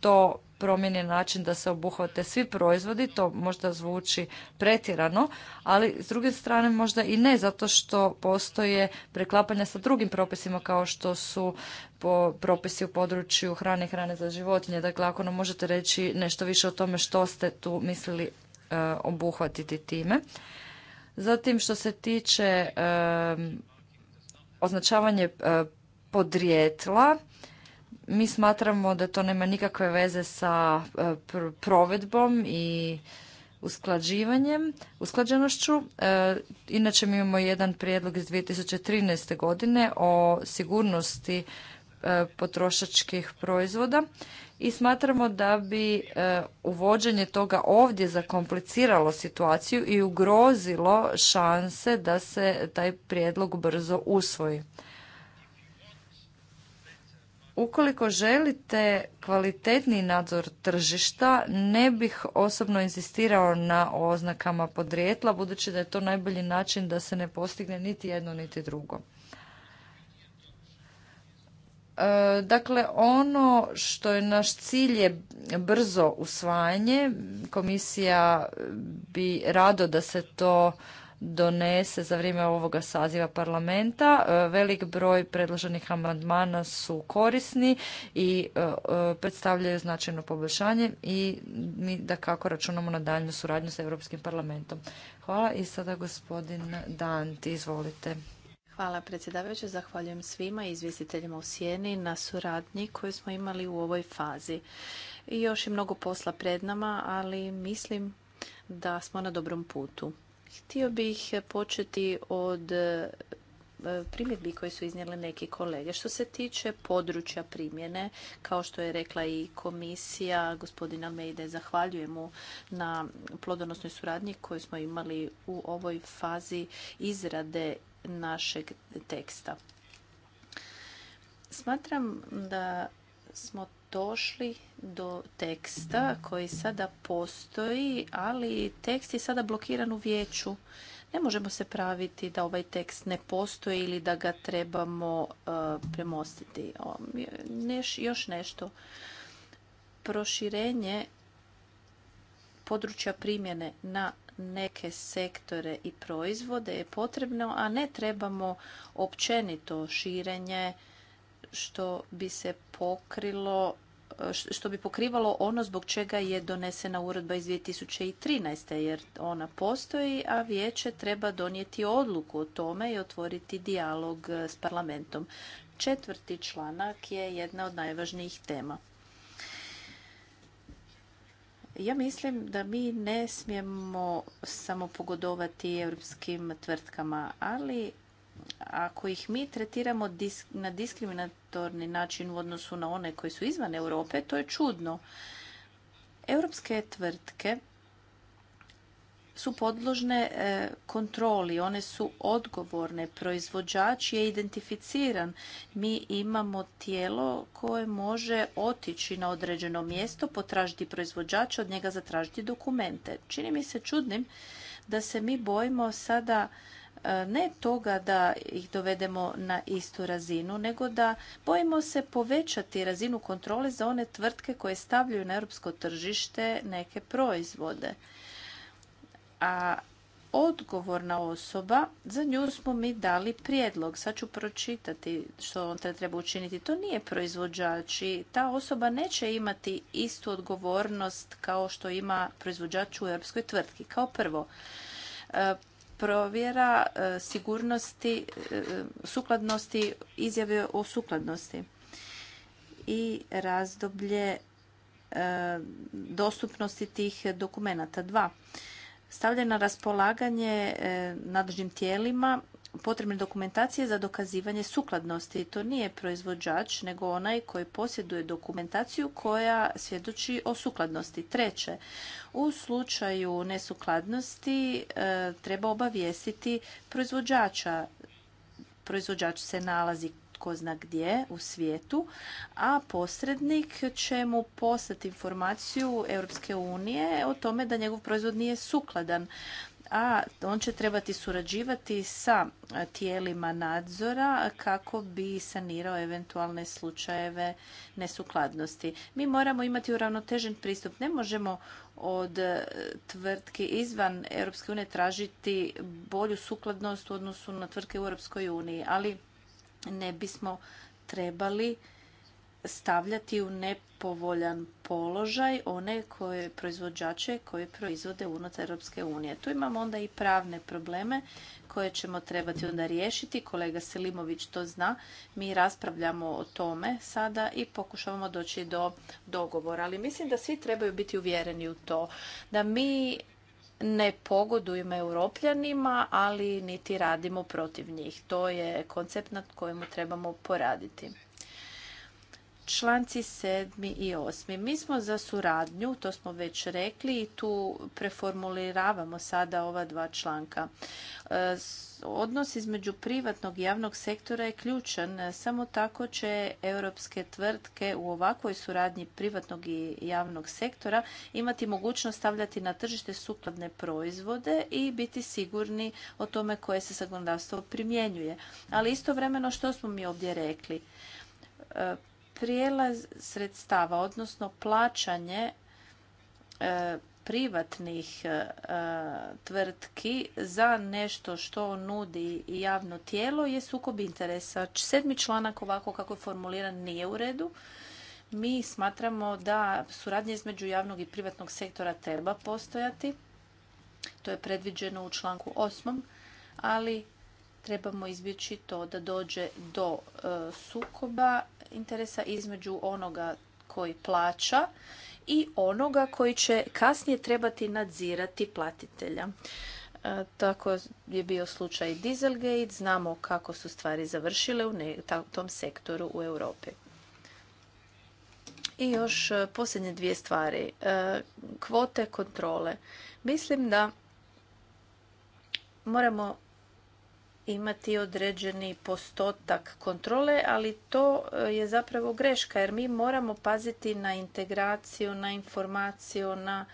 to promijeni način da se obuhvate svi proizvodi, to možda zvuči pretjerano, ali s druge strane možda i ne, zato što postoje preklapanja sa drugim propisima kao što su po propisi u području hrane i hrane za životinje. Dakle, ako nam možete reći nešto više o tome što ste tu mislili e, obuhvatiti time. Zatim što se tiče e, označavanje e, podrijetla, mi smatramo da to nema nikakve veze sa e, provedbom i usklađivanjem, usklađenošću. E, inače mi imamo jedan prijedlog iz 2013. godine o sigurnosti e, potrošačkih proizvoda i smatramo da bi uvođenje toga ovdje zakompliciralo situaciju i ugrozilo šanse da se taj prijedlog brzo usvoji. Ukoliko želite kvalitetni nadzor tržišta, ne bih osobno insistirao na oznakama podrijetla, budući da je to najbolji način da se ne postigne niti jedno niti drugo. E, dakle, ono što je naš cilj je brzo usvajanje. Komisija bi rado da se to donese za vrijeme ovoga saziva parlamenta. E, velik broj predloženih amandmana su korisni i e, e, predstavljaju značajno poboljšanje i mi da kako računamo na daljnju suradnju sa Europskim parlamentom. Hvala i sada gospodin Danti, izvolite. Hvala predsjedavajući, zahvaljujem svima i izvjestiteljima u Sjeni na suradnji koju smo imali u ovoj fazi. I još je mnogo posla pred nama, ali mislim da smo na dobrom putu. Htio bih početi od e, primjedbi koje su iznijele neki kolege. Što se tiče područja primjene, kao što je rekla i komisija gospodina Mejde, zahvaljujem na plodonosnoj suradnji koju smo imali u ovoj fazi izrade našeg teksta. Smatram da smo došli do teksta koji sada postoji, ali tekst je sada blokiran u vijeću. Ne možemo se praviti da ovaj tekst ne postoji ili da ga trebamo e, premostiti. Neš, još nešto. Proširenje područja primjene na neke sektore i proizvode je potrebno, a ne trebamo općenito širenje što bi se pokrilo što bi pokrivalo ono zbog čega je donesena uredba iz 2013. jer ona postoji, a vijeće treba donijeti odluku o tome i otvoriti dijalog e, s parlamentom. Četvrti članak je jedna od najvažnijih tema. Ja mislim da mi ne smijemo samo pogodovati europskim tvrtkama, ali ako ih mi tretiramo na diskriminat kontradiktorni način u odnosu na one koji su izvan Europe, to je čudno. Europske tvrtke su podložne e, kontroli, one su odgovorne, proizvođač je identificiran. Mi imamo tijelo koje može otići na određeno mjesto, potražiti proizvođača, od njega zatražiti dokumente. Čini mi se čudnim da se mi bojimo sada E, ne toga da ih dovedemo na istu razinu, nego da bojimo se povećati razinu kontrole za one tvrtke koje stavljaju na europsko tržište neke proizvode. A odgovorna osoba, za nju smo mi dali prijedlog. Sad ću pročitati što on treba učiniti. To nije proizvođač i ta osoba neće imati istu odgovornost kao što ima proizvođač u europskoj tvrtki. Kao prvo, e, provjera e, sigurnosti, e, sukladnosti, izjave o sukladnosti i razdoblje e, dostupnosti tih dokumenata. Dva, stavlja na raspolaganje nadležnim tijelima potrebne dokumentacije za dokazivanje sukladnosti. To nije proizvođač, nego onaj koji posjeduje dokumentaciju koja svjedoči o sukladnosti. Treće, u slučaju nesukladnosti e, treba obavijestiti proizvođača. Proizvođač se nalazi tko zna gdje u svijetu, a posrednik će mu poslati informaciju Europske unije o tome da njegov proizvod nije sukladan a on će trebati surađivati sa e, tijelima nadzora kako bi sanirao eventualne slučajeve nesukladnosti. Mi moramo imati uravnotežen pristup. Ne možemo od e, tvrtki izvan Europske unije tražiti bolju sukladnost u odnosu na tvrtke u Europskoj uniji, ali ne bismo trebali stavljati u nepovoljan položaj one koje proizvođače koji proizvode unutar Europske unije. Tu imamo onda i pravne probleme koje ćemo trebati onda riješiti. Kolega Selimović to zna. Mi raspravljamo o tome sada i pokušavamo doći do dogovora. Ali mislim da svi trebaju biti uvjereni u to da mi ne pogodujemo europljanima, ali niti radimo protiv njih. To je koncept nad kojemu trebamo poraditi članci 7. i 8. Mi smo za suradnju, to smo već rekli i tu preformuliravamo sada ova dva članka. E, odnos između privatnog i javnog sektora je ključan. Samo tako će europske tvrtke u ovakvoj suradnji privatnog i javnog sektora imati mogućnost stavljati na tržište sukladne proizvode i biti sigurni o tome koje se zakonodavstvo primjenjuje. Ali istovremeno što smo mi ovdje rekli? E, prijelaz sredstava, odnosno plaćanje e, privatnih e, tvrtki za nešto što nudi javno tijelo je sukob interesa. Sedmi članak ovako kako je formuliran nije u redu. Mi smatramo da suradnja između javnog i privatnog sektora treba postojati. To je predviđeno u članku osmom, ali trebamo izbjeći to da dođe do e, sukoba interesa između onoga koji plaća i onoga koji će kasnije trebati nadzirati platitelja. E, tako je bio slučaj Dieselgate, znamo kako su stvari završile u tom sektoru u Europi. I još e, posljednje dvije stvari. E, kvote kontrole. Mislim da moramo imati određeni postotak kontrole, ali to e, je zapravo greška jer mi moramo paziti na integraciju, na informaciju, na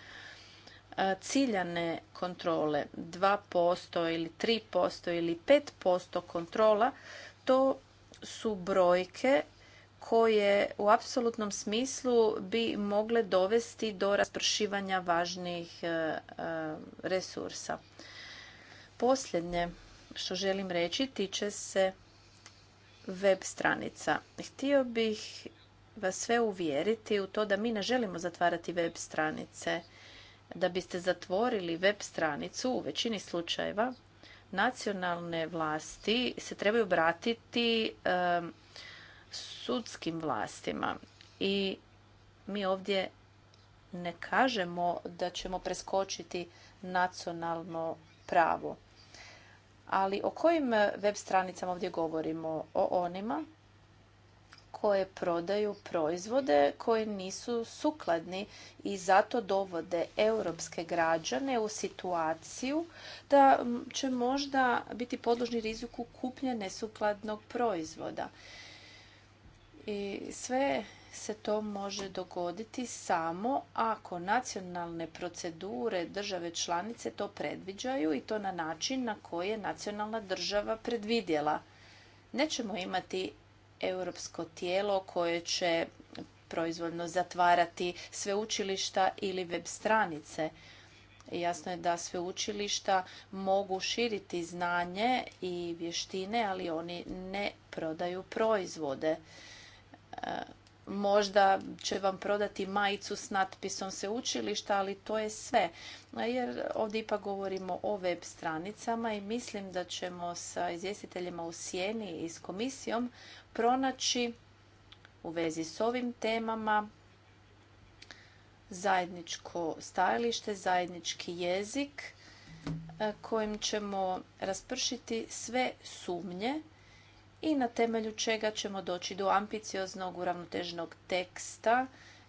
e, ciljane kontrole. 2% ili 3% ili 5% kontrola, to su brojke koje u apsolutnom smislu bi mogle dovesti do raspršivanja važnijih e, resursa. Posljednje što želim reći tiče se web stranica. Htio bih vas sve uvjeriti u to da mi ne želimo zatvarati web stranice. Da biste zatvorili web stranicu u većini slučajeva nacionalne vlasti se trebaju obratiti sudskim vlastima i mi ovdje ne kažemo da ćemo preskočiti nacionalno pravo. Ali o kojim e, web stranicama ovdje govorimo? O onima koje prodaju proizvode koji nisu sukladni i zato dovode europske građane u situaciju da će možda biti podložni riziku kupnje nesukladnog proizvoda. I sve se to može dogoditi samo ako nacionalne procedure države članice to predviđaju i to na način na koji je nacionalna država predvidjela. Nećemo imati europsko tijelo koje će proizvoljno zatvarati sveučilišta ili web stranice. Jasno je da sveučilišta mogu širiti znanje i vještine, ali oni ne prodaju proizvode možda će vam prodati majicu s natpisom učilišta, ali to je sve. Jer ovdje ipak govorimo o web stranicama i mislim da ćemo sa izvjestiteljima u Sjeni i s komisijom pronaći u vezi s ovim temama zajedničko stajalište, zajednički jezik e, kojim ćemo raspršiti sve sumnje i na temelju čega ćemo doći do ambicioznog uravnoteženog teksta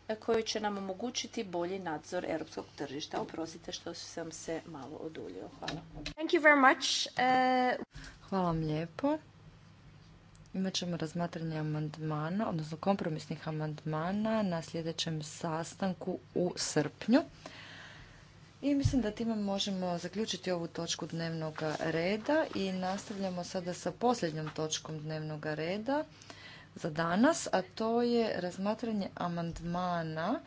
e, koji će nam omogućiti bolji nadzor europskog tržišta. Oprostite što sam se malo oduljio. Hvala. Thank you very much. E, Hvala vam lijepo. Imat ćemo razmatranje amandmana, odnosno kompromisnih amandmana na sljedećem sastanku u srpnju. I mislim da time možemo zaključiti ovu točku dnevnog reda i nastavljamo sada sa posljednjom točkom dnevnog reda za danas, a to je razmatranje amandmana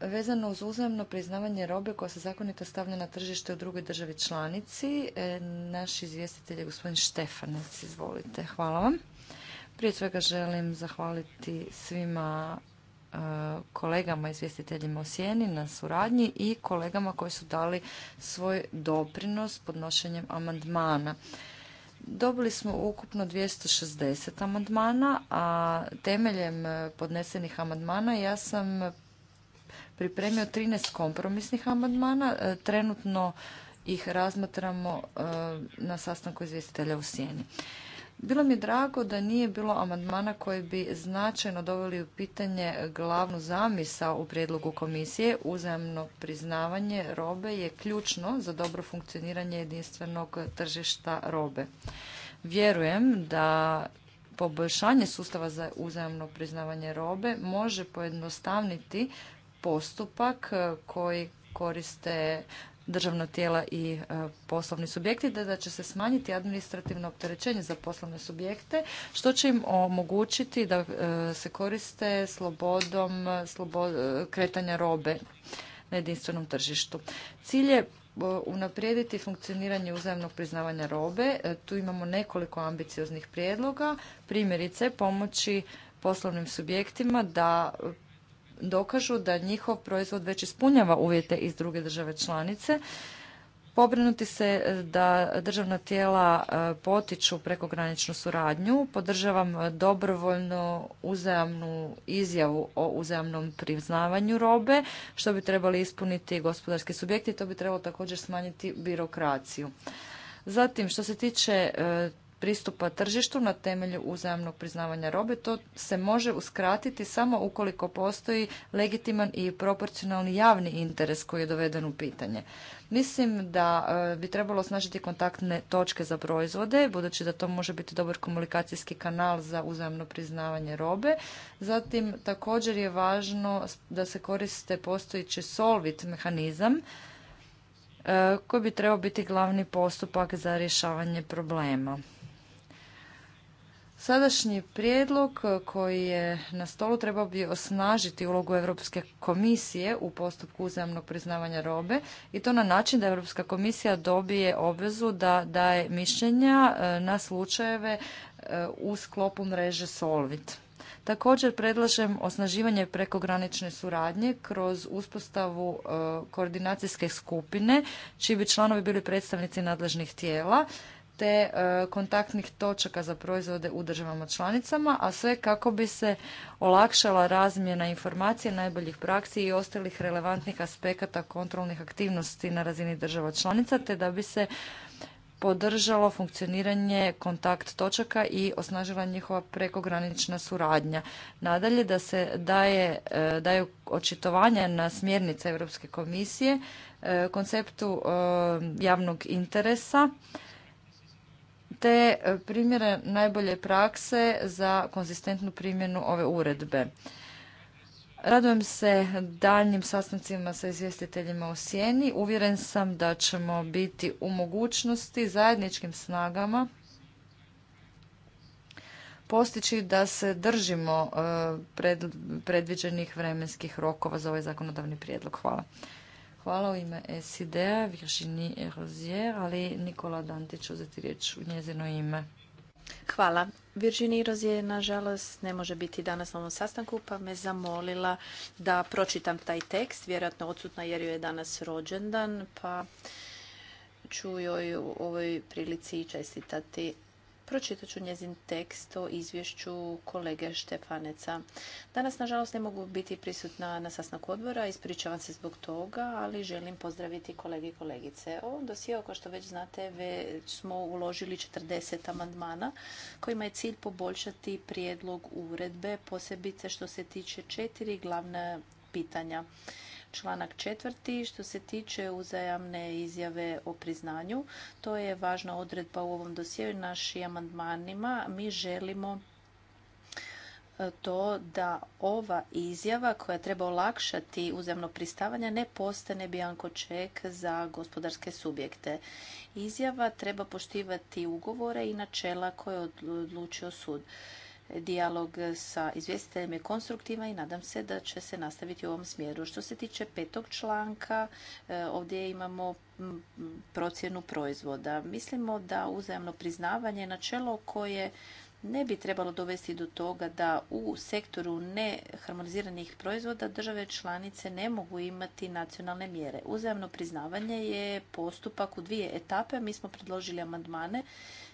vezano uz uzajemno priznavanje robe koja se zakonito stavlja na tržište u drugoj državi članici. E, naš izvjestitelj je gospodin Štefanac, izvolite. Hvala vam. Prije svega želim zahvaliti svima kolegama izvjestiteljima u Sjeni na suradnji i kolegama koji su dali svoj doprinos podnošenjem amandmana. Dobili smo ukupno 260 amandmana, a temeljem e, podnesenih amandmana ja sam pripremio 13 kompromisnih amandmana. E, trenutno ih razmatramo e, na sastanku izvjestitelja u Sjeni. Bilo mi je drago da nije bilo amandmana koji bi značajno doveli u pitanje glavnu zamisao u prijedlogu komisije. Uzajamno priznavanje robe je ključno za dobro funkcioniranje jedinstvenog tržišta robe. Vjerujem da poboljšanje sustava za uzajamno priznavanje robe može pojednostavniti postupak koji koriste državna tijela i e, poslovni subjekti, da će se smanjiti administrativno opterećenje za poslovne subjekte, što će im omogućiti da e, se koriste slobodom e, kretanja robe na jedinstvenom tržištu. Cilj je unaprijediti funkcioniranje uzajemnog priznavanja robe. Tu imamo nekoliko ambicioznih prijedloga, primjerice pomoći poslovnim subjektima da dokažu da njihov proizvod već ispunjava uvjete iz druge države članice, pobrinuti se e, da državna tijela e, potiču prekograničnu suradnju. Podržavam dobrovoljno uzajamnu izjavu o uzajamnom priznavanju robe, što bi trebali ispuniti gospodarski subjekti. To bi trebalo također smanjiti birokraciju. Zatim, što se tiče e, pristupa tržištu na temelju uzajamnog priznavanja robe. To se može uskratiti samo ukoliko postoji legitiman i proporcionalni javni interes koji je doveden u pitanje. Mislim da e, bi trebalo snažiti kontaktne točke za proizvode, budući da to može biti dobar komunikacijski kanal za uzajamno priznavanje robe. Zatim, također je važno da se koriste postojići solvit mehanizam, e, koji bi trebao biti glavni postupak za rješavanje problema. Sadašnji prijedlog koji je na stolu trebao bi osnažiti ulogu Europske komisije u postupku uzajamnog priznavanja robe i to na način da Europska komisija dobije obvezu da daje mišljenja e, na slučajeve e, u sklopu mreže Solvit. Također predlažem osnaživanje prekogranične suradnje kroz uspostavu e, koordinacijske skupine čiji bi članovi bili predstavnici nadležnih tijela te e, kontaktnih točaka za proizvode u državama članicama, a sve kako bi se olakšala razmjena informacija, najboljih praksi i ostalih relevantnih aspekata kontrolnih aktivnosti na razini država članica, te da bi se podržalo funkcioniranje kontakt točaka i osnažila njihova prekogranična suradnja. Nadalje, da se daje, e, daju očitovanja na smjernice Europske komisije, e, konceptu javnog interesa, te e, primjere najbolje prakse za konzistentnu primjenu ove uredbe. Radujem se daljnjim sastancima sa izvjestiteljima u Sjeni. Uvjeren sam da ćemo biti u mogućnosti zajedničkim snagama postići da se držimo e, predviđenih vremenskih rokova za ovaj zakonodavni prijedlog. Hvala. Hvala u ime SID-a, Virginie Rozier, ali Nikola Dante će uzeti riječ u njezino ime. Hvala. Virginie Rozier, nažalost, ne može biti danas na ovom sastanku, pa me zamolila da pročitam taj tekst. Vjerojatno odsutna jer joj je danas rođendan, pa ću joj u ovoj prilici čestitati pročitat ću njezin tekst o izvješću kolege Štefaneca. Danas, nažalost, ne mogu biti prisutna na sastanku odbora, ispričavam se zbog toga, ali želim pozdraviti kolege i kolegice. Ovom dosijeo, kao što već znate, već smo uložili 40 amandmana kojima je cilj poboljšati prijedlog uredbe, posebice što se tiče četiri glavna pitanja članak četvrti što se tiče uzajamne izjave o priznanju. To je važna odredba u ovom dosjeu našim amandmanima. Mi želimo e, to da ova izjava koja treba olakšati uzajamno pristavanje ne postane bijanko ček za gospodarske subjekte. Izjava treba poštivati ugovore i načela koje je odlučio sud. Dijalog sa izvjestiteljem je konstruktivan i nadam se da će se nastaviti u ovom smjeru. Što se tiče petog članka, e, ovdje imamo procjenu proizvoda. Mislimo da uzajamno priznavanje je načelo koje ne bi trebalo dovesti do toga da u sektoru neharmoniziranih proizvoda države članice ne mogu imati nacionalne mjere. Uzajamno priznavanje je postupak u dvije etape. Mi smo predložili amandmane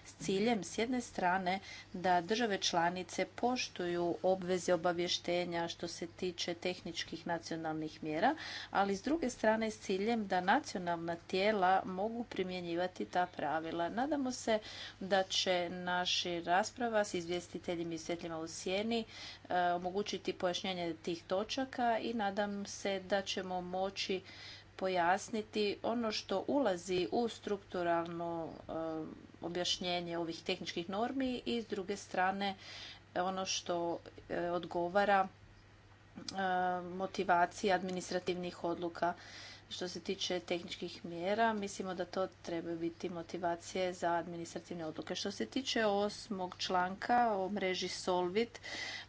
s ciljem s jedne strane da države članice poštuju obveze obavještenja što se tiče tehničkih nacionalnih mjera, ali s druge strane s ciljem da nacionalna tijela mogu primjenjivati ta pravila. Nadamo se da će naša rasprava s izvjestiteljima i svjetljima u sjeni eh, omogućiti pojašnjenje tih točaka i nadam se da ćemo moći pojasniti ono što ulazi u strukturalno eh, objašnjenje ovih tehničkih normi i s druge strane eh, ono što eh, odgovara motivaciji administrativnih odluka što se tiče tehničkih mjera, mislimo da to trebaju biti motivacije za administrativne odluke. Što se tiče osmog članka o mreži Solvit,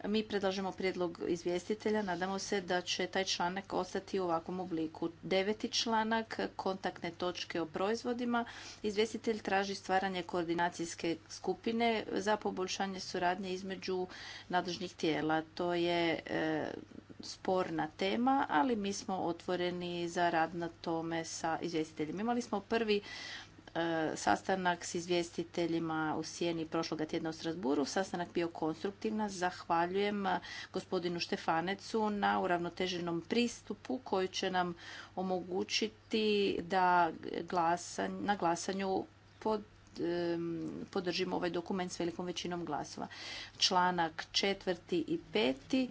mi predlažemo prijedlog izvjestitelja. Nadamo se da će taj članak ostati u ovakvom obliku. Deveti članak, kontaktne točke o proizvodima. Izvjestitelj traži stvaranje koordinacijske skupine za poboljšanje suradnje između nadležnih tijela. To je e, sporna tema, ali mi smo otvoreni za rad na tome sa izvjestiteljima. Imali smo prvi e, sastanak s izvjestiteljima u Sjeni prošloga tjedna u Strasburu. Sastanak bio konstruktivna. Zahvaljujem gospodinu Štefanecu na uravnoteženom pristupu koji će nam omogućiti da na glasanju pod podržimo ovaj dokument s velikom većinom glasova. Članak četvrti i peti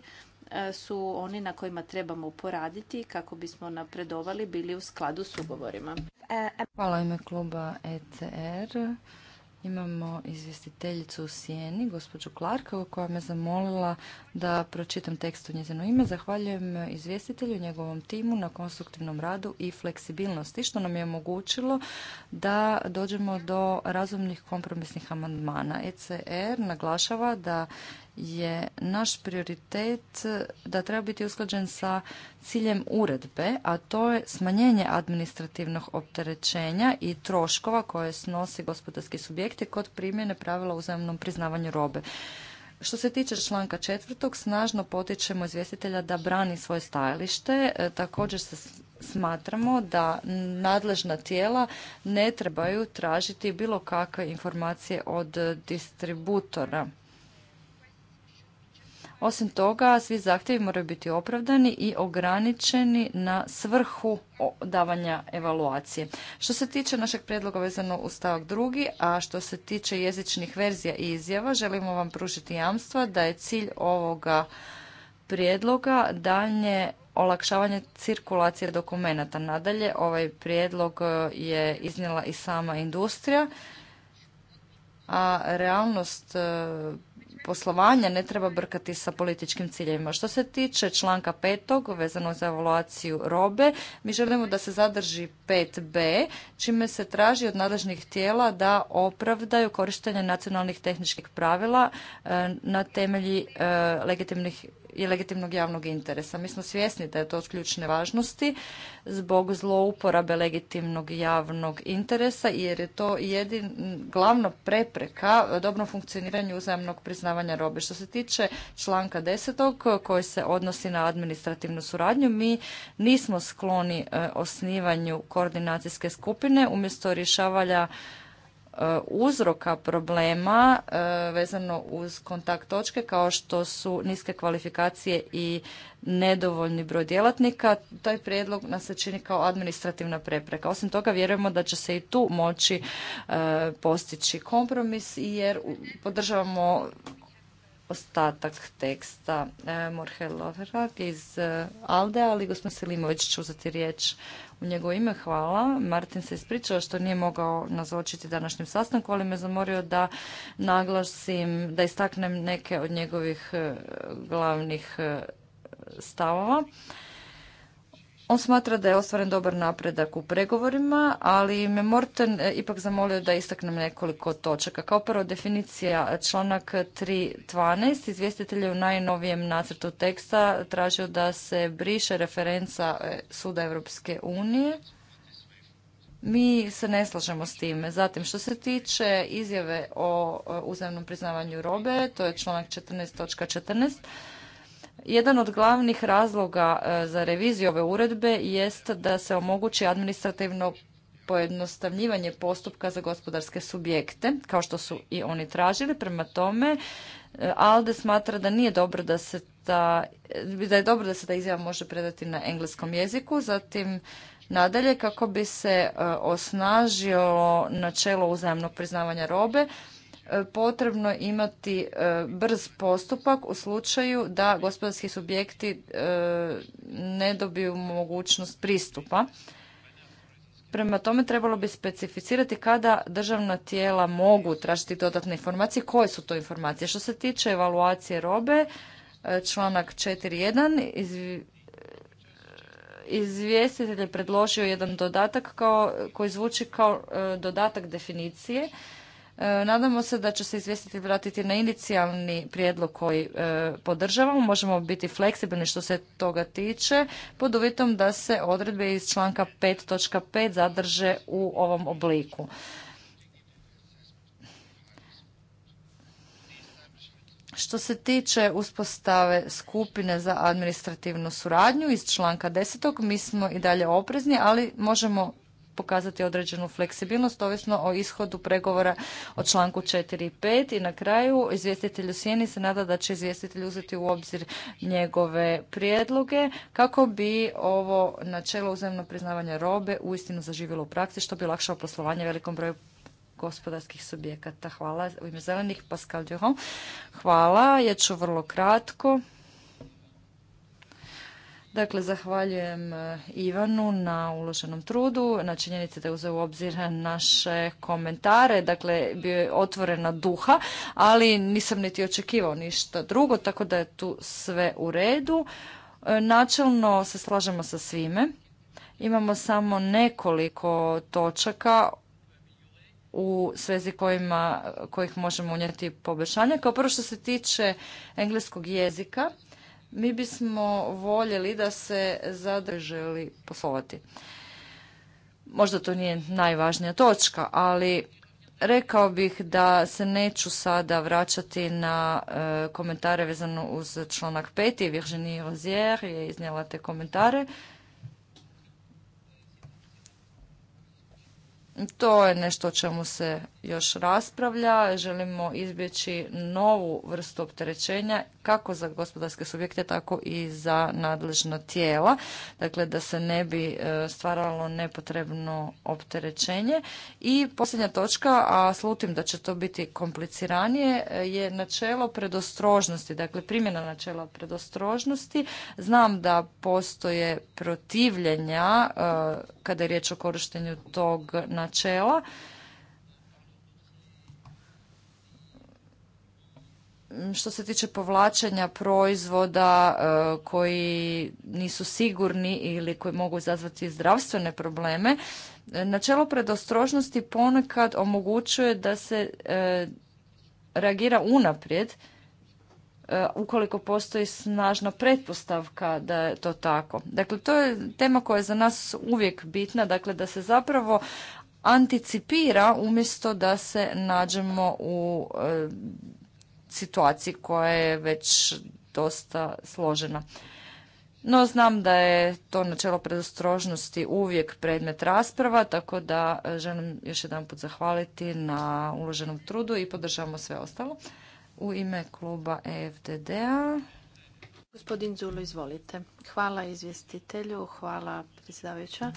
E, su oni na kojima trebamo poraditi kako bismo napredovali bili u skladu s ugovorima. Hvala ime kluba ECR. Imamo izvjestiteljicu u Sijeni, gospođu Klarkovu, koja me zamolila da pročitam tekst u njezino ime. Zahvaljujem izvjestitelju, njegovom timu na konstruktivnom radu i fleksibilnosti, što nam je omogućilo da dođemo do razumnih kompromisnih amandmana. ECR naglašava da je naš prioritet da treba biti usklađen sa ciljem uredbe, a to je smanjenje administrativnog opterećenja i troškova koje snosi gospodarski subjekti kod primjene pravila o uzajamnom priznavanju robe. Što se tiče članka četvrtog, snažno potičemo izvjestitelja da brani svoje stajalište. E, također se smatramo da nadležna tijela ne trebaju tražiti bilo kakve informacije od distributora osim toga, svi zahtjevi moraju biti opravdani i ograničeni na svrhu davanja evaluacije. Što se tiče našeg prijedloga vezano u stavak drugi, a što se tiče jezičnih verzija i izjava, želimo vam pružiti jamstva da je cilj ovoga prijedloga dalje olakšavanje cirkulacije dokumenata. Nadalje, ovaj prijedlog e, je iznijela i sama industrija, a realnost e, poslovanja ne treba brkati sa političkim ciljevima. Što se tiče članka petog vezano za evaluaciju robe, mi želimo da se zadrži 5b, čime se traži od nadležnih tijela da opravdaju korištenje nacionalnih tehničkih pravila e, na temelji e, legitimnih i legitimnog javnog interesa. Mi smo svjesni da je to od ključne važnosti zbog zlouporabe legitimnog javnog interesa jer je to jedin, glavna prepreka dobrom funkcioniranju uzajamnog priznavanja robe. Što se tiče članka 10. koji se odnosi na administrativnu suradnju, mi nismo skloni e, osnivanju koordinacijske skupine umjesto rješavanja E, uzroka problema e, vezano uz kontakt točke kao što su niske kvalifikacije i nedovoljni broj djelatnika. Taj prijedlog nas se čini kao administrativna prepreka. Osim toga vjerujemo da će se i tu moći e, postići kompromis jer podržavamo ostatak teksta. Morhe Lovrag iz Alde, ali gospodin Selimović će uzeti riječ u njegovo ime. Hvala. Martin se ispričao što nije mogao nazočiti današnjem sastanku, ali me zamorio da naglasim, da istaknem neke od njegovih eh, glavnih eh, stavova. On smatra da je ostvaren dobar napredak u pregovorima, ali me Morten e, ipak zamolio da istaknem nekoliko točaka. Kao prvo definicija e, članak 3.12. Izvjestitelj je u najnovijem nacrtu teksta tražio da se briše referenca e, Suda Europske unije. Mi se ne slažemo s time. Zatim, što se tiče izjave o uzemnom priznavanju robe, to je članak 14.14. .14. Jedan od glavnih razloga e, za reviziju ove uredbe jest da se omogući administrativno pojednostavljivanje postupka za gospodarske subjekte, kao što su i oni tražili. Prema tome, e, ALDE smatra da nije dobro da se ta, da je dobro da se ta izjava može predati na engleskom jeziku. Zatim, nadalje, kako bi se e, osnažilo načelo uzajamnog priznavanja robe, potrebno imati e, brz postupak u slučaju da gospodarski subjekti e, ne dobiju mogućnost pristupa. Prema tome trebalo bi specificirati kada državna tijela mogu tražiti dodatne informacije, koje su to informacije. Što se tiče evaluacije robe, e, članak 4.1, iz izvjestitelj je predložio jedan dodatak koji zvuči kao dodatak definicije Nadamo se da će se izvjestitelj vratiti na inicijalni prijedlog koji e, podržavamo. Možemo biti fleksibilni što se toga tiče pod uvjetom da se odredbe iz članka 5.5 zadrže u ovom obliku. Što se tiče uspostave skupine za administrativnu suradnju iz članka 10. mi smo i dalje oprezni, ali možemo pokazati određenu fleksibilnost ovisno o ishodu pregovora o članku 4 i 5 i na kraju izvjestitelj u sjeni se nada da će izvjestitelj uzeti u obzir njegove prijedloge kako bi ovo načelo uzemno priznavanja robe uistinu zaživjelo u praksi što bi olakšalo poslovanje velikom broju gospodarskih subjekata. Hvala. U ime zelenih Pascal Duhon. Hvala. Ja ću vrlo kratko. Dakle, zahvaljujem e, Ivanu na uloženom trudu, na činjenici da je uzeo u obzir naše komentare, dakle, bio je otvorena duha, ali nisam niti očekivao ništa drugo, tako da je tu sve u redu. E, načelno se slažemo sa svime. Imamo samo nekoliko točaka u svezi kojima, kojih možemo unijeti poboljšanja. Kao prvo što se tiče engleskog jezika, mi bismo voljeli da se zadrželi poslovati. Možda to nije najvažnija točka, ali rekao bih da se neću sada vraćati na e, komentare vezano uz članak 5. Virginie Rozier je iznijela te komentare. To je nešto o čemu se još raspravlja. Želimo izbjeći novu vrstu opterećenja kako za gospodarske subjekte, tako i za nadležna tijela. Dakle, da se ne bi e, stvaralo nepotrebno opterećenje. I posljednja točka, a slutim da će to biti kompliciranije, e, je načelo predostrožnosti. Dakle, primjena načela predostrožnosti. Znam da postoje protivljenja e, kada je riječ o korištenju tog načela načela. Što se tiče povlačenja proizvoda e, koji nisu sigurni ili koji mogu izazvati zdravstvene probleme, e, načelo predostrožnosti ponekad omogućuje da se e, reagira unaprijed ukoliko postoji snažna pretpostavka da je to tako. Dakle, to je tema koja je za nas uvijek bitna, dakle da se zapravo anticipira umjesto da se nađemo u e, situaciji koja je već dosta složena. No znam da je to načelo predostrožnosti uvijek predmet rasprava, tako da e, želim još jedanput zahvaliti na uloženom trudu i podržavamo sve ostalo. U ime kluba EFDD-a. Gospodin Zulo, izvolite. Hvala izvjestitelju, hvala predsjedavajuća.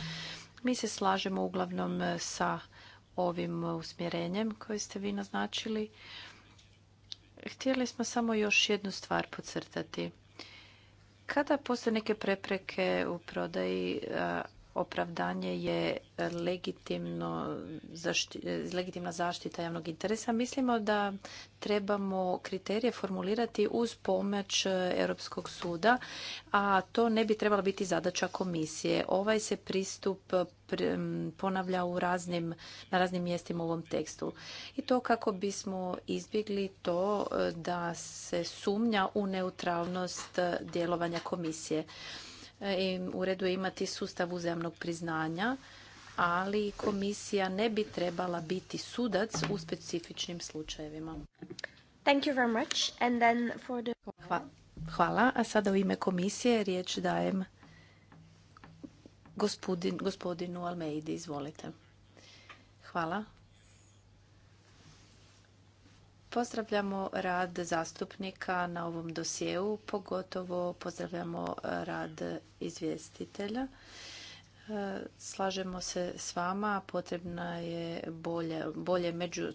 Mi se slažemo uglavnom e, sa ovim e, usmjerenjem koje ste vi naznačili. Htjeli smo samo još jednu stvar podcrtati. Kada postoje neke prepreke u prodaji, e, opravdanje je legitimna zaštita javnog interesa. Mislimo da trebamo kriterije formulirati uz pomoć Europskog suda, a to ne bi trebala biti zadaća komisije. Ovaj se pristup ponavlja u raznim, na raznim mjestima u ovom tekstu. I to kako bismo izbjegli to e, da se sumnja u neutralnost e, djelovanja komisije. E, uredu imati sustav uzajamnog priznanja, ali komisija ne bi trebala biti sudac u specifičnim slučajevima. Hvala. A sada u ime komisije riječ dajem gospodinu Almeidi. Izvolite. Hvala. Pozdravljamo rad zastupnika na ovom dosjeu, pogotovo pozdravljamo rad izvjestitelja. E, slažemo se s vama, potrebna je bolje, bolje među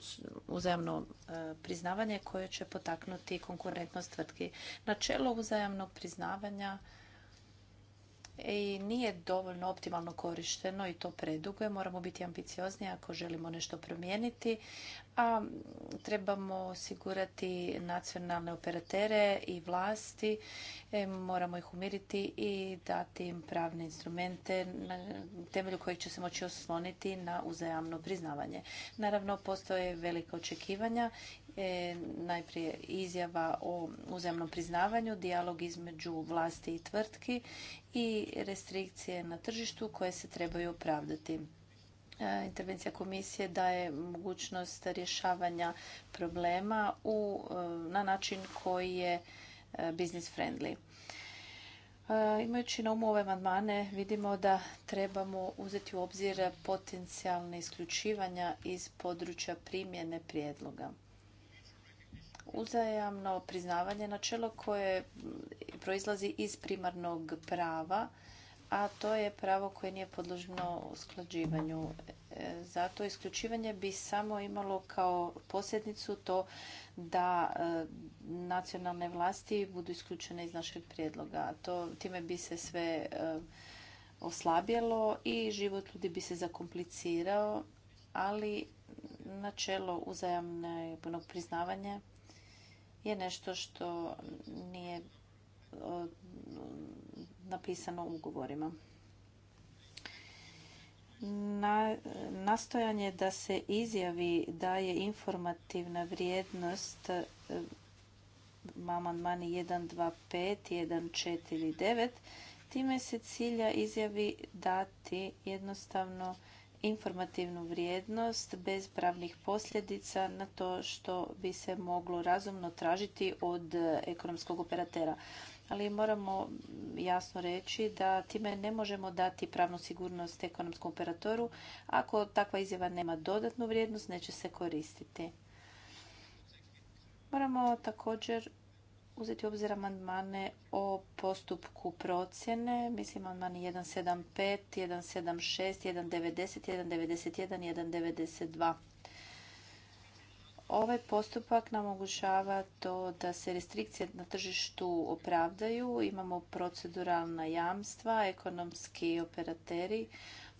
uzajamno e, priznavanje koje će potaknuti konkurentnost tvrtki. Načelo uzajamnog priznavanja i nije dovoljno optimalno korišteno i to predugo je. Moramo biti ambiciozni ako želimo nešto promijeniti, a trebamo osigurati nacionalne operatere i vlasti, e, moramo ih umiriti i dati im pravne instrumente na temelju kojih će se moći osloniti na uzajamno priznavanje. Naravno, postoje velika očekivanja E, najprije izjava o uzemnom priznavanju, dijalog između vlasti i tvrtki i restrikcije na tržištu koje se trebaju opravdati. E, intervencija komisije daje mogućnost rješavanja problema u, e, na način koji je business friendly. Imajući na umu ove amandmane, vidimo da trebamo uzeti u obzir potencijalne isključivanja iz područja primjene prijedloga uzajamno priznavanje načelo koje proizlazi iz primarnog prava, a to je pravo koje nije podložno usklađivanju. E, zato isključivanje bi samo imalo kao posljednicu to da e, nacionalne vlasti budu isključene iz našeg prijedloga. To, time bi se sve e, oslabjelo i život ljudi bi se zakomplicirao, ali načelo uzajamnog priznavanja je nešto što nije napisano u ugovorima. Na, nastojanje da se izjavi da je informativna vrijednost e, amandmani Mani 1.2.5.1.4.9 time se cilja izjavi dati jednostavno informativnu vrijednost bez pravnih posljedica na to što bi se moglo razumno tražiti od ekonomskog operatera. Ali moramo jasno reći da time ne možemo dati pravnu sigurnost ekonomskom operatoru. Ako takva izjava nema dodatnu vrijednost, neće se koristiti. Moramo također uzeti u obzir amandmane o postupku procjene. Mislim amandmani 175, 176, 190, 191, 192. Ovaj postupak nam omogućava to da se restrikcije na tržištu opravdaju. Imamo proceduralna jamstva, ekonomski operateri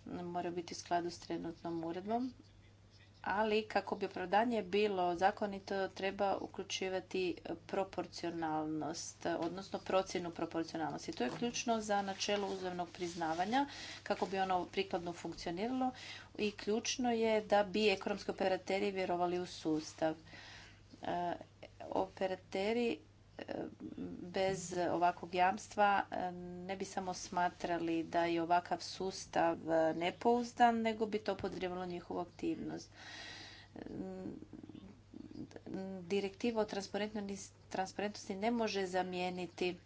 moraju biti u skladu s trenutnom uredbom ali kako bi opravdanje bilo zakonito treba uključivati proporcionalnost, odnosno procjenu proporcionalnosti. To je ključno za načelo uzemnog priznavanja kako bi ono prikladno funkcioniralo i ključno je da bi ekonomski operateri vjerovali u sustav. E, operateri bez ovakvog jamstva ne bi samo smatrali da je ovakav sustav nepouzdan, nego bi to podrivalo njihovu aktivnost. Direktiva o transparentnosti ne može zamijeniti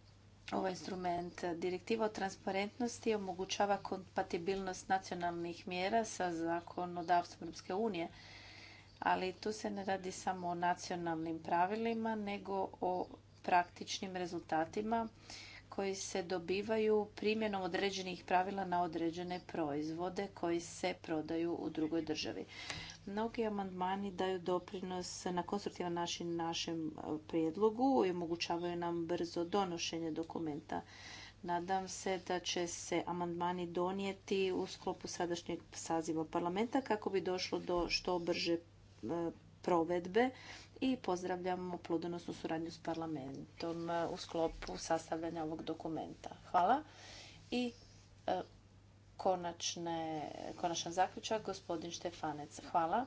ovaj instrument. Direktiva o transparentnosti omogućava kompatibilnost nacionalnih mjera sa zakonodavstvom Europske unije ali tu se ne radi samo o nacionalnim pravilima, nego o praktičnim rezultatima koji se dobivaju primjenom određenih pravila na određene proizvode koji se prodaju u drugoj državi. Mnogi amandmani daju doprinos na konstruktivan način našem e, prijedlogu i omogućavaju nam brzo donošenje dokumenta. Nadam se da će se amandmani donijeti u sklopu sadašnjeg saziva parlamenta kako bi došlo do što brže e, provedbe i pozdravljamo plodonosnu suradnju s parlamentom e, u sklopu sastavljanja ovog dokumenta. Hvala. I e, konačne, konačan zaključak, gospodin Štefanec. Hvala.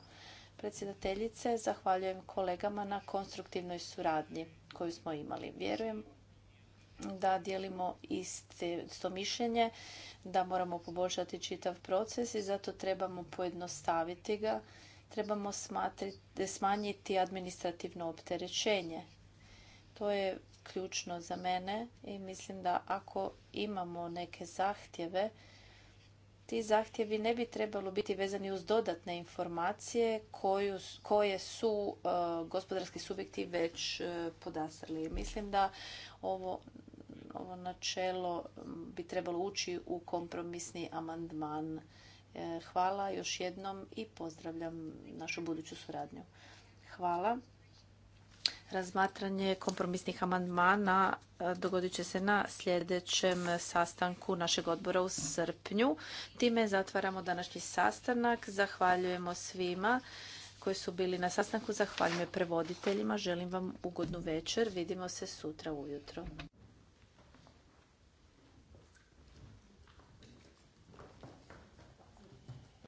Predsjedateljice, zahvaljujem kolegama na konstruktivnoj suradnji koju smo imali. Vjerujem da dijelimo isto mišljenje, da moramo poboljšati čitav proces i zato trebamo pojednostaviti ga trebamo smanjiti administrativno opterećenje. To je ključno za mene i mislim da ako imamo neke zahtjeve, ti zahtjevi ne bi trebalo biti vezani uz dodatne informacije koje su e, gospodarski subjekti već e, Mislim da ovo, ovo načelo bi trebalo ući u kompromisni amandman E, hvala još jednom i pozdravljam našu buduću suradnju. Hvala. Razmatranje kompromisnih amandmana e, dogodit će se na sljedećem sastanku našeg odbora u srpnju. Time zatvaramo današnji sastanak. Zahvaljujemo svima koji su bili na sastanku. Zahvaljujem prevoditeljima. Želim vam ugodnu večer. Vidimo se sutra ujutro.